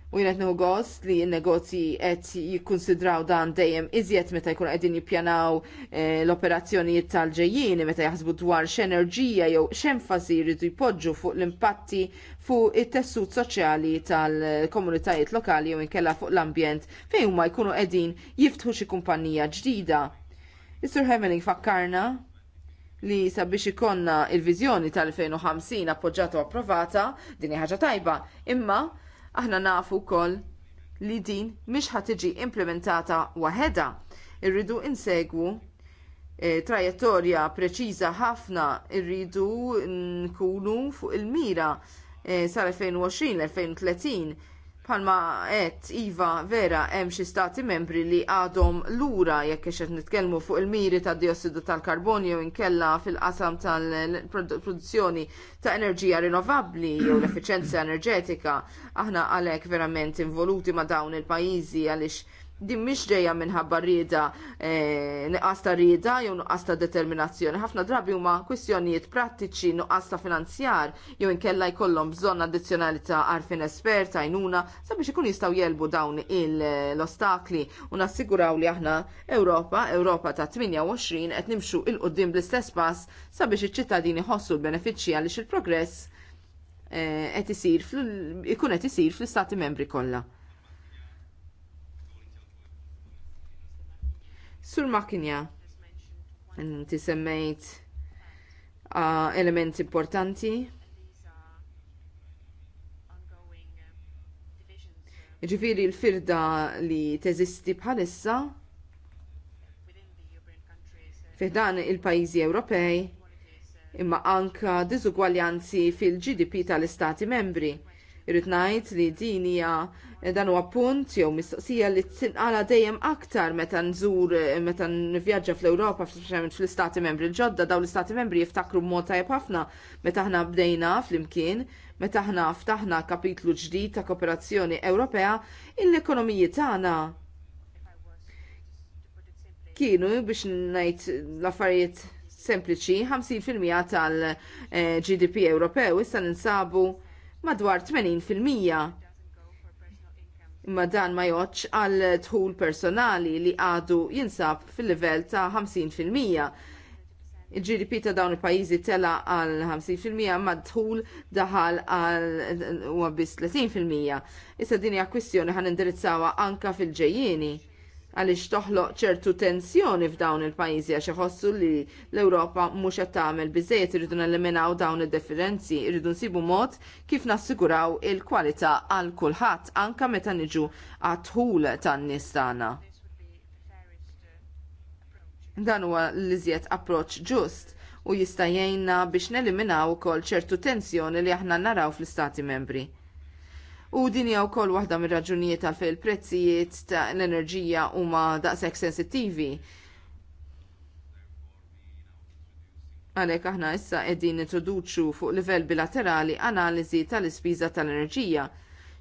U jienet nħu gost li n-negozji qed jikkonsidraw dan dejjem iżjed meta jkunu qegħdin jippjanaw eh, l-operazzjonijiet tal-ġejjieni meta jaħsbu dwar x'enerġija jew x'enfasi jridu jpoġġu fuq l-impatti fuq it-tessut soċjali tal-komunitajiet lokali jew inkella fuq l-ambjent fejn huma jkunu qegħdin jiftħu xi kumpanija ġdida. Is-Sur Hemeling fakkarna li sabiex ikonna il viżjoni tal-2050 appoġġata u approvata, din ħaġa tajba, imma Aħna nafu wkoll li din mhix ħatiġi tiġi implementata waħedha. Irridu insegwu E, trajettorja preċiża ħafna rridu nkunu fuq il-mira e, eh, sal-2020-2030 Palma qed Iva vera hemm xi stati membri li għadhom lura jekk qed nitkellmu fuq il-miri tad diossidu tal-karbonju inkella fil-qasam tal-produzzjoni ta' enerġija rinnovabbli jew l-effiċenza enerġetika. Aħna għalhekk verament involuti ma' dawn il-pajjiżi għaliex din mhix ġejja minħabba rieda eh, nuqqas ta' rieda jew nuqqas ta' determinazzjoni. Ħafna drabi huma kwistjonijiet prattiċi nuqqas ta' finanzjar jew inkella jkollhom bżonn addizzjonali ta' arfin espert għajnuna sabiex ikun jistgħu jelbu dawn l-ostakli u nassiguraw li aħna Ewropa, Ewropa ta' 28 qed nimxu il qudiem bl-istess pass sabiex iċ-ċittadini ħossu l-benefiċċji għaliex il-progress eh, qed isir ikun qed isir fl-istati membri kollha. Sur makinja, inti semmejt uh, elementi importanti. Ġifiri l-firda li teżisti bħalissa fiħdan il-pajizi Ewropej imma anka diżugwaljanzi fil-GDP tal-Istati membri Irrid ngħid li din hija eh, dan huwa punt jew mistoqsija li tinqala dejjem aktar meta nżur eh, meta nivvjaġġa fl-Ewropa fl-istati membri l-ġodda dawn l-istati membri jiftakru b'mod tajjeb ħafna meta aħna bdejna flimkien meta aħna ftaħna kapitlu ġdid ta' kooperazzjoni Ewropea l-ekonomiji tagħna kienu biex ngħid l-affarijiet sempliċi 50% tal-GDP eh, Ewropew issa ninsabu madwar 80%. Imma dan ma joċ għal tħul personali li għadu jinsab fil-level ta' 50%. Il-GDP ta' dawn il-pajizi tela għal 50% ma dħul daħal għal għabis 30%. Issa din hija kwistjoni ħan indirizzawa anka fil ġejjini għaliex toħloq ċertu tensjoni f'dawn il-pajjiżi għax iħossu li l-Ewropa mhux qed tagħmel biżejjed irridu neliminaw dawn id-differenzi, irridu nsibu mod kif nassiguraw il-kwalità għal kulħadd anke meta niġu għat tan-nies tagħna. Dan huwa l-iżjed approċċ ġust u jista' jgħinna biex neliminaw ukoll ċertu tensjoni li aħna naraw fl-Istati Membri. U din hija wkoll waħda mir-raġunijiet għal fejn il-prezzijiet ta' l-enerġija huma daqshekk sensittivi. Għalhekk aħna issa qegħdin introduċu fuq livell bilaterali analiżi tal-ispiża tal-enerġija.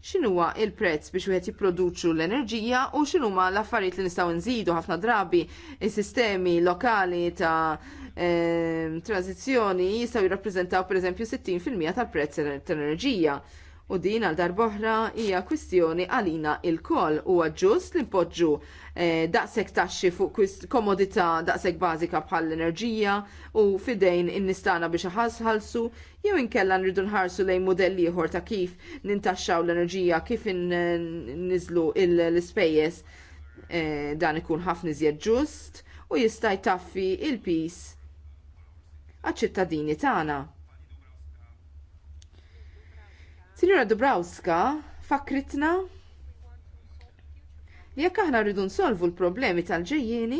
X'inhuwa il-prezz biex wieħed jipproduċu l-enerġija u x'inhuma l-affarijiet li nistgħu nżidu ħafna drabi is-sistemi lokali ta' eh, tranzizzjoni jistgħu jirrappreżentaw pereżempju 60% tal-prezz tal-enerġija. tal prezz tal enerġija U din għal darboħra hija kwistjoni għalina il-koll u ġust li npoġġu eh, daqsek taxxi fuq komodità daqsek bażika bħal l-enerġija u fidejn innistana biex ħalsu jew inkella nridu nħarsu lejn modelli ieħor ta' kif nintaxxaw l-enerġija kif niżlu l-ispejjeż eh, dan ikun ħafna iżjed ġust u jista' jtaffi il-pis għaċ-ċittadini tagħna. Signora Dubrowska, fakritna jekk aħna rridu nsolvu l-problemi tal-ġejjieni,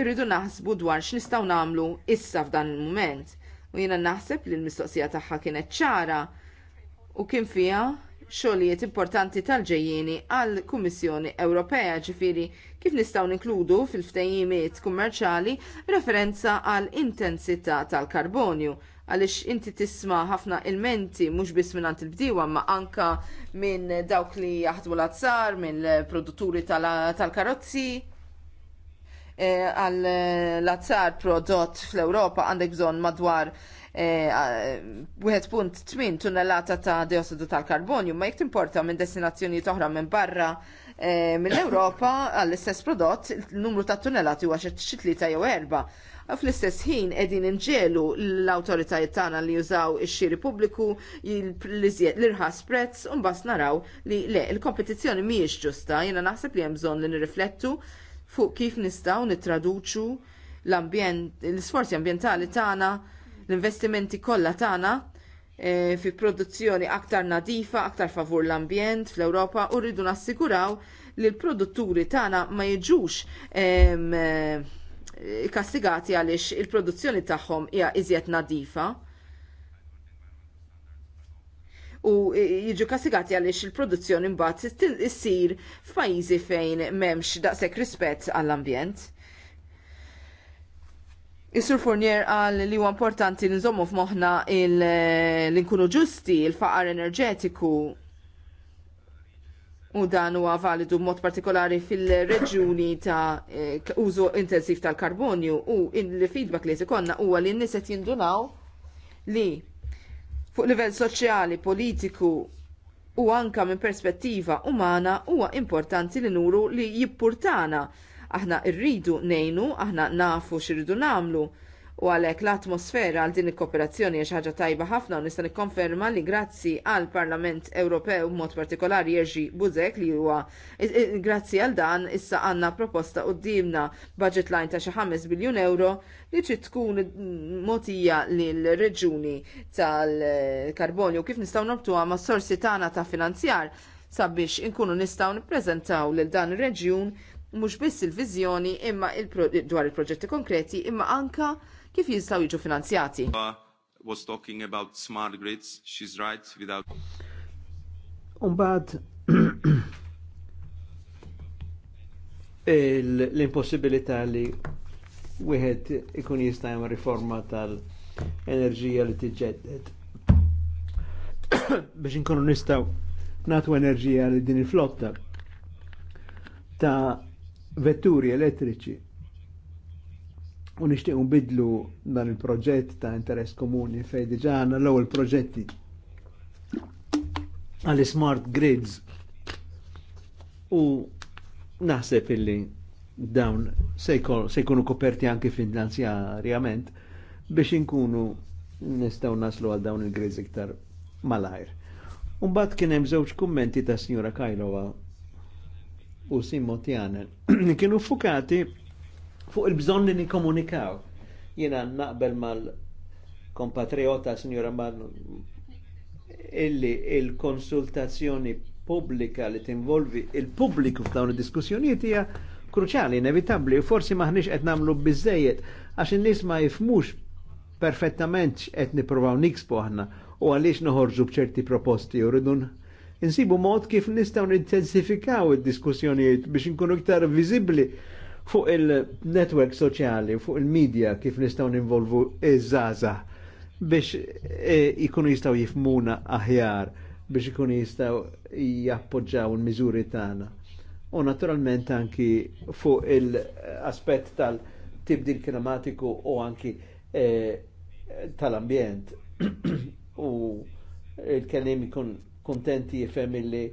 irridu naħsbu dwar x'nistgħu nagħmlu issa f'dan il-mument. U jiena naħseb li l-mistoqsija tagħha kienet ċara u kien fiha xogħlijiet importanti tal-ġejjieni għall kummissjoni Ewropea ġifiri kif nistgħu ninkludu fil ftehimiet kummerċali referenza għall intensità tal-karbonju għaliex inti tisma' ħafna ilmenti mhux biss minn il bdiwa ma anka minn dawk li jaħdmu l-azzar, minn produtturi tal-karozzi. Eh, għal l-azzar prodott fl-Ewropa għandek bżonn madwar 1.8 eh, tunnellata ta' diossidu tal-karbonju ma jek timporta minn destinazzjoni toħra minn barra eh, mill-Europa għall-istess prodott, il-numru ta' tunnellati huwa xi tlieta jew erba' fl-istess ħin qegħdin inġelu l-awtoritajiet tagħna li jużaw ix-xiri pubbliku l-irħas prezz u mbagħad naraw li le il-kompetizzjoni mhijiex ġusta, jiena naħseb li hemm bżonn li nirriflettu fuq kif nistgħu nittraduċu l-ambjent l-isforzi ambjentali tagħna l-investimenti kollha tagħna eh, fi produzzjoni aktar nadifa, aktar favur l-ambjent fl-Ewropa u rridu nassiguraw li l-produtturi tagħna ma jiġux ehm, kastigati għaliex il-produzzjoni tagħhom hija iżjed nadifa u jiġu kastigati għaliex il-produzzjoni mbagħad issir f'pajjiżi fejn m'hemmx daqshekk rispett għall-ambjent. Is-Sur Fournier għal li huwa importanti nżommu f'moħħna l-inkunu ġusti, il-faqar enerġetiku, u dan huwa validu mod partikolari fil-reġjuni ta' eh, użu intensiv tal-karbonju u il-feedback li konna huwa li n-nies qed jindunaw li fuq livell soċjali, politiku u anka minn perspettiva umana huwa importanti li nuru li jippurtana aħna rridu nejnu, aħna nafu xirridu namlu u għalhekk l-atmosfera għal din il-kooperazzjoni hija ħaġa tajba ħafna u nista' nikkonferma li grazzi għall Parlament Ewropew b'mod partikolari Jerzy Buzek li huwa grazzi għal dan issa għandna proposta qudiemna budget line ta' xi 5 biljun euro li trid tkun mogħtija lill reġuni tal-karbonju kif nistgħu nobtuha mas sorsi tagħna ta' finanzjar sabiex inkunu nistgħu nippreżentaw lil dan ir-reġjun mhux biss il-viżjoni imma il dwar il-proġetti konkreti imma anka kif jistaw jiġu finanzjati. was talking about smart grids, she's right without Umbad l-impossibilità li wieħed ikun jista' jagħmel riforma tal-enerġija li tiġġedded. Biex inkunu nistgħu nagħtu enerġija li din il-flotta ta' vetturi elettriċi u nishtiqu bidlu dan il-proġett ta' interess komuni fej diġana l-ewwel proġetti għal smart grids u naħseb illi dawn se jkunu koperti anke finanzjarjament biex inkunu nistgħu naslu għal dawn il-grids iktar malajr. Umbat kien hemm żewġ kummenti ta' Sinjura Kajlova u Simmo Tjanen kienu fukati fuq il-bżon li nikomunikaw. Jena naqbel mal-kompatriota signora Mann illi il-konsultazzjoni pubblika li tinvolvi il-pubbliku f'dawn id-diskussjonijiet hija kruċjali, inevitabbli, u forsi maħniex qed nagħmlu biżejjed għax in-nies ma jifmux perfettament qed nippruvaw nikspu aħna u għaliex noħorġu b'ċerti proposti u rridu insibu mod kif nistgħu nintensifikaw id-diskussjonijiet biex inkunu iktar viżibbli fuq il-network soċjali, fuq il-medja kif nistgħu ninvolvu iż-żaza biex e, ikunu jistgħu jifmuna aħjar biex ikunu jistgħu jappoġġaw il-miżuri tagħna. U naturalment anki fuq il-aspett tal-tibdil klimatiku u anki e, tal-ambjent. u il-kellim ikun kontenti jifhem illi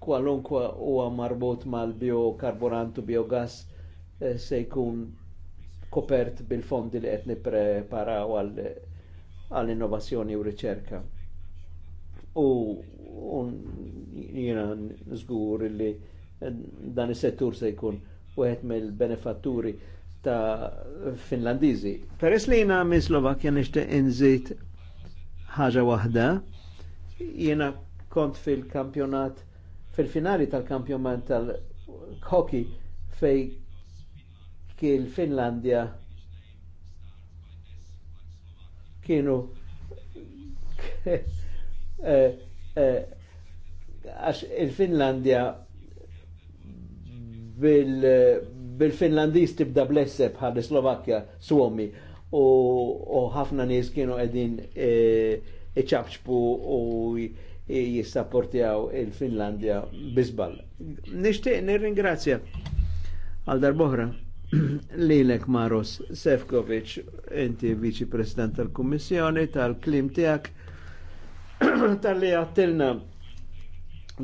kwalunkwa huwa marbut mal-biokarburantu biogas Eh, se jkun kopert bil-fondi li qed nippreparaw għall-innovazzjoni u riċerka. U jiena żgur li dan is-settur se jkun wieħed mill-benefatturi ta' Finlandiżi. Peress li jiena minn Slovakkja nixtieq inżid ħaġa waħda, jiena kont fil-kampjonat fil-finali tal-kampjonat tal-hockey fej kien finlandja kienu eh, eh, għax il-Finlandja bil-Finlandis tibda blesseb bħal Slovakja suomi u ħafna nies kienu għedin eh, iċabċbu u jissapportjaw il-Finlandja bizbal. Nishtiq nirringrazzja għal darbohra. Lilek Maros Sefkovic, inti viċi president tal-Kummissjoni, tal-klim tijak, tal-li għattilna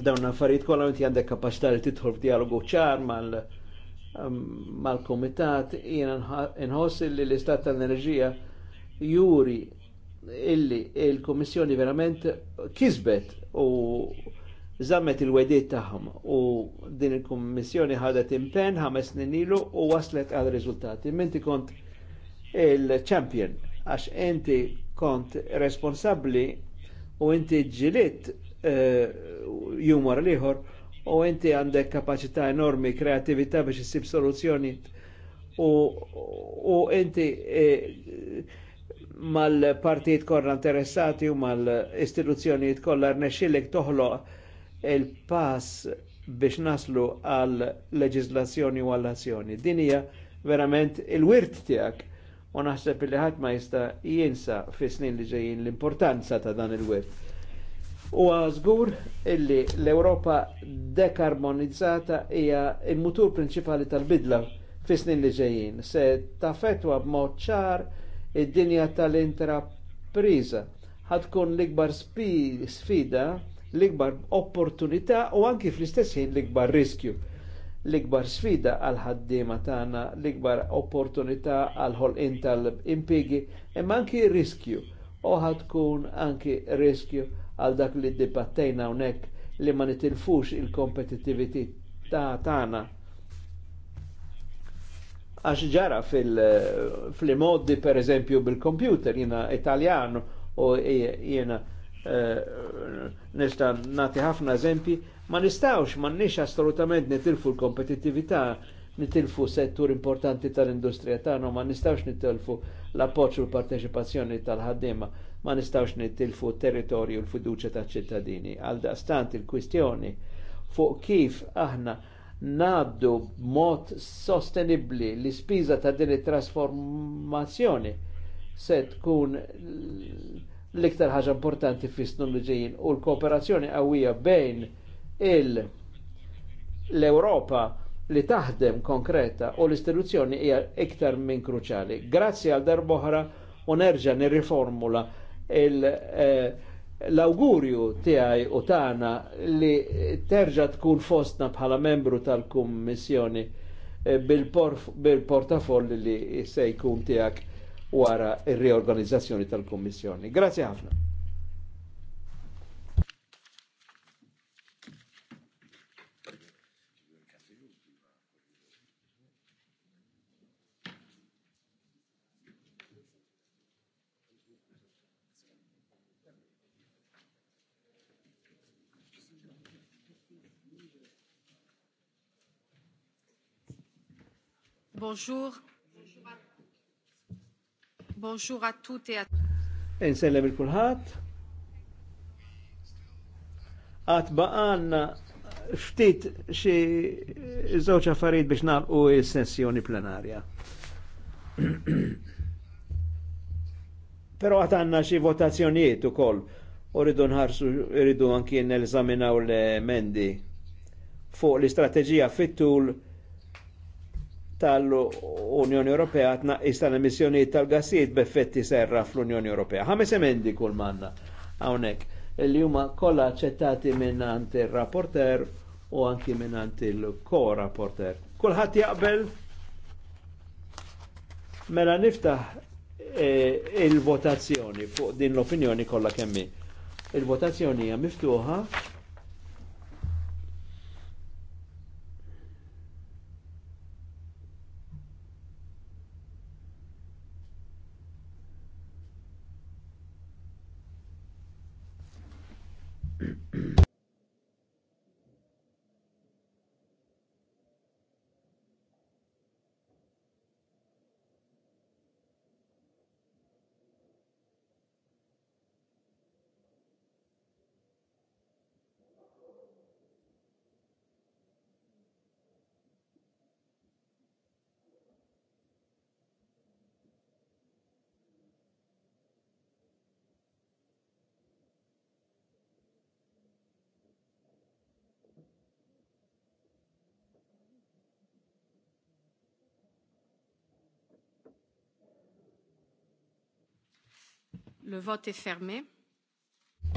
dawn affarijiet kollha inti għandek kapaċità li tidħol f'dialogu ċar mal um, kumitat jiena nħoss li l-istat tal-enerġija juri illi il kummissjoni verament kisbet u zammet il-wedid tagħhom u din il-kummissjoni ħadet impenn ħames snin ilu u waslet għal rezultati. Minti kont il-champion għax inti kont responsabbli u inti ġilit uh, eh, jumor liħor u inti għandek kapacità enormi, kreativita biex issib soluzzjoni u, u inti eh, mal-partijiet korra interessati u mal-istituzzjonijiet kollha rnexxilek toħloq il-pass biex naslu għal leġizlazzjoni u għall-azzjoni. Din hija verament il-wirt tiegħek u naħseb li ħadd ma jista' jinsa fi snin li ġejjin l-importanza ta' dan il-wirt. U żgur illi l-Ewropa dekarbonizzata hija il-mutur prinċipali tal-bidla fi snin li ġejjin. Se tafetwa b'mod ċar id-dinja tal-intrapriża ħatkun l-ikbar sfida spi l-ikbar opportunità u anki fl-istess ħin l-ikbar riskju. L-ikbar sfida għal ħaddiema tagħna, l-ikbar opportunità għal ħolqien tal-impigi, imma anki riskju. Oħa tkun anki riskju għal dak li dibattejna hawnhekk li ma nitilfux il-kompetittività ta' tagħna għax ġara fil-modi fil per eżempju bil-kompjuter, jina italjan u jiena. Eh, nista' nagħti ħafna eżempi, ma nistgħux nix assolutament nitilfu l-kompetittività, nitilfu settur importanti tal-industrija tagħna, ma nistawx nitilfu l-appoġġ u l-parteċipazzjoni tal-ħaddiema, ma nistgħux nitilfu territorju l fiduċja taċ-ċittadini. Għal daqstant il-kwistjoni fuq kif aħna naddu mod sostenibbli l-ispiża ta' din it-trasformazzjoni se tkun l-iktar ħaġa importanti fi snu l ġejjin u l-kooperazzjoni qawwija bejn l-Europa li taħdem konkreta u l-istituzzjoni hija iktar minn kruċjali. Grazzi għal darboħra u nerġa' nirriformula eh, l-augurju tiegħi u tagħna li terġa' tkun fostna bħala membru tal-Kummissjoni eh, bil-portafoll li se jkun tiegħek wara il-reorganizzazzjoni tal kommissjoni Grazie ħafna. Bonjour. Bonjour a tutti. Insellem e il-kulħat. Għat baqanna ftit xie zoċa affarijiet biex nalqu sessjoni plenarja. Pero għat għanna xie votazzjonijiet u koll. U rridu nħarsu, rridu anki nel-zaminaw l-mendi fuq l-istrateġija fit-tul tal-Unjoni Ewropea tnaqqis tal-emissjonijiet tal-gassijiet b'effetti serra fl-Unjoni Ewropea. Ħames emendi kull manna hawnhekk li huma kollha aċċettati minnant ir-rapporter u anki minnant il-ko-rapporter. Kulħadd jaqbel mela niftaħ eh, il-votazzjoni fuq din l-opinjoni kollha kemmi. Il-votazzjoni hija miftuħa Le vote est fermé.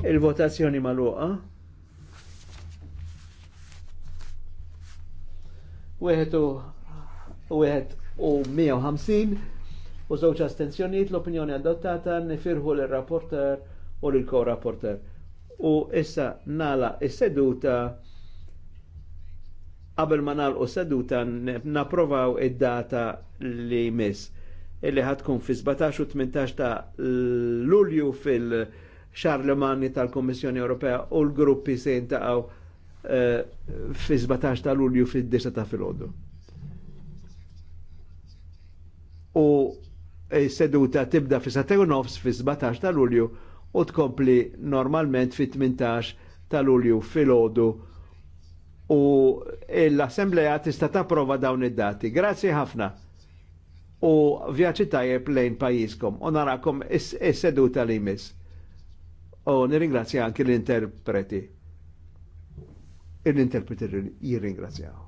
Il-votazzjoni maluqa. Wieħed u wieħed u 150 u żewġ astenzjonijiet l-opinjoni adottata nifirħu l-rapporter u l-co-rapporter. U issa nala is-seduta qabel ma nagħlqu seduta napprovaw id-data li miss illi ħatkun fi 17 u 18 ta' Lulju fil-Charlemagne tal-Kommissjoni Ewropea u l-gruppi se jintaqgħu eh, fi 17 ta' Lulju fid disa ta' filgħodu. U s seduta tibda fi satew nofs fi 17 ta' Lulju u tkompli normalment fi 18 ta' Lulju filgħodu u l-Assembleja tista' tapprova dawn id-dati. Grazzi ħafna u vjaċi tajjeb lejn pajjiżkom. U narakom is-seduta li jmiss. U nirringrazzja anki l-interpreti. L-interpreti jirringrazzjaw.